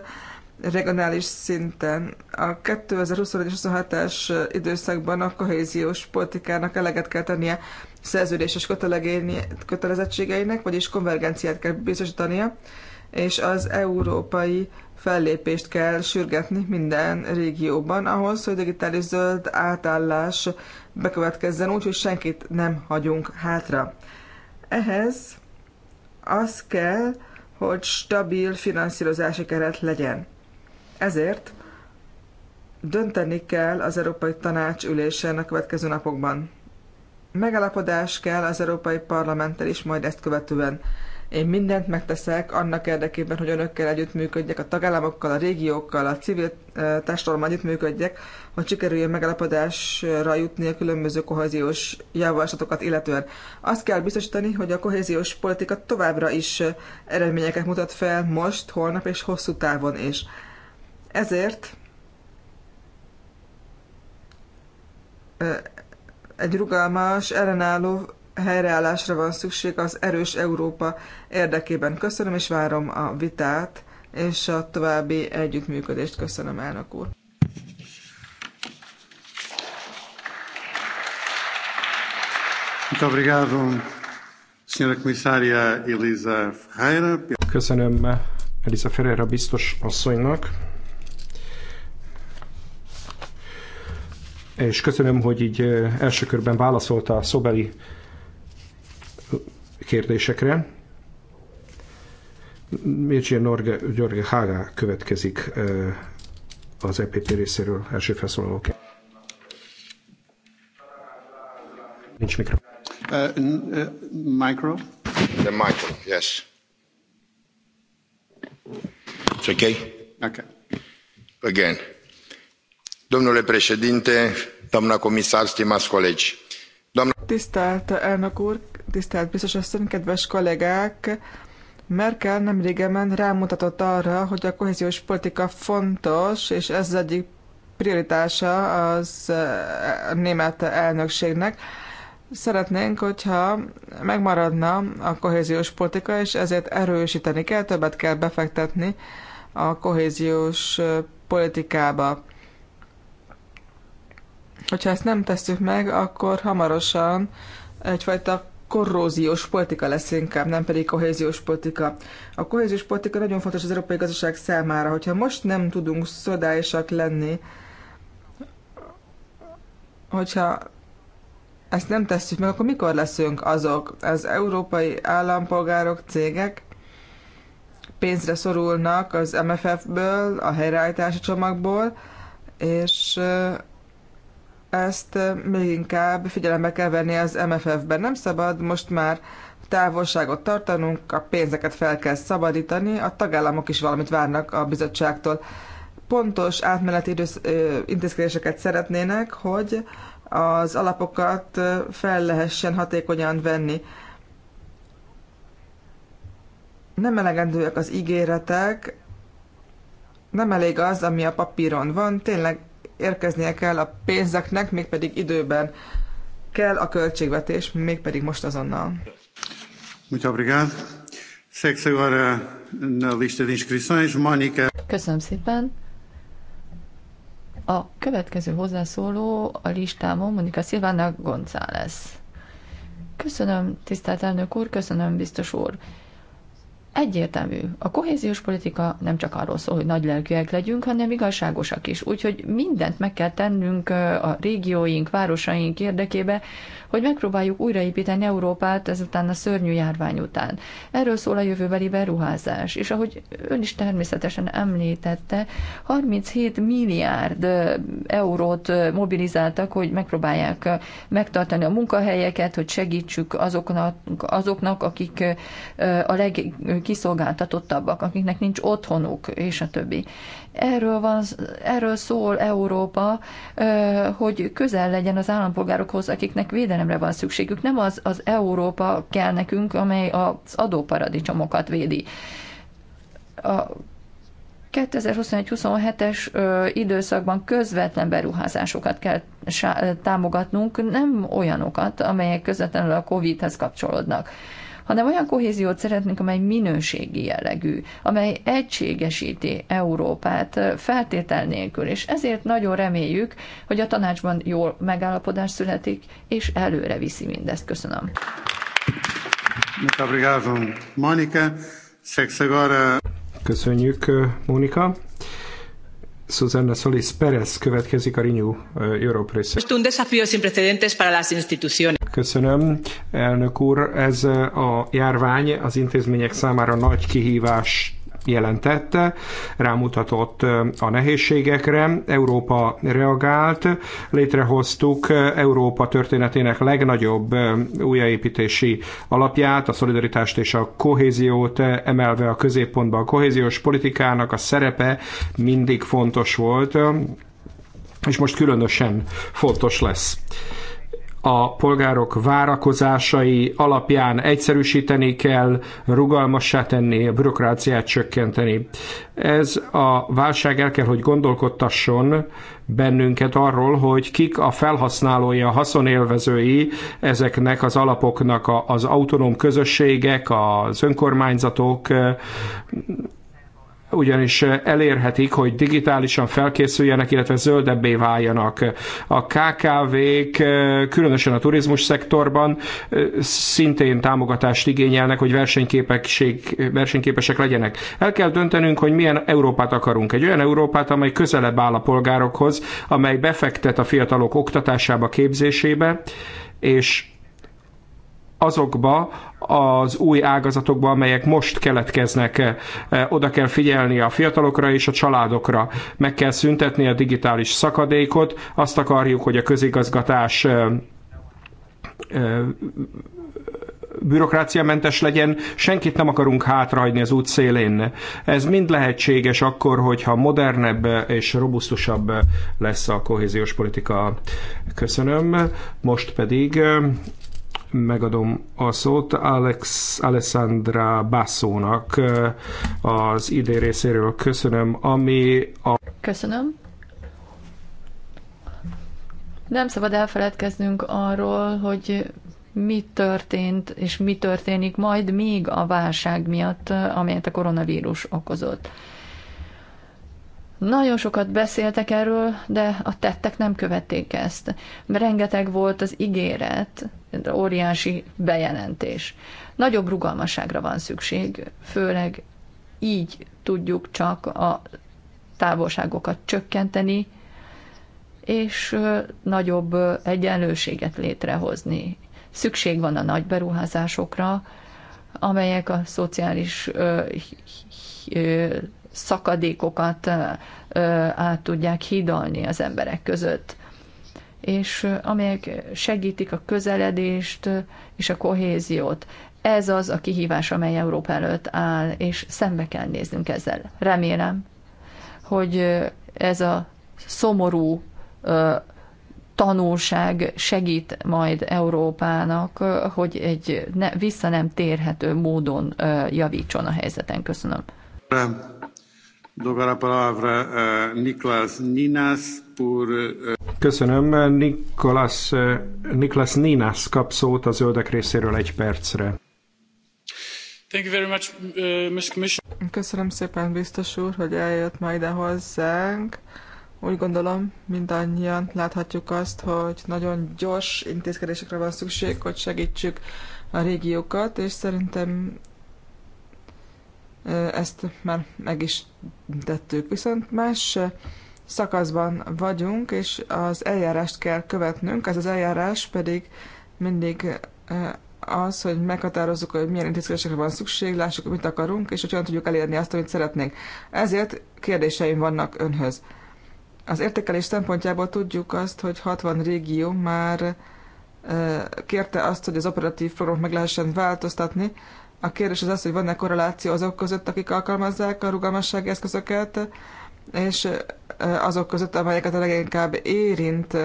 regionális szinten. A 2021 és 27-es időszakban a kohéziós politikának eleget kell tennie szerződéses kötelezettségeinek, vagyis konvergenciát kell biztosítania, és az európai fellépést kell sürgetni minden régióban ahhoz, hogy digitális zöld átállás bekövetkezzen úgy, hogy senkit nem hagyunk hátra. Ehhez az kell, hogy stabil finanszírozási keret legyen. Ezért dönteni kell az Európai Tanács ülésen a következő napokban. Megalapodás kell az Európai Parlamenttel is majd ezt követően. Én mindent megteszek annak érdekében, hogy önökkel együttműködjek, a tagállamokkal, a régiókkal, a civil eh, társadalommal együttműködjek, hogy sikerüljön megalapodásra jutni a különböző kohéziós javaslatokat illetően. Azt kell biztosítani, hogy a kohéziós politika továbbra is eh, eredményeket mutat fel most, holnap és hosszú távon is. Ezért egy rugalmas, ellenálló helyreállásra van szükség az erős Európa érdekében. Köszönöm, és várom a vitát és a további együttműködést. Köszönöm, elnök úr. Köszönöm Elisa Ferreira biztos asszonynak. és köszönöm, hogy így első körben válaszolta a szobeli kérdésekre. Mircea Norge, Györge Hága következik az EPP részéről első felszólalóként. Nincs mikro. Uh, uh, micro? The micro, yes. It's okay? Okay. Again domnule președinte doamnă comisar stimați colegi Tisztelt elnök úr, tisztelt biztos asszony, kedves kollégák! Merkel nem régen rámutatott arra, hogy a kohéziós politika fontos, és ez az egyik prioritása az eh, a német elnökségnek. Szeretnénk, hogyha megmaradna a kohéziós politika, és ezért erősíteni kell, többet kell befektetni a kohéziós eh, politikába hogyha ezt nem tesszük meg, akkor hamarosan egyfajta korróziós politika lesz inkább, nem pedig kohéziós politika. A kohéziós politika nagyon fontos az európai gazdaság számára. Hogyha most nem tudunk szodálisak lenni, hogyha ezt nem tesszük meg, akkor mikor leszünk azok? Az európai állampolgárok, cégek pénzre szorulnak az MFF-ből, a helyreállítási csomagból, és ezt még inkább figyelembe kell venni az MFF-ben. Nem szabad most már távolságot tartanunk, a pénzeket fel kell szabadítani, a tagállamok is valamit várnak a bizottságtól. Pontos átmeneti idősz, ö, intézkedéseket szeretnének, hogy az alapokat fel lehessen hatékonyan venni. Nem elegendőek az ígéretek, nem elég az, ami a papíron van, tényleg érkeznie kell a pénzeknek, mégpedig időben kell a költségvetés, mégpedig most azonnal. Muito obrigado. Segue-se agora na lista de inscrições. Mónica. Köszönöm szépen. A következő hozzászóló a listámon Monika Szilvának González. Köszönöm, tisztelt elnök úr, köszönöm, biztos úr egyértelmű. A kohéziós politika nem csak arról szól, hogy nagy lelkűek legyünk, hanem igazságosak is. Úgyhogy mindent meg kell tennünk a régióink, városaink érdekébe, hogy megpróbáljuk újraépíteni Európát ezután a szörnyű járvány után. Erről szól a jövőbeli beruházás. És ahogy ön is természetesen említette, 37 milliárd eurót mobilizáltak, hogy megpróbálják megtartani a munkahelyeket, hogy segítsük azoknak, azoknak akik a leg kiszolgáltatottabbak, akiknek nincs otthonuk, és a többi. Erről, van, erről szól Európa, hogy közel legyen az állampolgárokhoz, akiknek védelemre van szükségük. Nem az, az Európa kell nekünk, amely az adóparadicsomokat védi. A 2021-27-es időszakban közvetlen beruházásokat kell támogatnunk, nem olyanokat, amelyek közvetlenül a COVID-hez kapcsolódnak hanem olyan kohéziót szeretnénk, amely minőségi jellegű, amely egységesíti Európát feltétel nélkül, és ezért nagyon reméljük, hogy a tanácsban jól megállapodás születik, és előre viszi mindezt. Köszönöm. Köszönjük, Monika. Susana Solís Pérez következik a Renew Europe része. Most un desafío sin precedentes para las instituciones. Köszönöm, elnök úr. Ez a járvány az intézmények számára nagy kihívást jelentette, rámutatott a nehézségekre, Európa reagált, létrehoztuk Európa történetének legnagyobb újjáépítési alapját, a szolidaritást és a kohéziót emelve a középpontba. A kohéziós politikának a szerepe mindig fontos volt, és most különösen fontos lesz a polgárok várakozásai alapján egyszerűsíteni kell, rugalmassá tenni, a bürokráciát csökkenteni. Ez a válság el kell, hogy gondolkodtasson bennünket arról, hogy kik a felhasználói, a haszonélvezői ezeknek az alapoknak az autonóm közösségek, az önkormányzatok, ugyanis eh, elérhetik, hogy digitálisan felkészüljenek, illetve zöldebbé váljanak. A KKV-k, eh, különösen a turizmus szektorban eh, szintén támogatást igényelnek, hogy versenyképesség, versenyképesek legyenek. El kell döntenünk, hogy milyen Európát akarunk. Egy olyan Európát, amely közelebb áll a polgárokhoz, amely befektet a fiatalok oktatásába, képzésébe, és azokba az új ágazatokba, amelyek most keletkeznek. Eh, oda kell figyelni a fiatalokra és a családokra. Meg kell szüntetni a digitális szakadékot. Azt akarjuk, hogy a közigazgatás eh, eh, bürokráciamentes legyen, senkit nem akarunk hátrahagyni az út szélén. Ez mind lehetséges akkor, hogyha modernebb és robusztusabb lesz a kohéziós politika. Köszönöm. Most pedig megadom a szót Alex Alessandra Bassónak eh, az idén részéről. Köszönöm, ami a... Köszönöm. Nem szabad elfeledkeznünk arról, hogy mi történt és mi történik majd még a válság miatt, amelyet a koronavírus okozott. Nagyon sokat beszéltek erről, de a tettek nem követték ezt. Rengeteg volt az ígéret, óriási bejelentés. Nagyobb rugalmasságra van szükség, főleg így tudjuk csak a távolságokat csökkenteni, és nagyobb egyenlőséget létrehozni. Szükség van a nagy beruházásokra, amelyek a szociális szakadékokat át tudják hidalni az emberek között, és amelyek segítik a közeledést és a kohéziót. Ez az a kihívás, amely Európa előtt áll, és szembe kell néznünk ezzel. Remélem, hogy ez a szomorú tanulság segít majd Európának, hogy egy ne, vissza nem térhető módon javítson a helyzeten. Köszönöm. Nem. Eh, eh, Köszönöm. Nikolas, eh, Niklas Ninas kap szót a zöldek részéről egy percre. Thank you very much, Mr. Commissioner. Köszönöm szépen, biztos úr, hogy eljött ma ide hozzánk. Úgy gondolom, mindannyian láthatjuk azt, hogy nagyon gyors intézkedésekre van szükség, hogy segítsük a régiókat, és szerintem ezt már meg is tettük. Viszont más szakaszban vagyunk, és az eljárást kell követnünk, ez az eljárás pedig mindig az, hogy meghatározzuk, hogy milyen intézkedésekre van szükség, lássuk, mit akarunk, és hogy hogyan tudjuk elérni azt, amit szeretnénk. Ezért kérdéseim vannak önhöz. Az értékelés szempontjából tudjuk azt, hogy 60 régió már kérte azt, hogy az operatív programot meg lehessen változtatni, a kérdés az az, hogy van-e korreláció azok között, akik alkalmazzák a rugalmassági eszközöket, és azok között, amelyeket a leginkább érint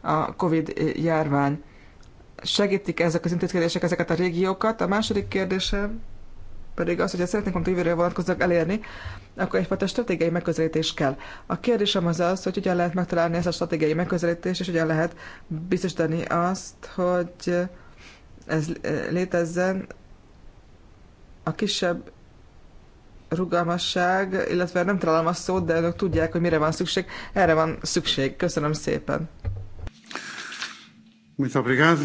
a COVID járvány. Segítik ezek az intézkedések ezeket a régiókat? A második kérdésem pedig az, hogyha szeretnénk pont jövőre vonatkozóak elérni, akkor egyfajta stratégiai megközelítés kell. A kérdésem az az, hogy hogyan lehet megtalálni ezt a stratégiai megközelítést, és hogyan lehet biztosítani azt, hogy ez létezzen, a kisebb rugalmasság, illetve nem találom a szót, de önök tudják, hogy mire van szükség. Erre van szükség. Köszönöm szépen. Muito obrigado.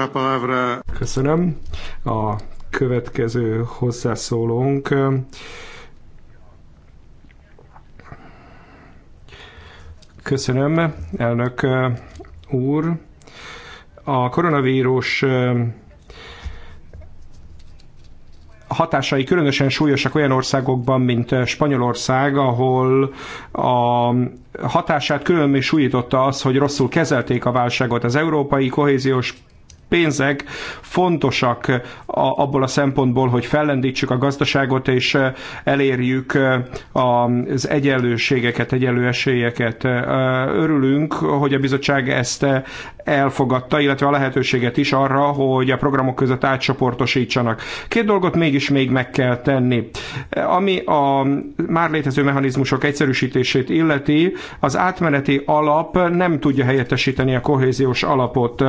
a palavra. Köszönöm. A következő hozzászólónk Köszönöm, elnök uh, úr. A koronavírus uh, hatásai különösen súlyosak olyan országokban, mint Spanyolország, ahol a hatását különben súlyította az, hogy rosszul kezelték a válságot. Az európai kohéziós pénzek fontosak eh, abból a szempontból, hogy fellendítsük a gazdaságot és eh, elérjük eh, az egyenlőségeket, egyenlő esélyeket. Örülünk, hogy a bizottság ezt elfogadta, illetve a lehetőséget is arra, hogy a programok között átcsoportosítsanak. Két dolgot mégis még meg kell tenni. Ami a már létező mechanizmusok egyszerűsítését illeti, az átmeneti alap nem tudja helyettesíteni a kohéziós alapot.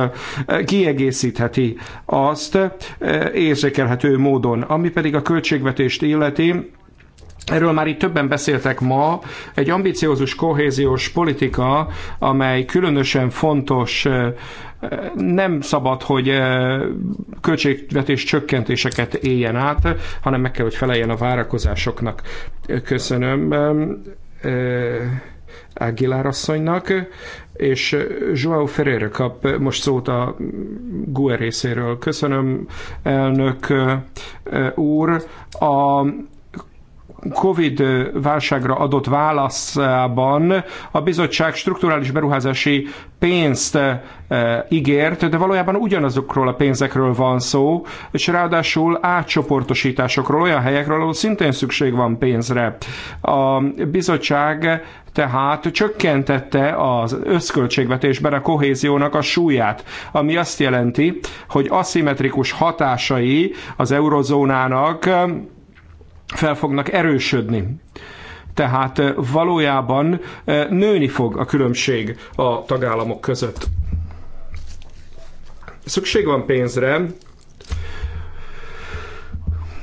Kiegész kiegészítheti azt érzékelhető módon. Ami pedig a költségvetést illeti, Erről már itt többen beszéltek ma. Egy ambiciózus kohéziós politika, amely különösen fontos nem szabad, hogy költségvetés csökkentéseket éljen át, hanem meg kell, hogy feleljen a várakozásoknak. Köszönöm. Aguilar asszonynak, és João Ferreira kap most szót a GUE részéről. Köszönöm, elnök eh, úr. A Covid válságra adott válaszában a bizottság strukturális beruházási pénzt ígért, de valójában ugyanazokról a pénzekről van szó, és ráadásul átcsoportosításokról, olyan helyekről, ahol szintén szükség van pénzre. A bizottság tehát csökkentette az összköltségvetésben a kohéziónak a súlyát, ami azt jelenti, hogy aszimmetrikus hatásai az eurozónának fel fognak erősödni. Tehát valójában nőni fog a különbség a tagállamok között. Szükség van pénzre,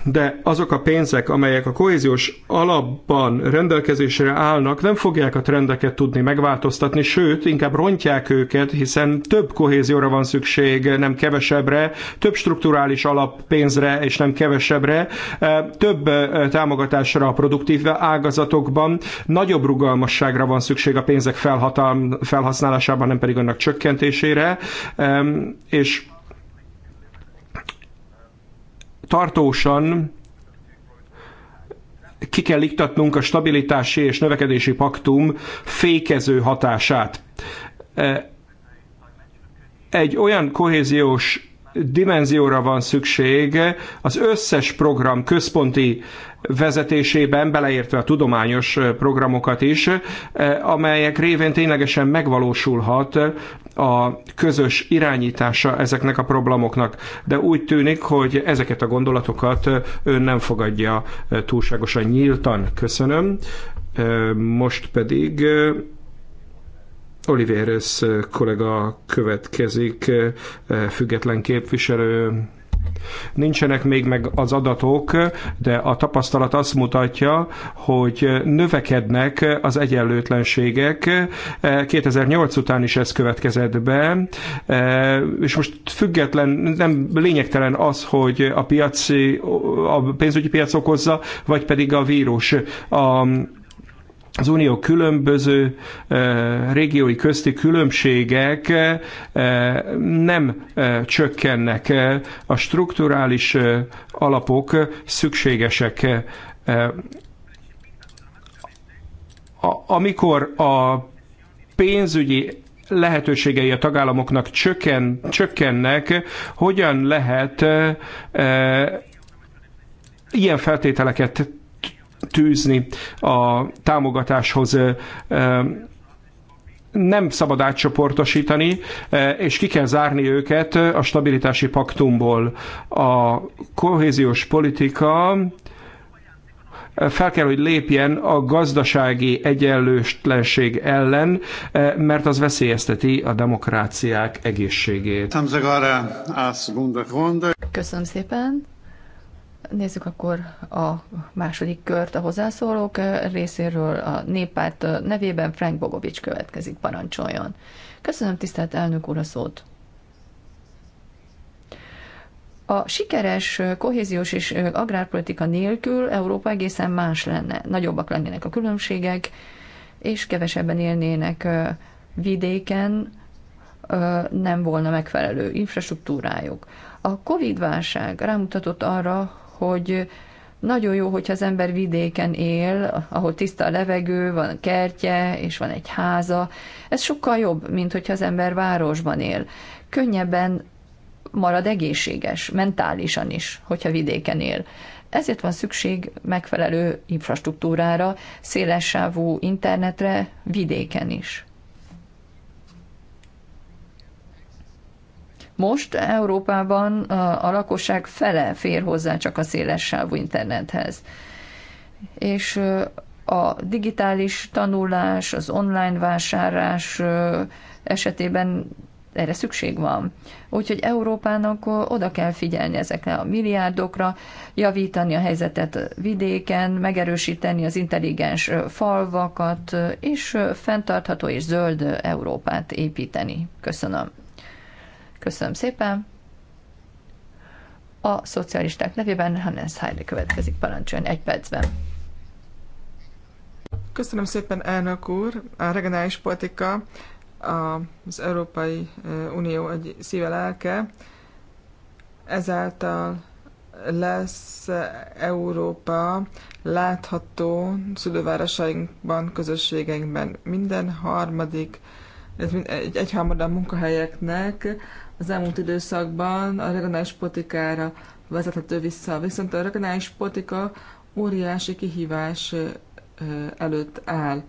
de azok a pénzek, amelyek a kohéziós alapban rendelkezésre állnak, nem fogják a trendeket tudni megváltoztatni, sőt, inkább rontják őket, hiszen több kohézióra van szükség, nem kevesebbre, több strukturális alappénzre és nem kevesebbre, e, több e, támogatásra a produktív ágazatokban, nagyobb rugalmasságra van szükség a pénzek felhasználásában, nem pedig annak csökkentésére, e, és tartósan ki kell iktatnunk a stabilitási és növekedési paktum fékező hatását. E, egy olyan kohéziós dimenzióra van szükség az összes program központi vezetésében, beleértve a tudományos programokat is, amelyek révén ténylegesen megvalósulhat a közös irányítása ezeknek a problémoknak. De úgy tűnik, hogy ezeket a gondolatokat ön nem fogadja túlságosan nyíltan. Köszönöm. Most pedig Oliveres kollega következik, független képviselő, Nincsenek még meg az adatok, de a tapasztalat azt mutatja, hogy növekednek az egyenlőtlenségek. 2008 e, után is ez következett be, e, és most független, nem lényegtelen az, hogy a piaci, a pénzügyi piac okozza, vagy pedig a vírus. A, az unió különböző régiói közti különbségek nem csökkennek. A strukturális alapok szükségesek. Amikor a pénzügyi lehetőségei a tagállamoknak csökken, csökkennek, hogyan lehet ilyen feltételeket tűzni a támogatáshoz nem szabad átcsoportosítani, és ki kell zárni őket a stabilitási paktumból. A kohéziós politika fel kell, hogy lépjen a gazdasági egyenlőtlenség ellen, mert az veszélyezteti a demokráciák egészségét. Köszönöm szépen. Nézzük akkor a második kört a hozzászólók részéről. A néppárt nevében Frank Bogovics következik, parancsoljon. Köszönöm tisztelt elnök úr a szót. A sikeres kohéziós és agrárpolitika nélkül Európa egészen más lenne. Nagyobbak lennének a különbségek, és kevesebben élnének vidéken, nem volna megfelelő infrastruktúrájuk. A Covid-válság rámutatott arra, hogy nagyon jó, hogyha az ember vidéken él, ahol tiszta a levegő, van a kertje, és van egy háza. Ez sokkal jobb, mint hogyha az ember városban él. Könnyebben marad egészséges, mentálisan is, hogyha vidéken él. Ezért van szükség megfelelő infrastruktúrára, szélessávú internetre vidéken is. Most Európában a lakosság fele fér hozzá csak a széles sávú internethez. És a digitális tanulás, az online vásárlás esetében erre szükség van. Úgyhogy Európának oda kell figyelni ezekre a milliárdokra, javítani a helyzetet vidéken, megerősíteni az intelligens falvakat, és fenntartható és zöld Európát építeni. Köszönöm. Köszönöm szépen. A szocialisták nevében Hannes Heide következik, parancsoljon egy percben. Köszönöm szépen, elnök úr. A regionális politika az Európai Unió egy szíve lelke. Ezáltal lesz Európa látható szülővárosainkban, közösségeinkben. Minden harmadik, egy, egy harmada munkahelyeknek az elmúlt időszakban a regionális politikára vezethető vissza. Viszont a regionális politika óriási kihívás előtt áll.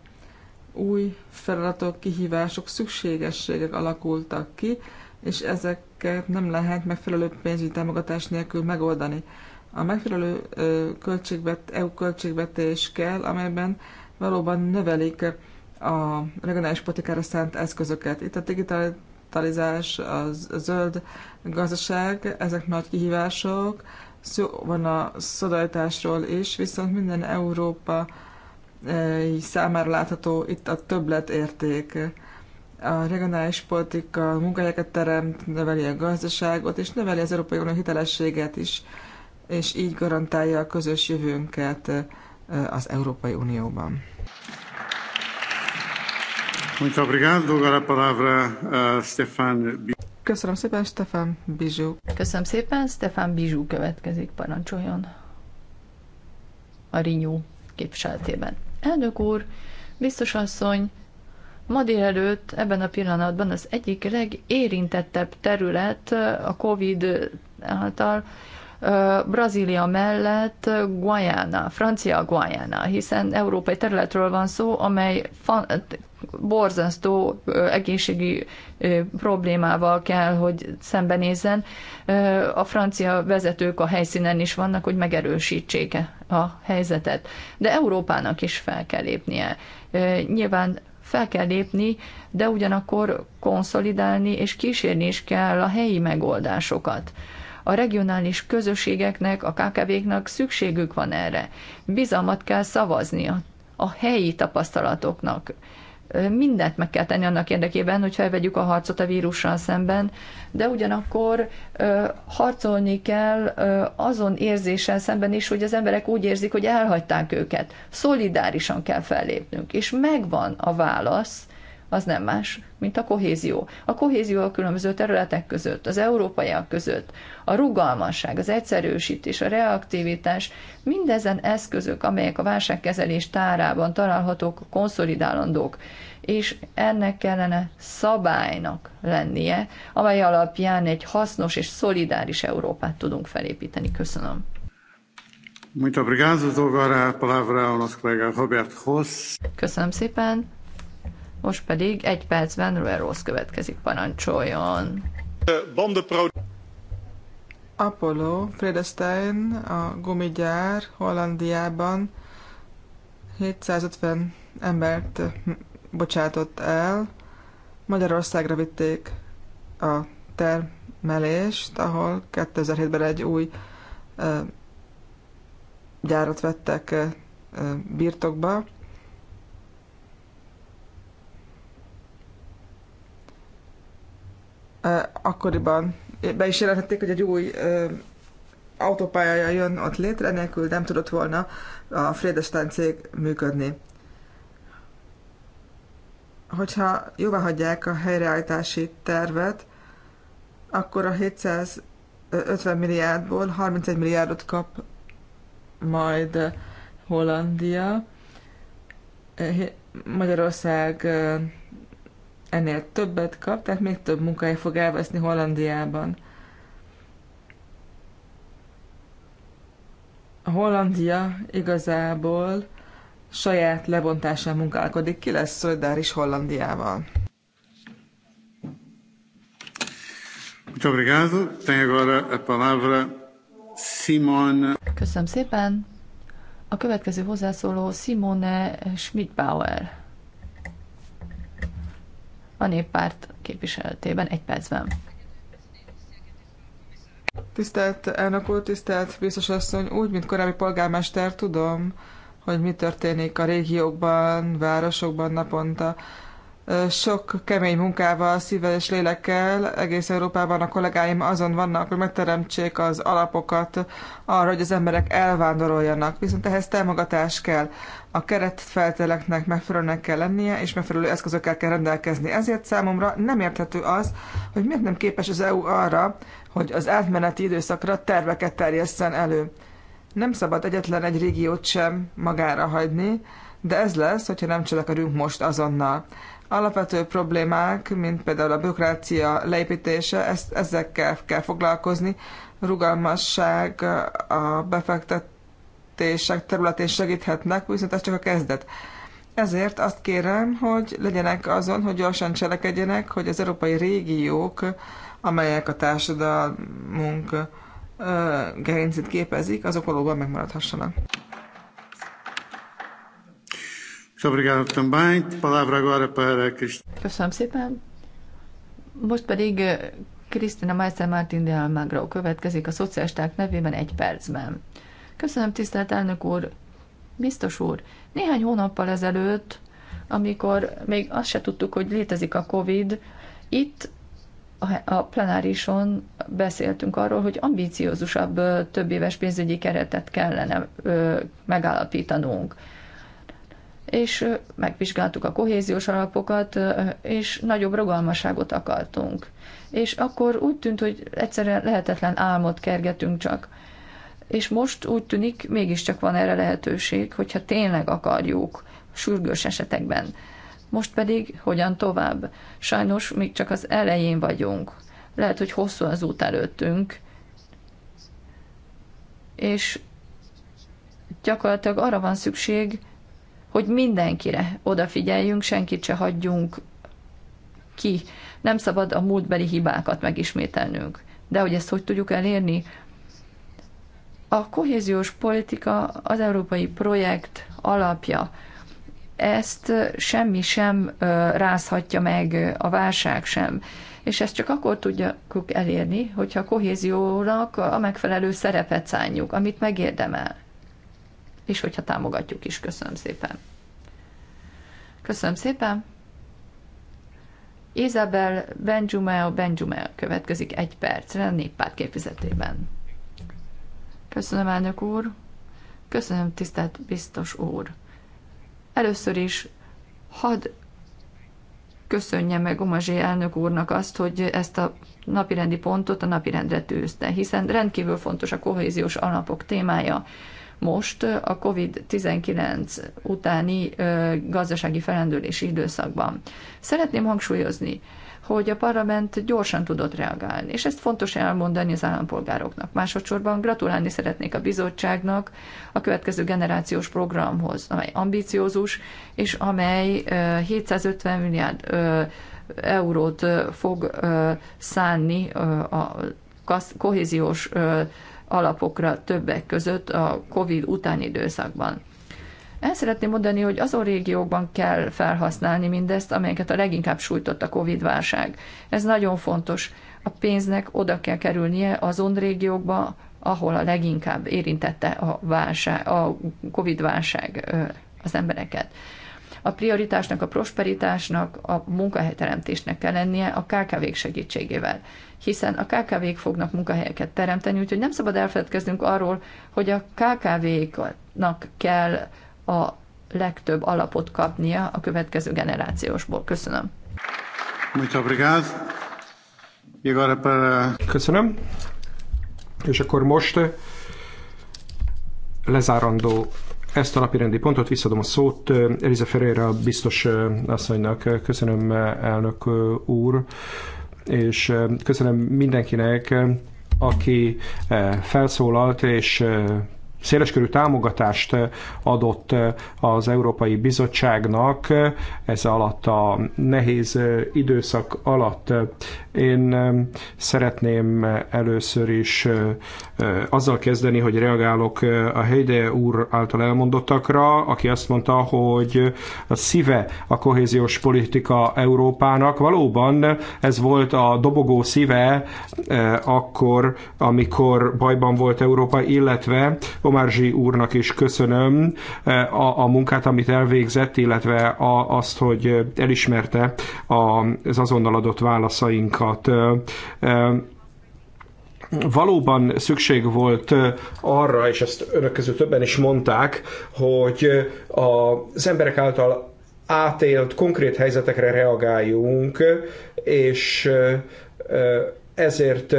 Új feladatok, kihívások, szükségességek alakultak ki, és ezeket nem lehet megfelelő pénzügyi támogatás nélkül megoldani. A megfelelő költségvet, EU költségvetés kell, amelyben valóban növelik a regionális politikára szánt eszközöket. Itt a digitális digitalizás, a zöld gazdaság, ezek nagy kihívások. Szó van a szodajtásról is, viszont minden Európa eh, számára látható itt a többletérték. A regionális politika munkahelyeket teremt, növeli a gazdaságot, és növeli az Európai Unió hitelességet is, és így garantálja a közös jövőnket eh, az Európai Unióban. Köszönöm szépen, Stefan Bizsú. Köszönöm szépen, Stefan Bizsú következik, parancsoljon a Rinyú képviseletében. Elnök úr, biztos asszony, ma délelőtt ebben a pillanatban az egyik legérintettebb terület a COVID által Brazília mellett Guayana, francia Guayana, hiszen európai területről van szó, amely borzasztó egészségi problémával kell, hogy szembenézzen. A francia vezetők a helyszínen is vannak, hogy megerősítsék a helyzetet. De Európának is fel kell lépnie. Nyilván fel kell lépni, de ugyanakkor konszolidálni és kísérni is kell a helyi megoldásokat. A regionális közösségeknek, a KKV-knak szükségük van erre. Bizalmat kell szavaznia a helyi tapasztalatoknak mindent meg kell tenni annak érdekében, hogy felvegyük a harcot a vírussal szemben, de ugyanakkor harcolni kell azon érzéssel szemben is, hogy az emberek úgy érzik, hogy elhagyták őket. Szolidárisan kell fellépnünk, és megvan a válasz, az nem más, mint a kohézió. A kohézió a különböző területek között, az európaiak között, a rugalmasság, az egyszerűsítés, a reaktivitás, mindezen eszközök, amelyek a válságkezelés tárában találhatók, konszolidálandók, és ennek kellene szabálynak lennie, amely alapján egy hasznos és szolidáris Európát tudunk felépíteni. Köszönöm. Muito obrigado, doutora. A palavra ao nosso colega Roberto Ross. Köszönöm szépen. Most pedig egy percben Ruel Rossz következik, parancsoljon. Apollo, Fredestein, a gumigyár Hollandiában 750 embert bocsátott el. Magyarországra vitték a termelést, ahol 2007-ben egy új gyárat vettek birtokba. akkoriban be is jelentették, hogy egy új autópályája jön ott létre, nélkül nem tudott volna a Fredestein cég működni. Hogyha jóvá hagyják a helyreállítási tervet, akkor a 750 milliárdból 31 milliárdot kap majd Hollandia. Magyarország ennél többet kap, tehát még több munkája fog elveszni Hollandiában. A Hollandia igazából saját lebontásán munkálkodik. Ki lesz szolidáris Hollandiával? Muito obrigado. Tem agora a palavra Simone. Köszönöm szépen. A következő hozzászóló Simone Schmidbauer a néppárt képviseletében egy percben. Tisztelt elnök úr, tisztelt biztos asszony, úgy, mint korábbi polgármester, tudom, hogy mi történik a régiókban, városokban naponta sok kemény munkával, szívvel és lélekkel egész Európában a kollégáim azon vannak, hogy megteremtsék az alapokat arra, hogy az emberek elvándoroljanak. Viszont ehhez támogatás kell. A keretfelteleknek megfelelőnek kell lennie, és megfelelő eszközökkel kell rendelkezni. Ezért számomra nem érthető az, hogy miért nem képes az EU arra, hogy az átmeneti időszakra terveket terjesszen elő. Nem szabad egyetlen egy régiót sem magára hagyni, de ez lesz, hogyha nem cselekedünk most azonnal. Alapvető problémák, mint például a bürokrácia leépítése, ezt, ezekkel kell foglalkozni, rugalmasság, a befektetések területén segíthetnek, viszont ez csak a kezdet. Ezért azt kérem, hogy legyenek azon, hogy gyorsan cselekedjenek, hogy az európai régiók, amelyek a társadalmunk gerincét képezik, azok valóban megmaradhassanak. Köszönöm szépen. Most pedig eh, Krisztina Meister Martin de Almagro következik a szociálisták nevében egy percben. Köszönöm, tisztelt elnök úr, biztos úr. Néhány hónappal ezelőtt, amikor még azt se tudtuk, hogy létezik a COVID, itt a plenárison beszéltünk arról, hogy ambíciózusabb eh, több éves pénzügyi keretet kellene eh, megállapítanunk és megvizsgáltuk a kohéziós alapokat, és nagyobb rugalmasságot akartunk. És akkor úgy tűnt, hogy egyszerűen lehetetlen álmot kergetünk csak. És most úgy tűnik, mégiscsak van erre lehetőség, hogyha tényleg akarjuk, sürgős esetekben. Most pedig hogyan tovább? Sajnos még csak az elején vagyunk. Lehet, hogy hosszú az út előttünk, és gyakorlatilag arra van szükség, hogy mindenkire odafigyeljünk, senkit se hagyjunk ki. Nem szabad a múltbeli hibákat megismételnünk. De hogy ezt hogy tudjuk elérni? A kohéziós politika az európai projekt alapja. Ezt semmi sem rázhatja meg, a válság sem. És ezt csak akkor tudjuk elérni, hogyha a kohéziónak a megfelelő szerepet szánjuk, amit megérdemel és hogyha támogatjuk is. Köszönöm szépen. Köszönöm szépen. Isabel Benjumel Benjumel következik egy percre a néppárt képvizetében. Köszönöm, elnök úr. Köszönöm, tisztelt biztos úr. Először is hadd köszönje meg Omazsé elnök úrnak azt, hogy ezt a napirendi pontot a napirendre tűzte, hiszen rendkívül fontos a kohéziós alapok témája most a COVID-19 utáni gazdasági felendülési időszakban. Szeretném hangsúlyozni, hogy a parlament gyorsan tudott reagálni, és ezt fontos elmondani az állampolgároknak. Másodszorban gratulálni szeretnék a bizottságnak a következő generációs programhoz, amely ambiciózus, és amely 750 milliárd eurót fog szánni a kohéziós alapokra többek között a COVID utáni időszakban. El szeretném mondani, hogy azon régiókban kell felhasználni mindezt, amelyeket a leginkább sújtott a COVID-válság. Ez nagyon fontos. A pénznek oda kell kerülnie azon régiókba, ahol a leginkább érintette a, válság, a COVID-válság az embereket. A prioritásnak, a prosperitásnak, a munkahelyteremtésnek kell lennie a KKV-k segítségével hiszen a KKV-k fognak munkahelyeket teremteni, úgyhogy nem szabad elfeledkeznünk arról, hogy a KKV-knak kell a legtöbb alapot kapnia a következő generációsból. Köszönöm. E Köszönöm. És akkor most lezárandó ezt a napirendi pontot, visszadom a szót eh, Eliza Ferreira biztos eh, asszonynak. Köszönöm, eh, elnök úr és köszönöm mindenkinek, aki felszólalt, és széleskörű támogatást adott az Európai Bizottságnak ez alatt a nehéz időszak alatt. Én szeretném eh, először is eh, eh, azzal kezdeni, hogy reagálok a Heide úr által elmondottakra, aki azt mondta, hogy a szíve a kohéziós politika Európának. Valóban ez volt a dobogó szíve akkor, amikor bajban volt Európa, illetve Omárzsi úrnak is köszönöm a, a munkát, amit elvégzett, illetve a, azt, hogy elismerte az azonnal adott válaszainkat politikákat valóban szükség volt arra, és ezt önök közül többen is mondták, hogy az emberek által átélt konkrét helyzetekre reagáljunk, és ezért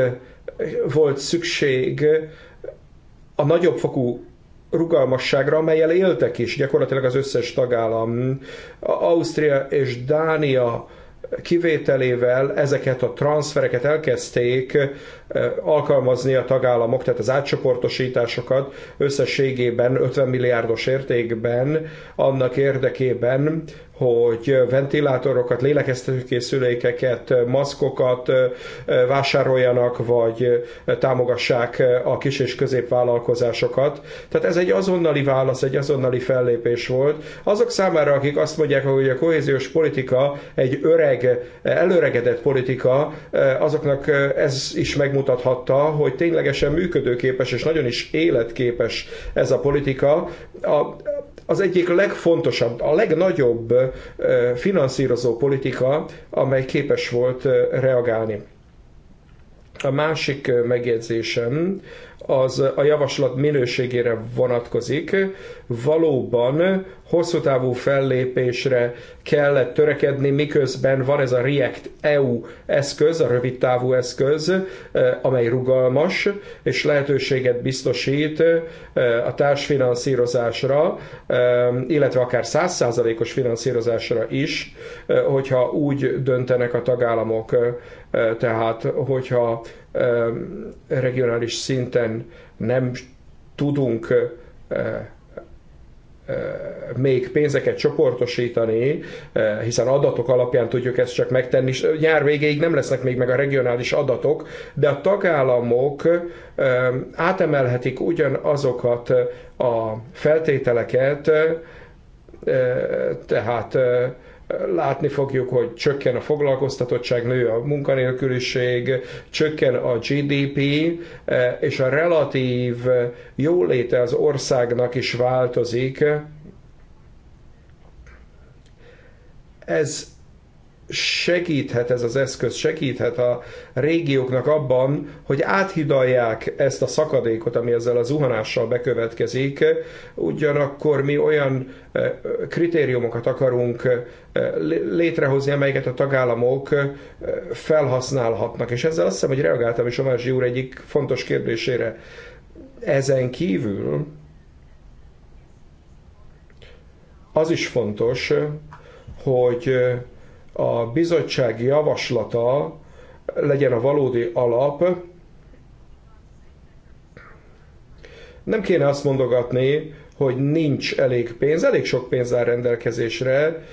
volt szükség a nagyobb fokú rugalmasságra, amelyel éltek is gyakorlatilag az összes tagállam. Ausztria és Dánia kivételével ezeket a transfereket elkezdték alkalmazni a tagállamok, tehát az átcsoportosításokat összességében 50 milliárdos értékben annak érdekében, hogy ventilátorokat, lélegeztetőkészülékeket, maszkokat vásároljanak, vagy támogassák a kis és középvállalkozásokat. Tehát ez egy azonnali válasz, egy azonnali fellépés volt. Azok számára, akik azt mondják, hogy a kohéziós politika egy öreg, előregedett politika, azoknak ez is megmutathatta, hogy ténylegesen működőképes és nagyon is életképes ez a politika. A, az egyik legfontosabb, a legnagyobb finanszírozó politika, amely képes volt reagálni. A másik megjegyzésem az a javaslat minőségére vonatkozik. Valóban hosszú távú fellépésre kellett törekedni, miközben van ez a React EU eszköz, a rövid távú eszköz, eh, amely rugalmas, és lehetőséget biztosít eh, a társfinanszírozásra, eh, illetve akár százszázalékos finanszírozásra is, hogyha úgy döntenek a tagállamok, tehát hogyha regionális szinten nem tudunk még pénzeket csoportosítani, hiszen adatok alapján tudjuk ezt csak megtenni, és nyár végéig nem lesznek még meg a regionális adatok, de a tagállamok átemelhetik ugyanazokat a feltételeket, tehát látni fogjuk, hogy csökken a foglalkoztatottság, nő a munkanélküliség, csökken a GDP, eh, és a relatív eh, jóléte az országnak is változik. Ez segíthet ez az eszköz, segíthet a régióknak abban, hogy áthidalják ezt a szakadékot, ami ezzel a zuhanással bekövetkezik, ugyanakkor mi olyan eh, kritériumokat akarunk eh, létrehozni, amelyeket a tagállamok eh, felhasználhatnak. És ezzel azt hiszem, hogy reagáltam is Omázsi úr egyik fontos kérdésére. Ezen kívül az is fontos, hogy a bizottsági javaslata legyen a valódi alap, nem kéne azt mondogatni, hogy nincs elég pénz, elég sok pénz áll rendelkezésre.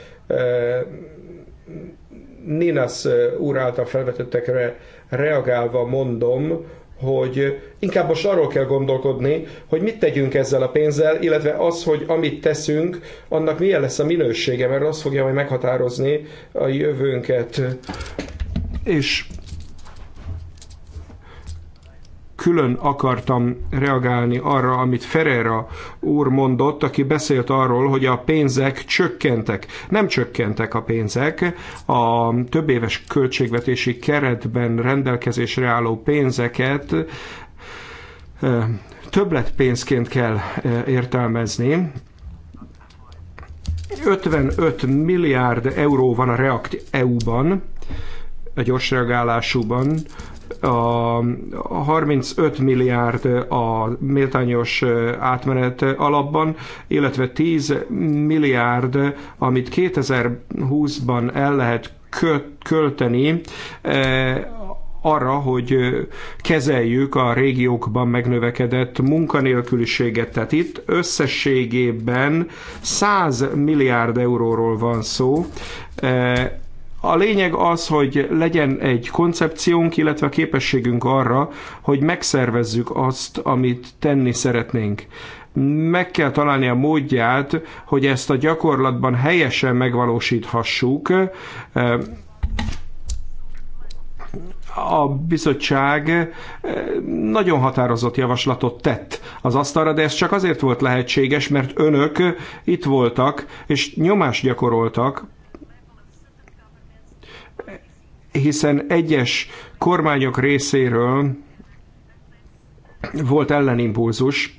Ninas úr által felvetettekre reagálva mondom, hogy inkább most arról kell gondolkodni, hogy mit tegyünk ezzel a pénzzel, illetve az, hogy amit teszünk, annak milyen lesz a minősége, mert az fogja majd meghatározni a jövőnket. És külön akartam reagálni arra, amit Ferreira úr mondott, aki beszélt arról, hogy a pénzek csökkentek. Nem csökkentek a pénzek, a többéves költségvetési keretben rendelkezésre álló pénzeket többletpénzként kell értelmezni. 55 milliárd euró van a React EU-ban, a gyors reagálásúban, a 35 milliárd a méltányos átmenet alapban, illetve 10 milliárd, amit 2020-ban el lehet költeni arra, hogy kezeljük a régiókban megnövekedett munkanélküliséget. Tehát itt összességében 100 milliárd euróról van szó, a lényeg az, hogy legyen egy koncepciónk, illetve képességünk arra, hogy megszervezzük azt, amit tenni szeretnénk meg kell találni a módját, hogy ezt a gyakorlatban helyesen megvalósíthassuk. A bizottság nagyon határozott javaslatot tett az asztalra, de ez csak azért volt lehetséges, mert önök itt voltak és nyomást gyakoroltak hiszen egyes kormányok részéről volt ellenimpulzus.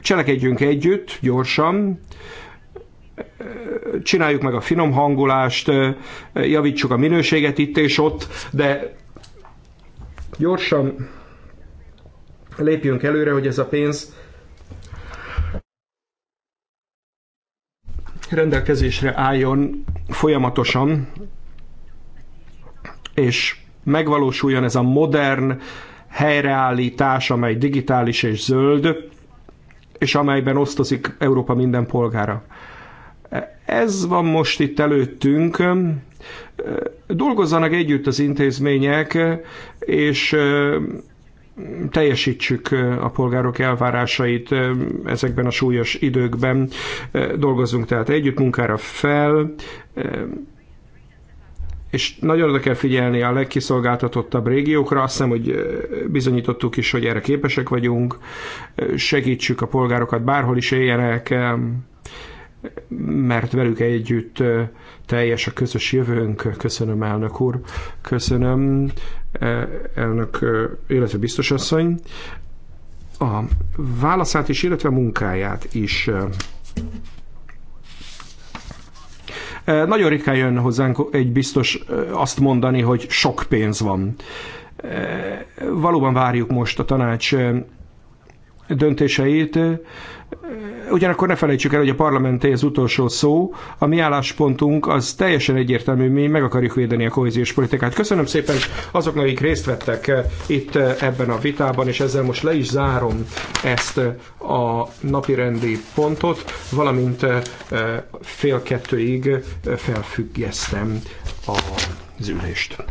Cselekedjünk együtt, gyorsan, csináljuk meg a finom hangulást, javítsuk a minőséget itt és ott, de gyorsan lépjünk előre, hogy ez a pénz rendelkezésre álljon folyamatosan, és megvalósuljon ez a modern helyreállítás, amely digitális és zöld, és amelyben osztozik Európa minden polgára. Ez van most itt előttünk. Dolgozzanak együtt az intézmények, és teljesítsük a polgárok elvárásait ezekben a súlyos időkben. Dolgozzunk tehát együtt munkára fel, és nagyon oda kell figyelni a legkiszolgáltatottabb régiókra, azt hiszem, hogy bizonyítottuk is, hogy erre képesek vagyunk, segítsük a polgárokat bárhol is éljenek, mert velük együtt teljes a közös jövőnk. Köszönöm, elnök úr. Köszönöm elnök, illetve biztosasszony, a válaszát is, illetve a munkáját is nagyon ritkán jön hozzánk egy biztos azt mondani, hogy sok pénz van. Valóban várjuk most a tanács döntéseit. Ugyanakkor ne felejtsük el, hogy a parlamenté az utolsó szó, a mi álláspontunk az teljesen egyértelmű, mi meg akarjuk védeni a kohéziós politikát. Köszönöm szépen azoknak, akik részt vettek eh, itt eh, ebben a vitában, és ezzel most le is zárom ezt eh, a napirendi pontot, valamint fél kettőig felfüggesztem az ülést.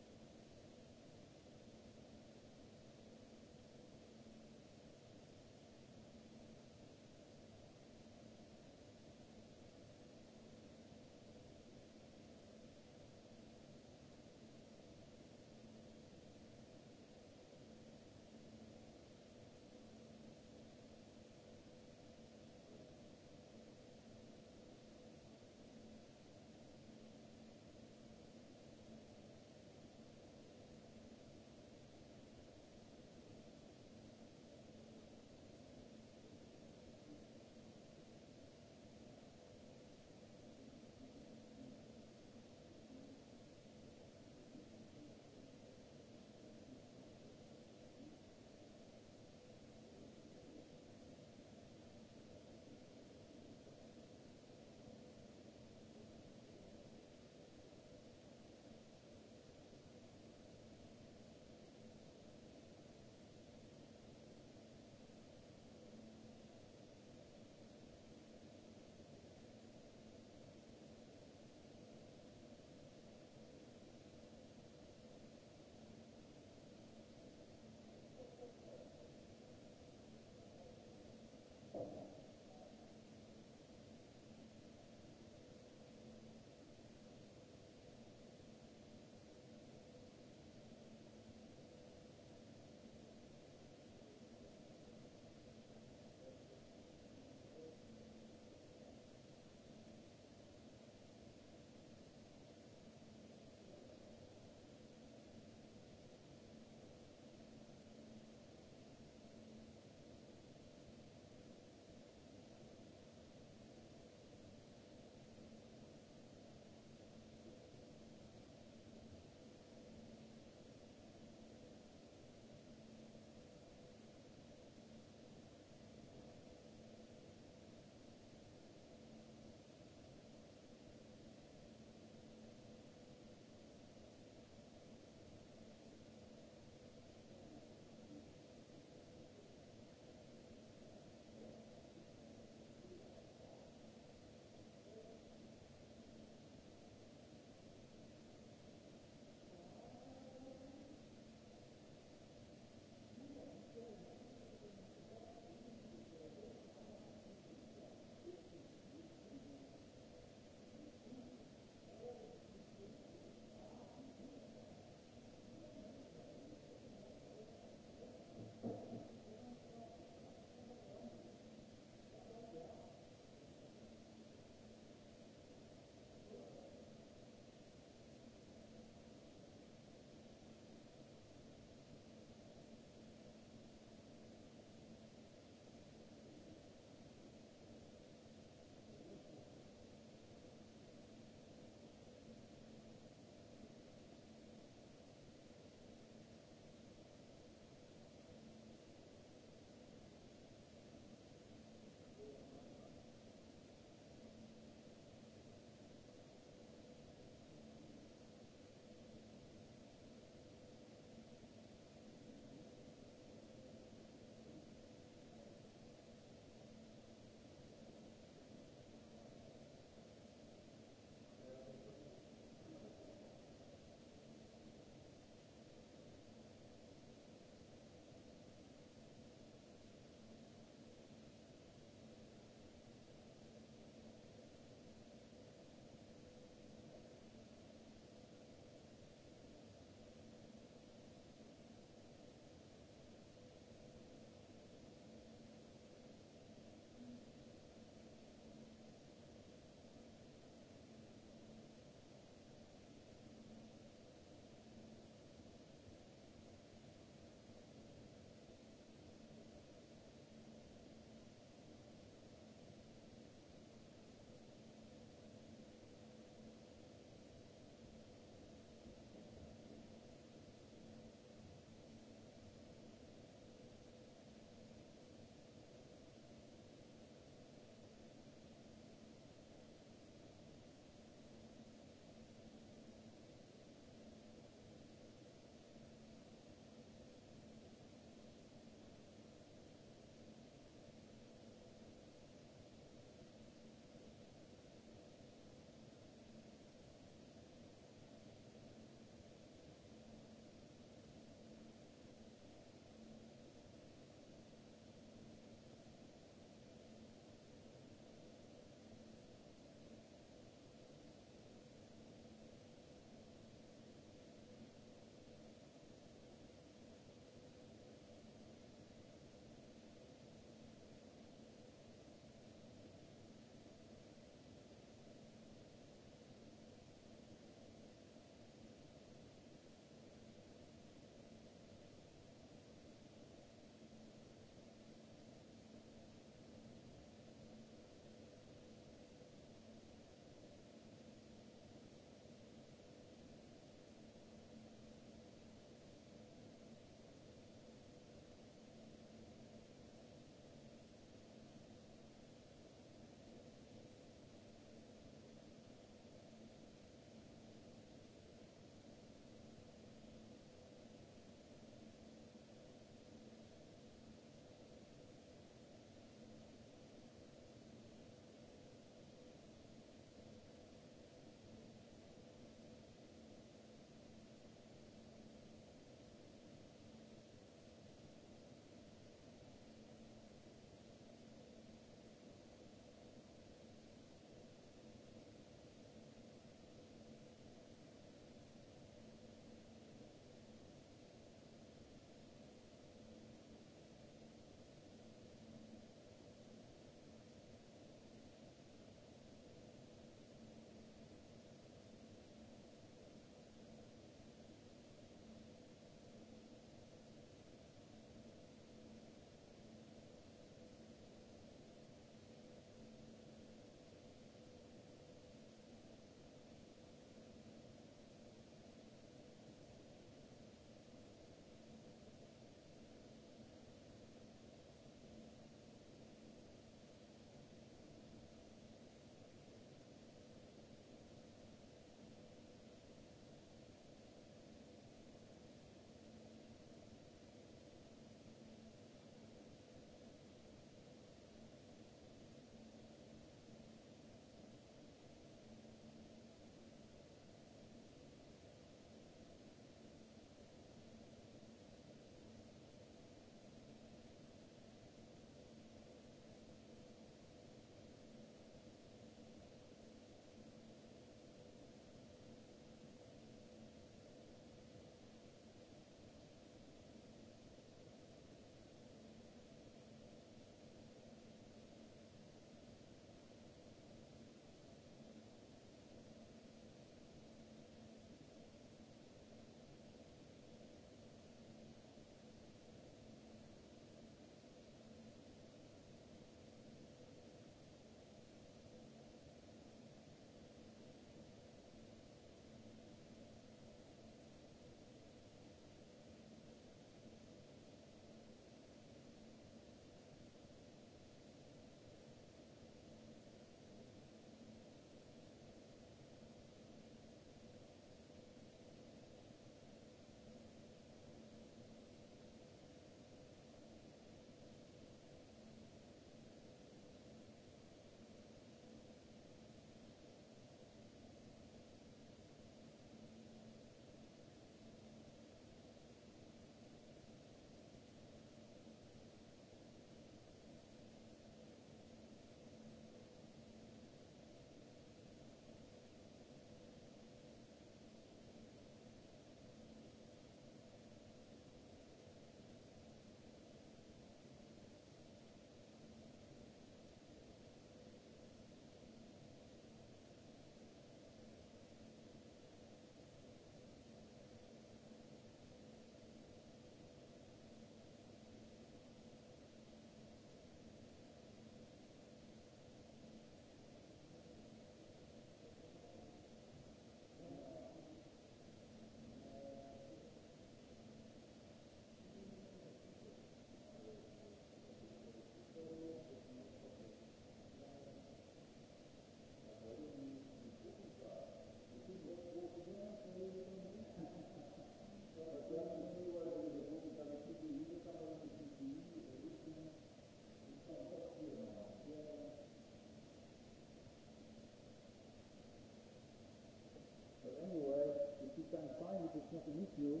with you,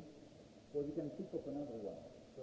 or you can pick up another one. So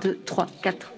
deux, trois, quatre.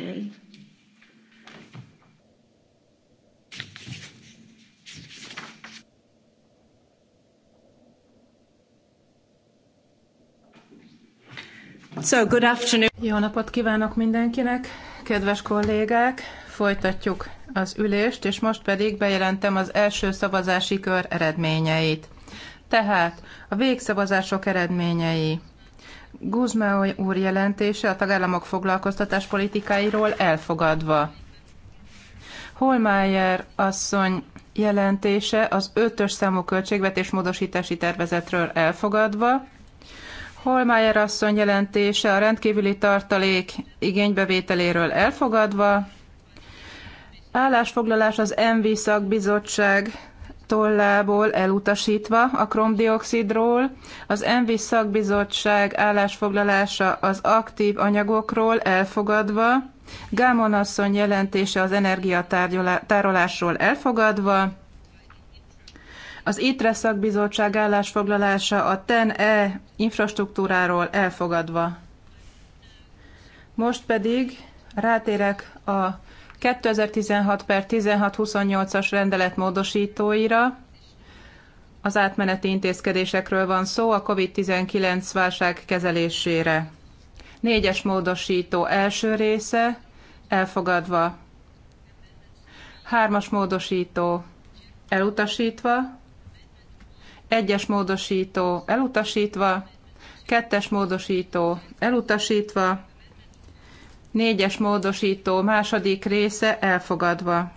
okay. So, good afternoon. Jó napot kívánok mindenkinek, kedves kollégák! Folytatjuk az ülést, és most pedig bejelentem az első szavazási kör eredményeit. Tehát a végszavazások eredményei Guzmán úr jelentése a tagállamok politikáiról elfogadva. Holmeier asszony jelentése az ötös számú költségvetés módosítási tervezetről elfogadva. Holmeier asszony jelentése a rendkívüli tartalék igénybevételéről elfogadva. Állásfoglalás az MV szakbizottság tollából elutasítva a kromdioxidról, az ENVI szakbizottság állásfoglalása az aktív anyagokról elfogadva, Gámon asszony jelentése az energiatárolásról elfogadva, az ITRE szakbizottság állásfoglalása a TEN-E infrastruktúráról elfogadva. Most pedig rátérek a 2016 per 1628-as rendelet módosítóira, az átmeneti intézkedésekről van szó a COVID-19 válság kezelésére. Négyes módosító első része elfogadva. Hármas módosító elutasítva. Egyes módosító elutasítva. Kettes módosító elutasítva. Négyes módosító második része elfogadva.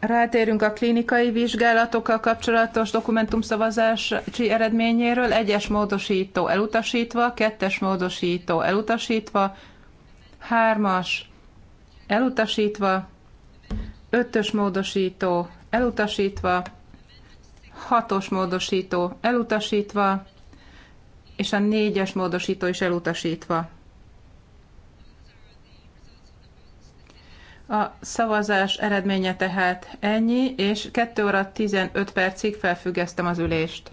Rátérünk a klinikai vizsgálatokkal kapcsolatos dokumentumszavazási eredményéről. Egyes módosító elutasítva, kettes módosító elutasítva, hármas elutasítva, ötös módosító elutasítva, hatos módosító elutasítva, és a négyes módosító is elutasítva. A szavazás eredménye tehát ennyi, és 2 óra 15 percig felfüggesztem az ülést.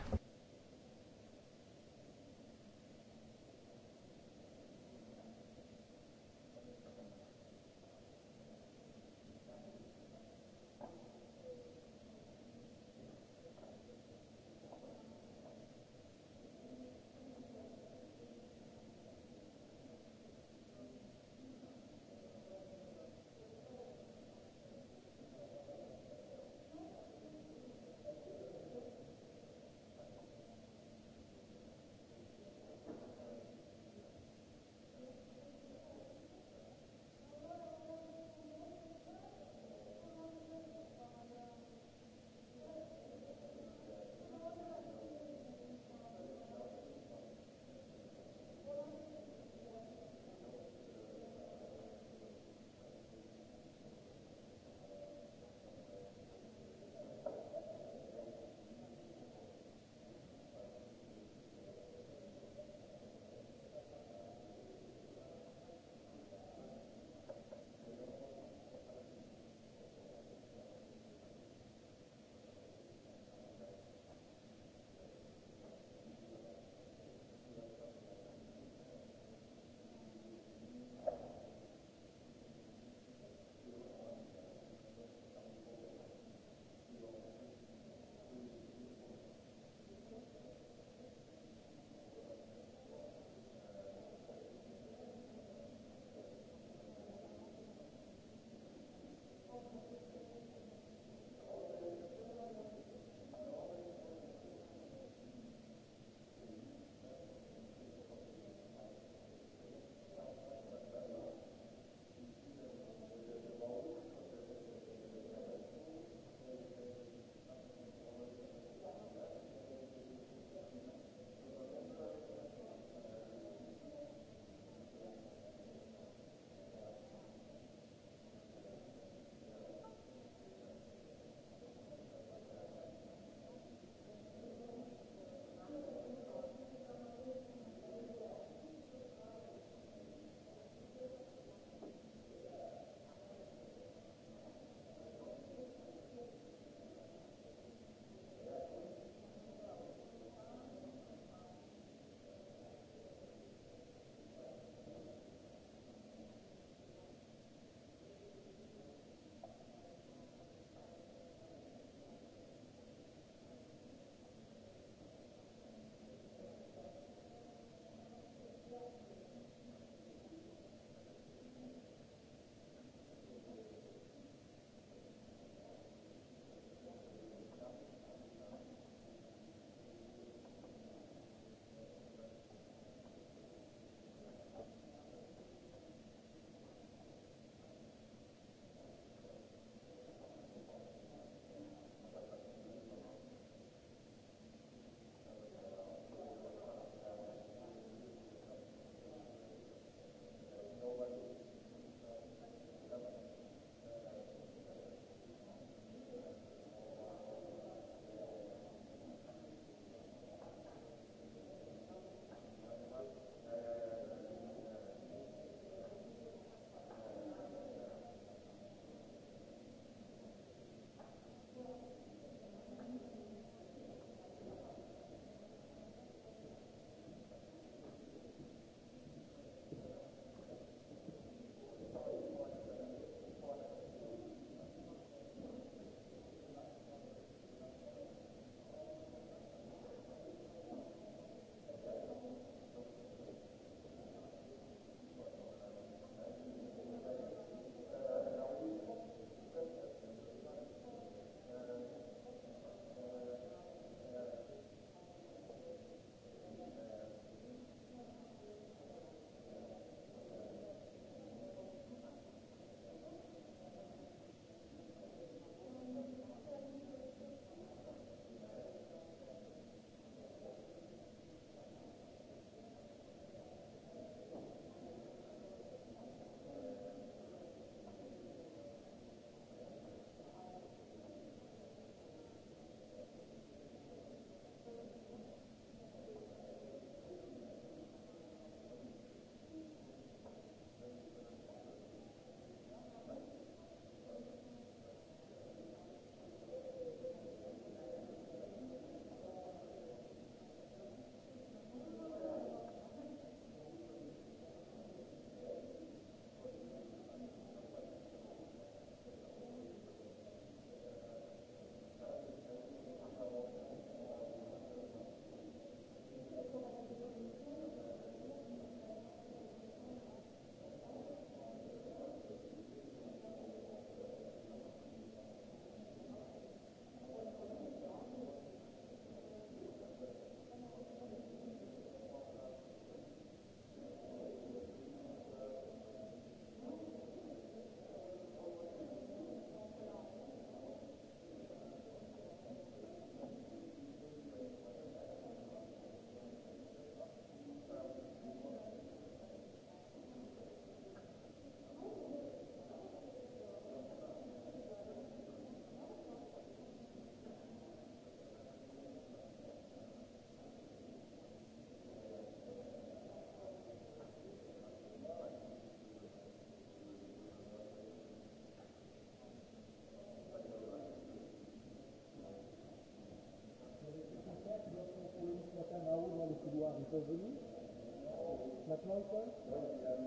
revenus Maintenant ou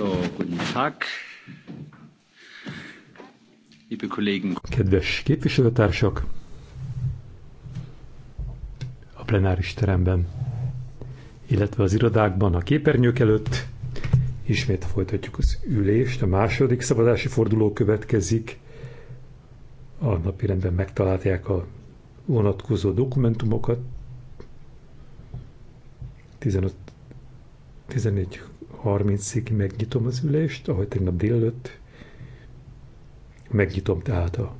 So, guten Tag. Liebe Kollegen. Kedves képviselőtársak! A plenáris teremben, illetve az irodákban, a képernyők előtt ismét folytatjuk az ülést. A második szavazási forduló következik. A napirendben megtalálták a vonatkozó dokumentumokat. 15 14 30-ig megnyitom az ülést, ahogy tegnap délelőtt. Megnyitom tehát a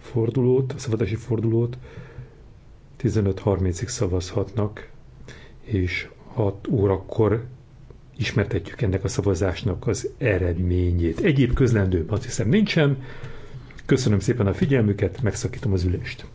fordulót, a szavazási fordulót. 15-30-ig szavazhatnak, és 6 órakor ismertetjük ennek a szavazásnak az eredményét. Egyéb közlendő azt hiszem nincsen. Köszönöm szépen a figyelmüket, megszakítom az ülést.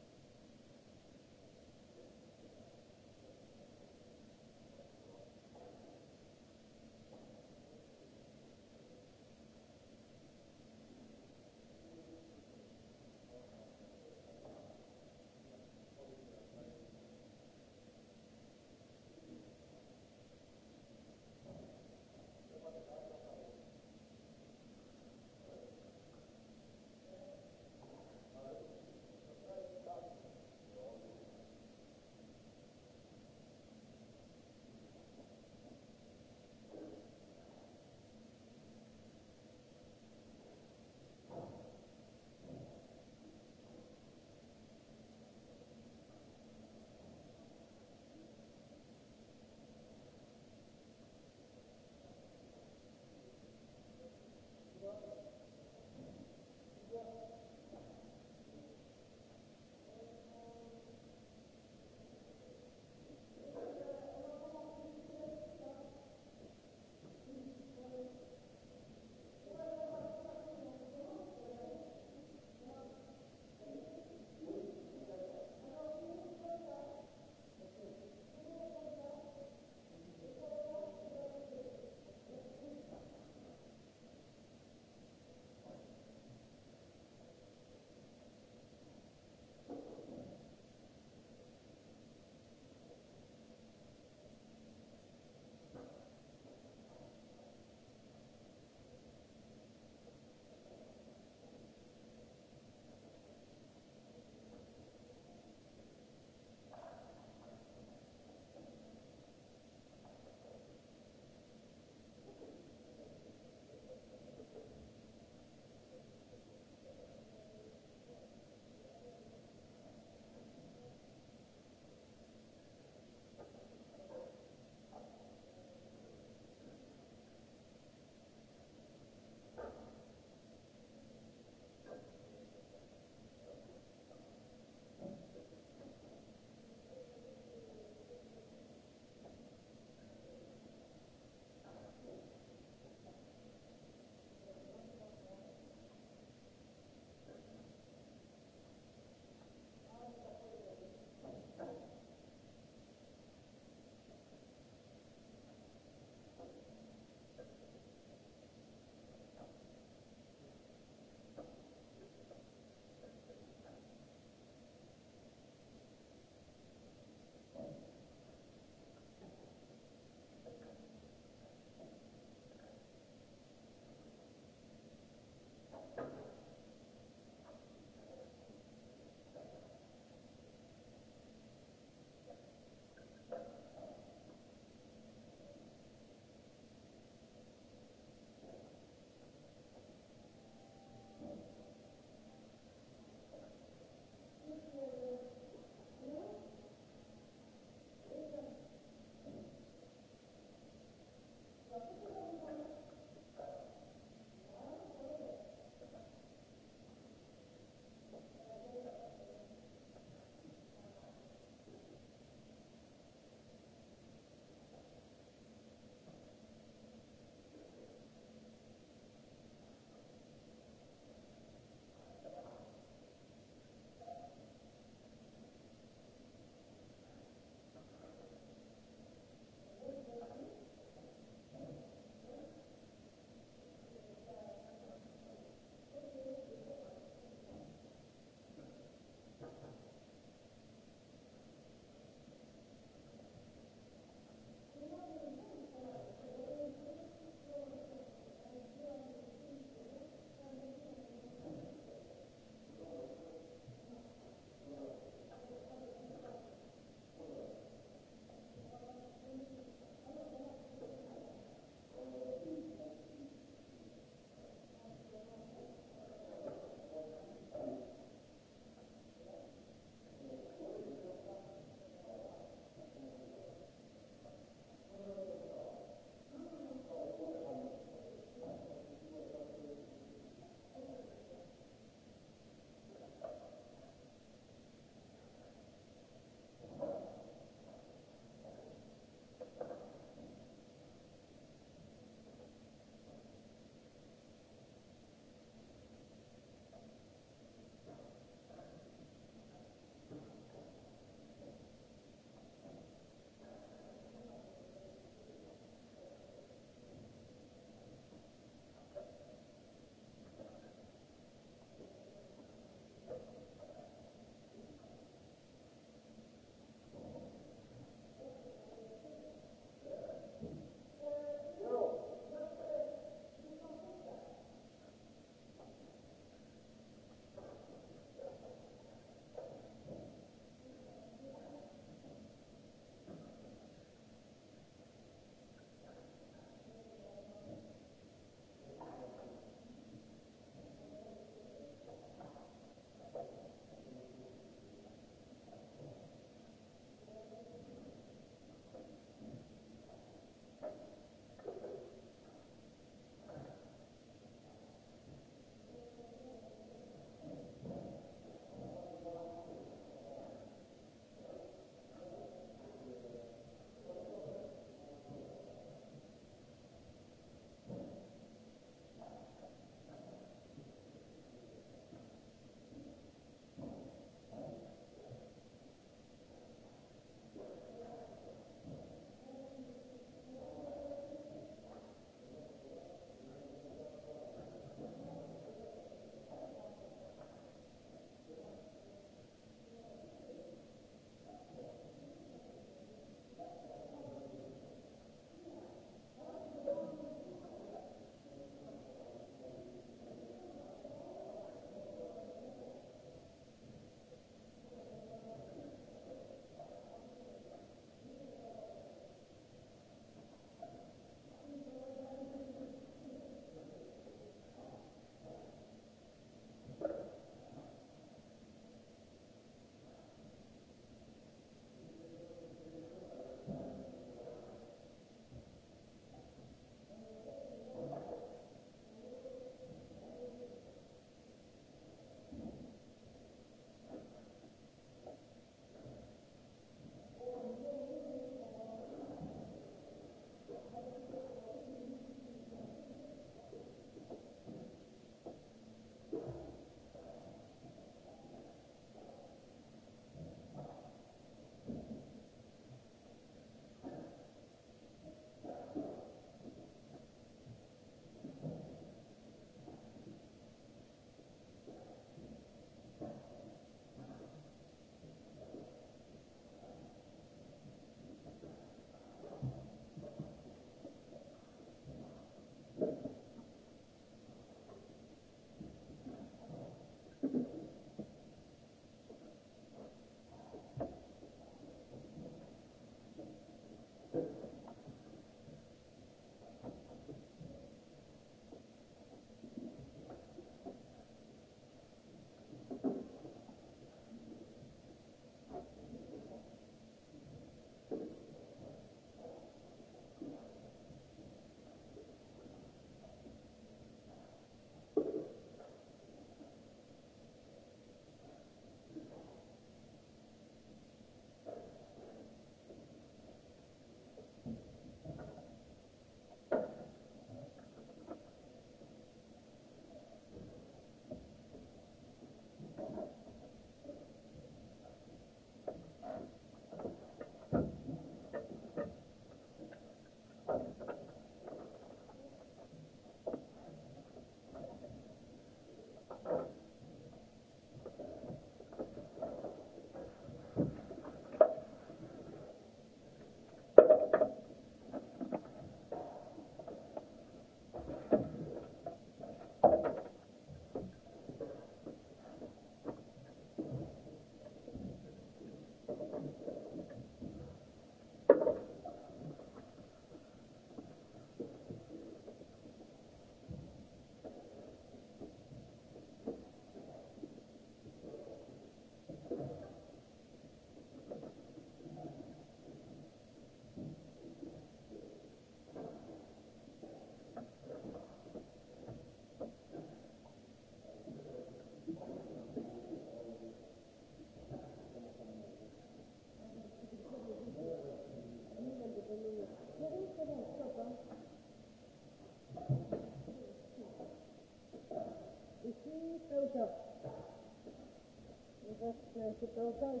Rest, uh, sit outside,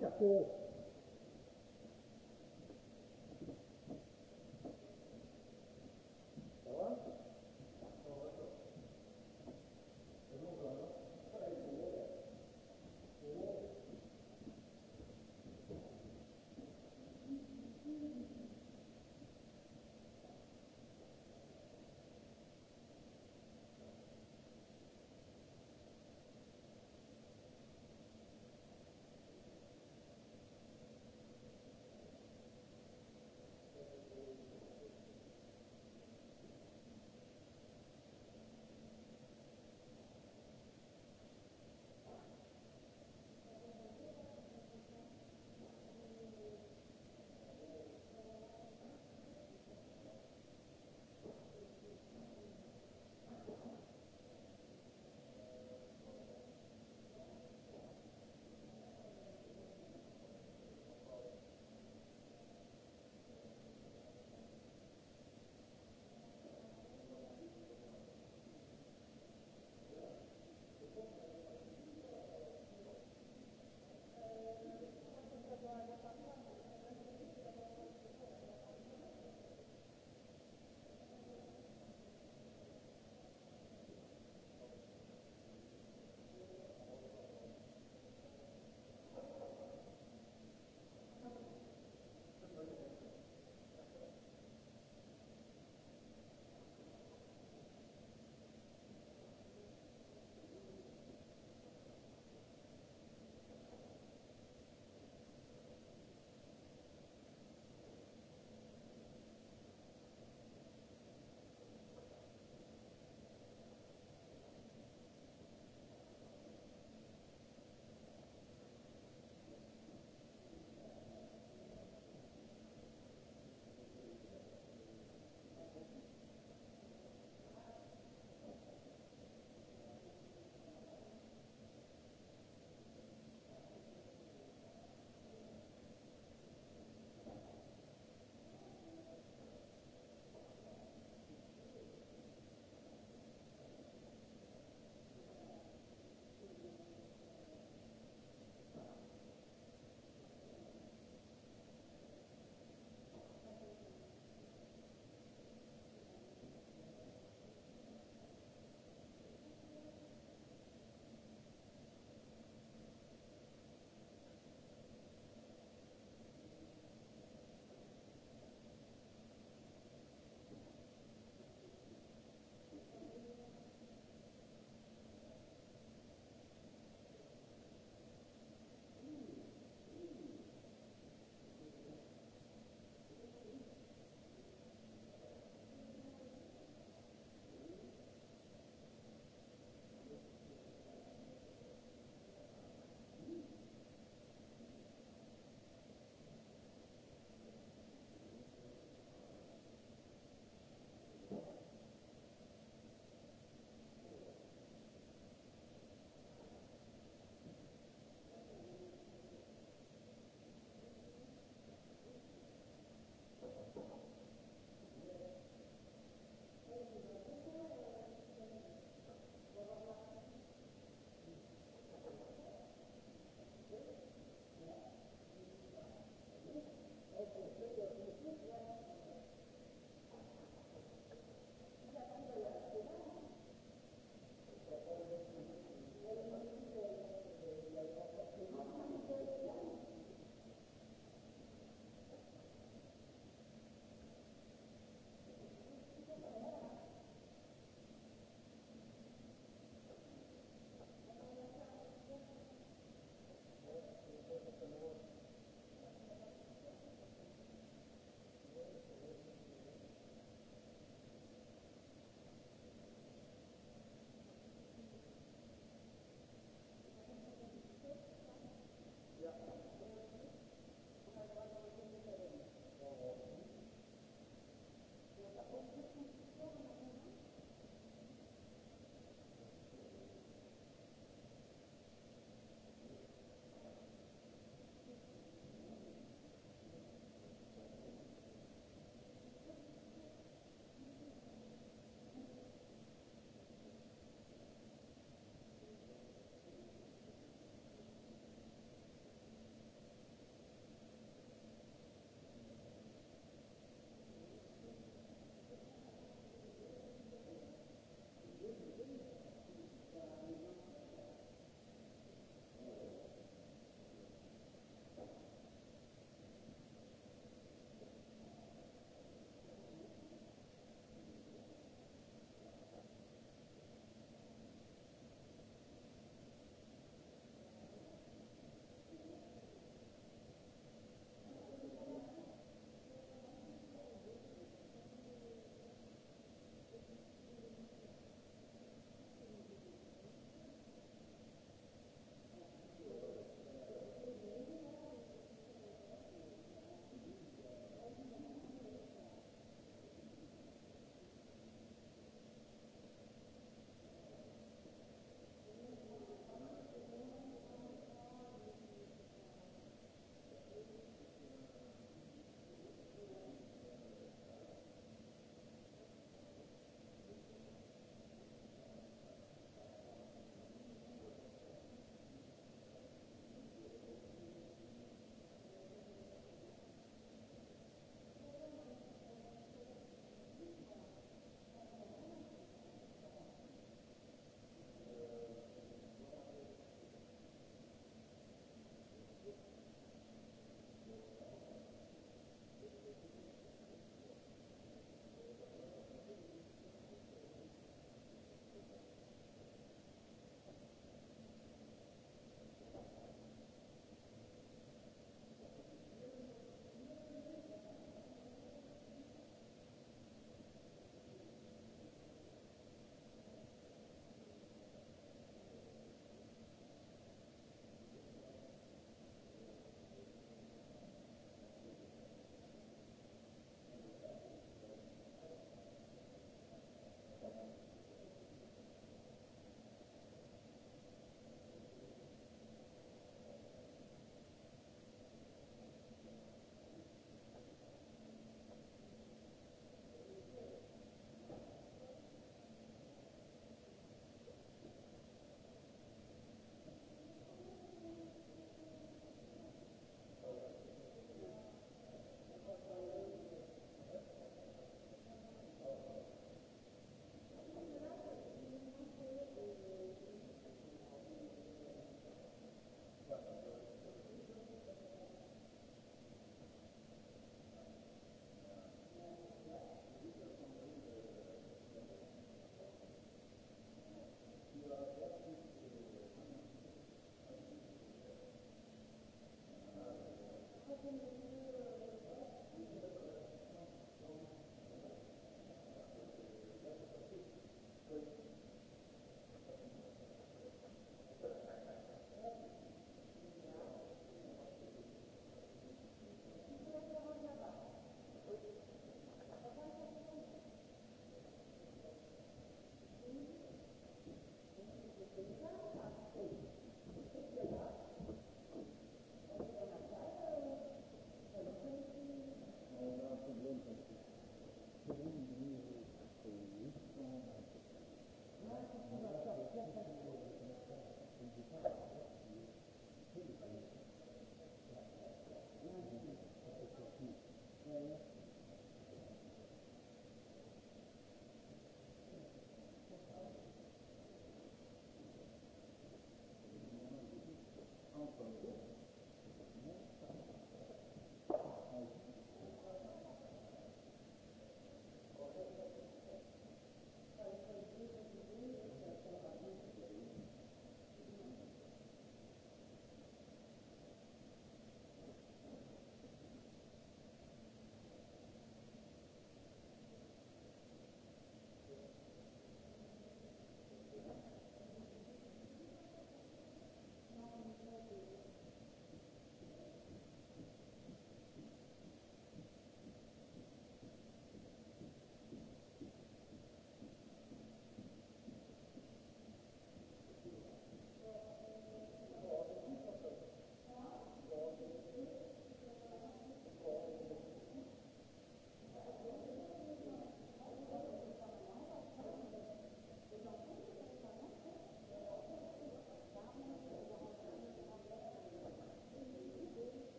csak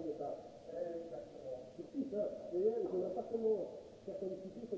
società. ça. sì, però, ça. se una fa come, cioè, come si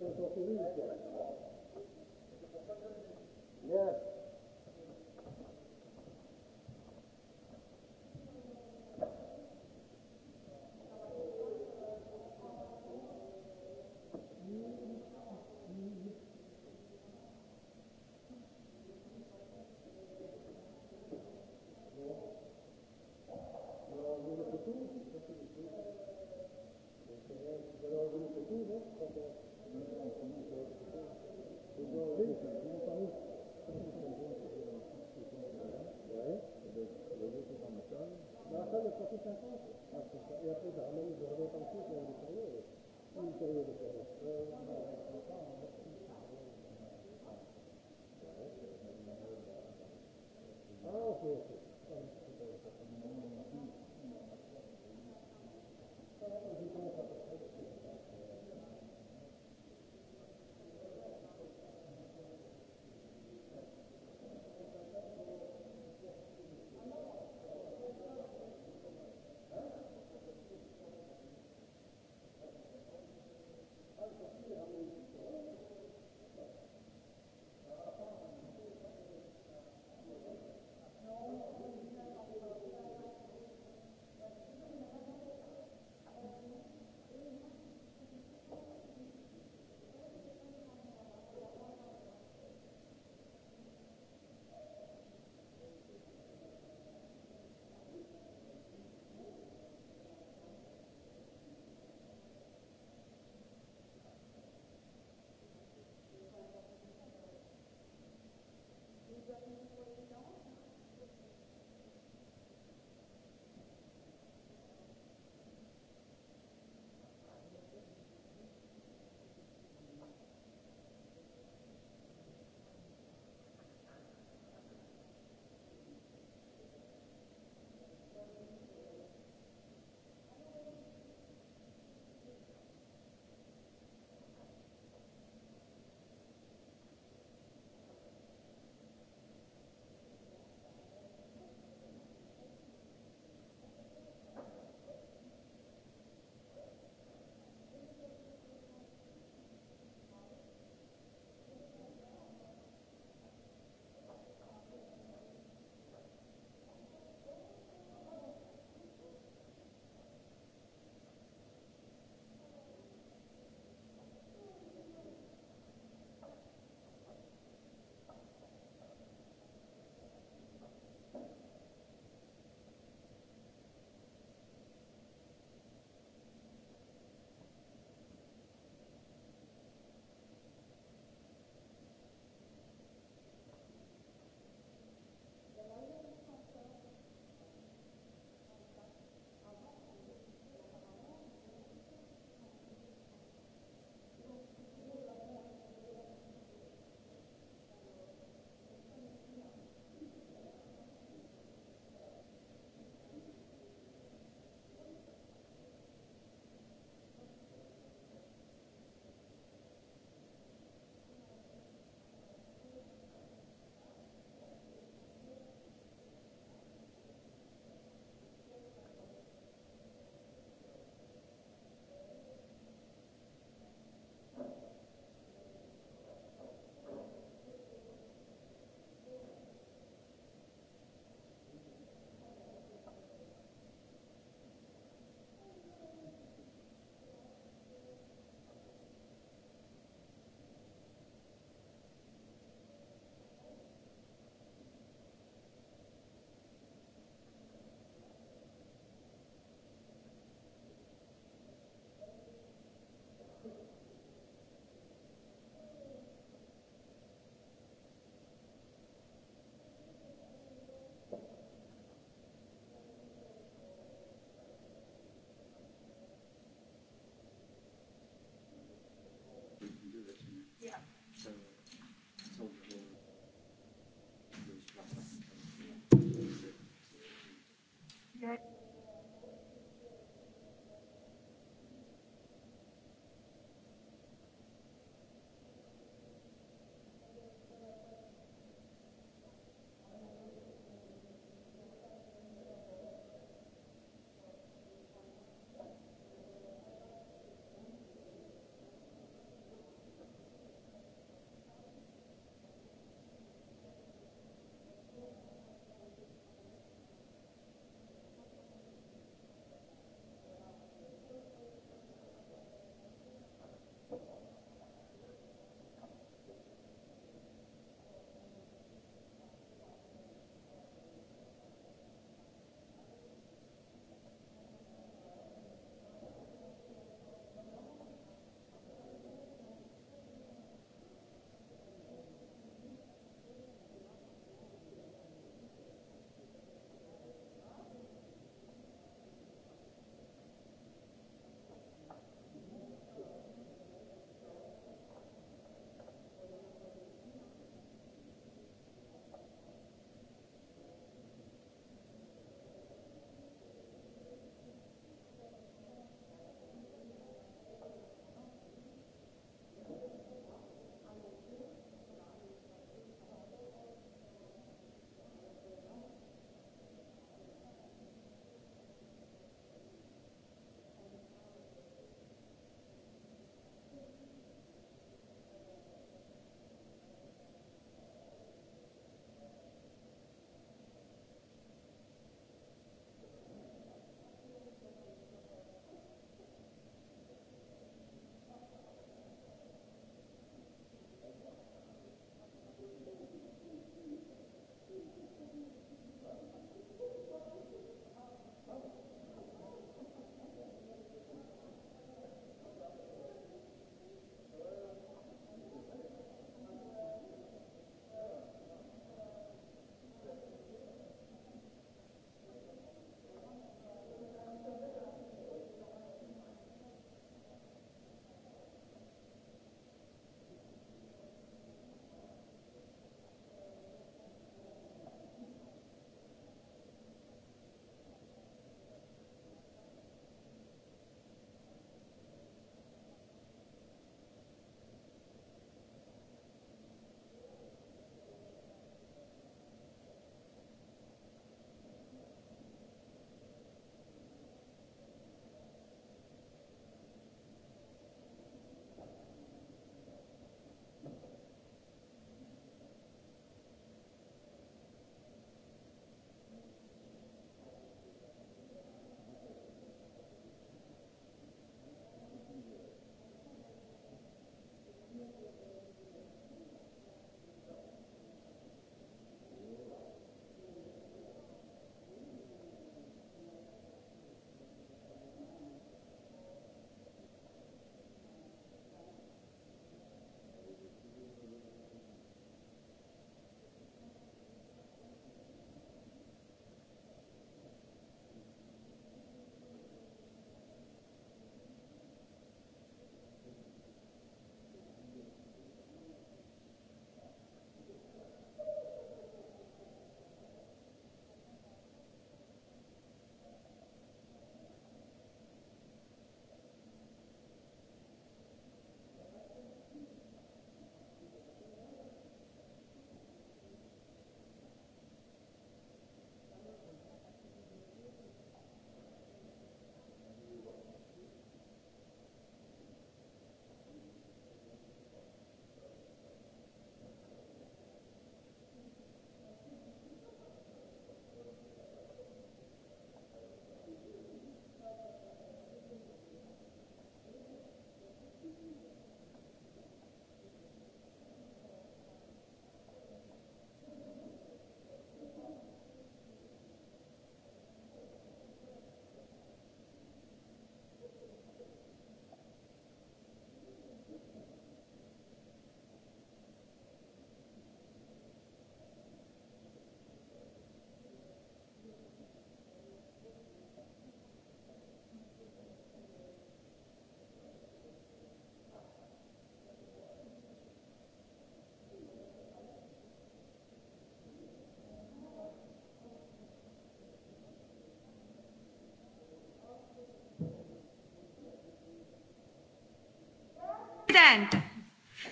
Presidente.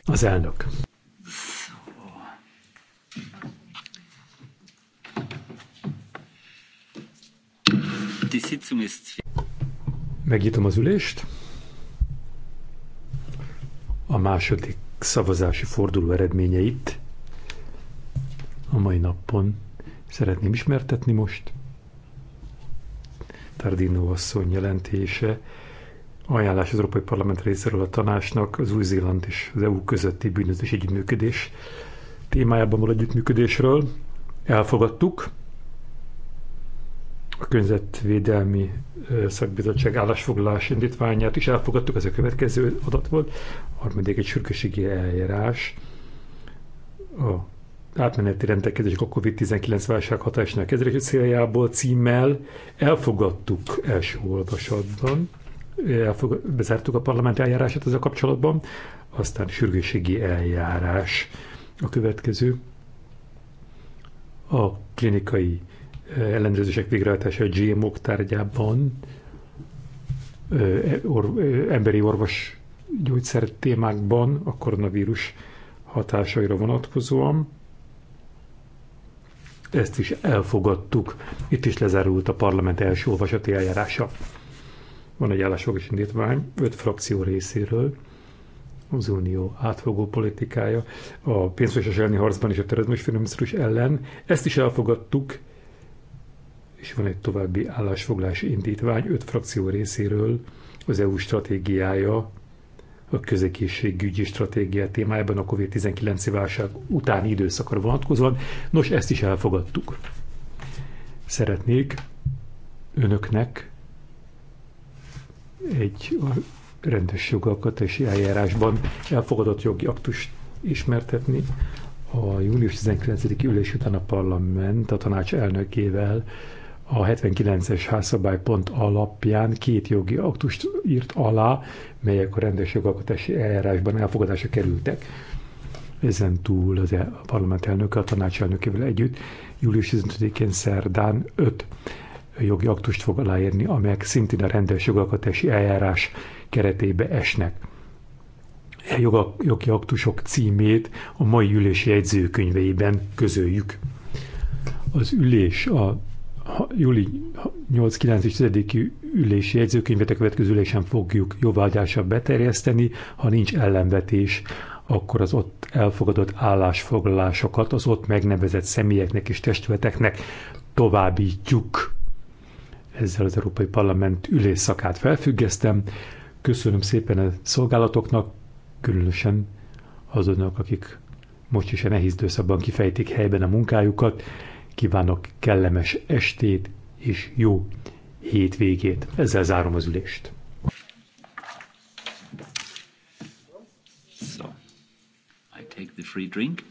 Az elnök. Megnyitom az ülést. A második szavazási forduló eredményeit a mai napon szeretném ismertetni most. Tardino asszony jelentése ajánlás az Európai Parlament részéről a tanácsnak az Új-Zéland és az EU közötti bűnözés együttműködés témájában való együttműködésről. Elfogadtuk. A Környezetvédelmi Szakbizottság állásfoglalás indítványát is elfogadtuk, ez a következő adat volt. Harmadik egy sürgősségi eljárás a átmeneti rendelkezések a COVID-19 válság hatásnak kezelési céljából címmel elfogadtuk első olvasatban bezártuk a parlamenti eljárását ezzel kapcsolatban, aztán sürgőségi eljárás a következő. A klinikai ellenőrzések végrehajtása a GMO-k tárgyában e, emberi orvos gyógyszer témákban a koronavírus hatásaira vonatkozóan. Ezt is elfogadtuk. Itt is lezárult a parlament első olvasati eljárása. Van egy állásfogás indítvány, öt frakció részéről, az unió átfogó politikája a pénzmosás elleni harcban és a terrorizmus finanszírozás ellen. Ezt is elfogadtuk, és van egy további állásfoglalási indítvány öt frakció részéről az EU stratégiája a közegészségügyi stratégia témájában a COVID-19 válság utáni időszakra vonatkozóan. Nos, ezt is elfogadtuk. Szeretnék önöknek egy rendes jogalkotási eljárásban elfogadott jogi aktust ismertetni. A július 19. ülés után a parlament a tanács elnökével a 79-es házszabálypont alapján két jogi aktust írt alá, melyek a rendes jogalkotási eljárásban elfogadásra kerültek. Ezen túl az e- a parlament elnöke a tanács elnökével együtt július 15-én szerdán 5 jogi aktust fog aláírni, amelyek szintén a rendes jogalkotási eljárás keretébe esnek. E jogi aktusok címét a mai ülési jegyzőkönyveiben közöljük. Az ülés a júli 8-9 10 ülési jegyzőkönyvet a következő ülésen fogjuk jóvágyásra beterjeszteni, ha nincs ellenvetés, akkor az ott elfogadott állásfoglalásokat az ott megnevezett személyeknek és testületeknek továbbítjuk ezzel az Európai Parlament ülés szakát felfüggesztem. Köszönöm szépen a szolgálatoknak, különösen azoknak, akik most is a nehéz időszakban kifejtik helyben a munkájukat. Kívánok kellemes estét és jó hétvégét. Ezzel zárom az ülést. So, I take the free drink.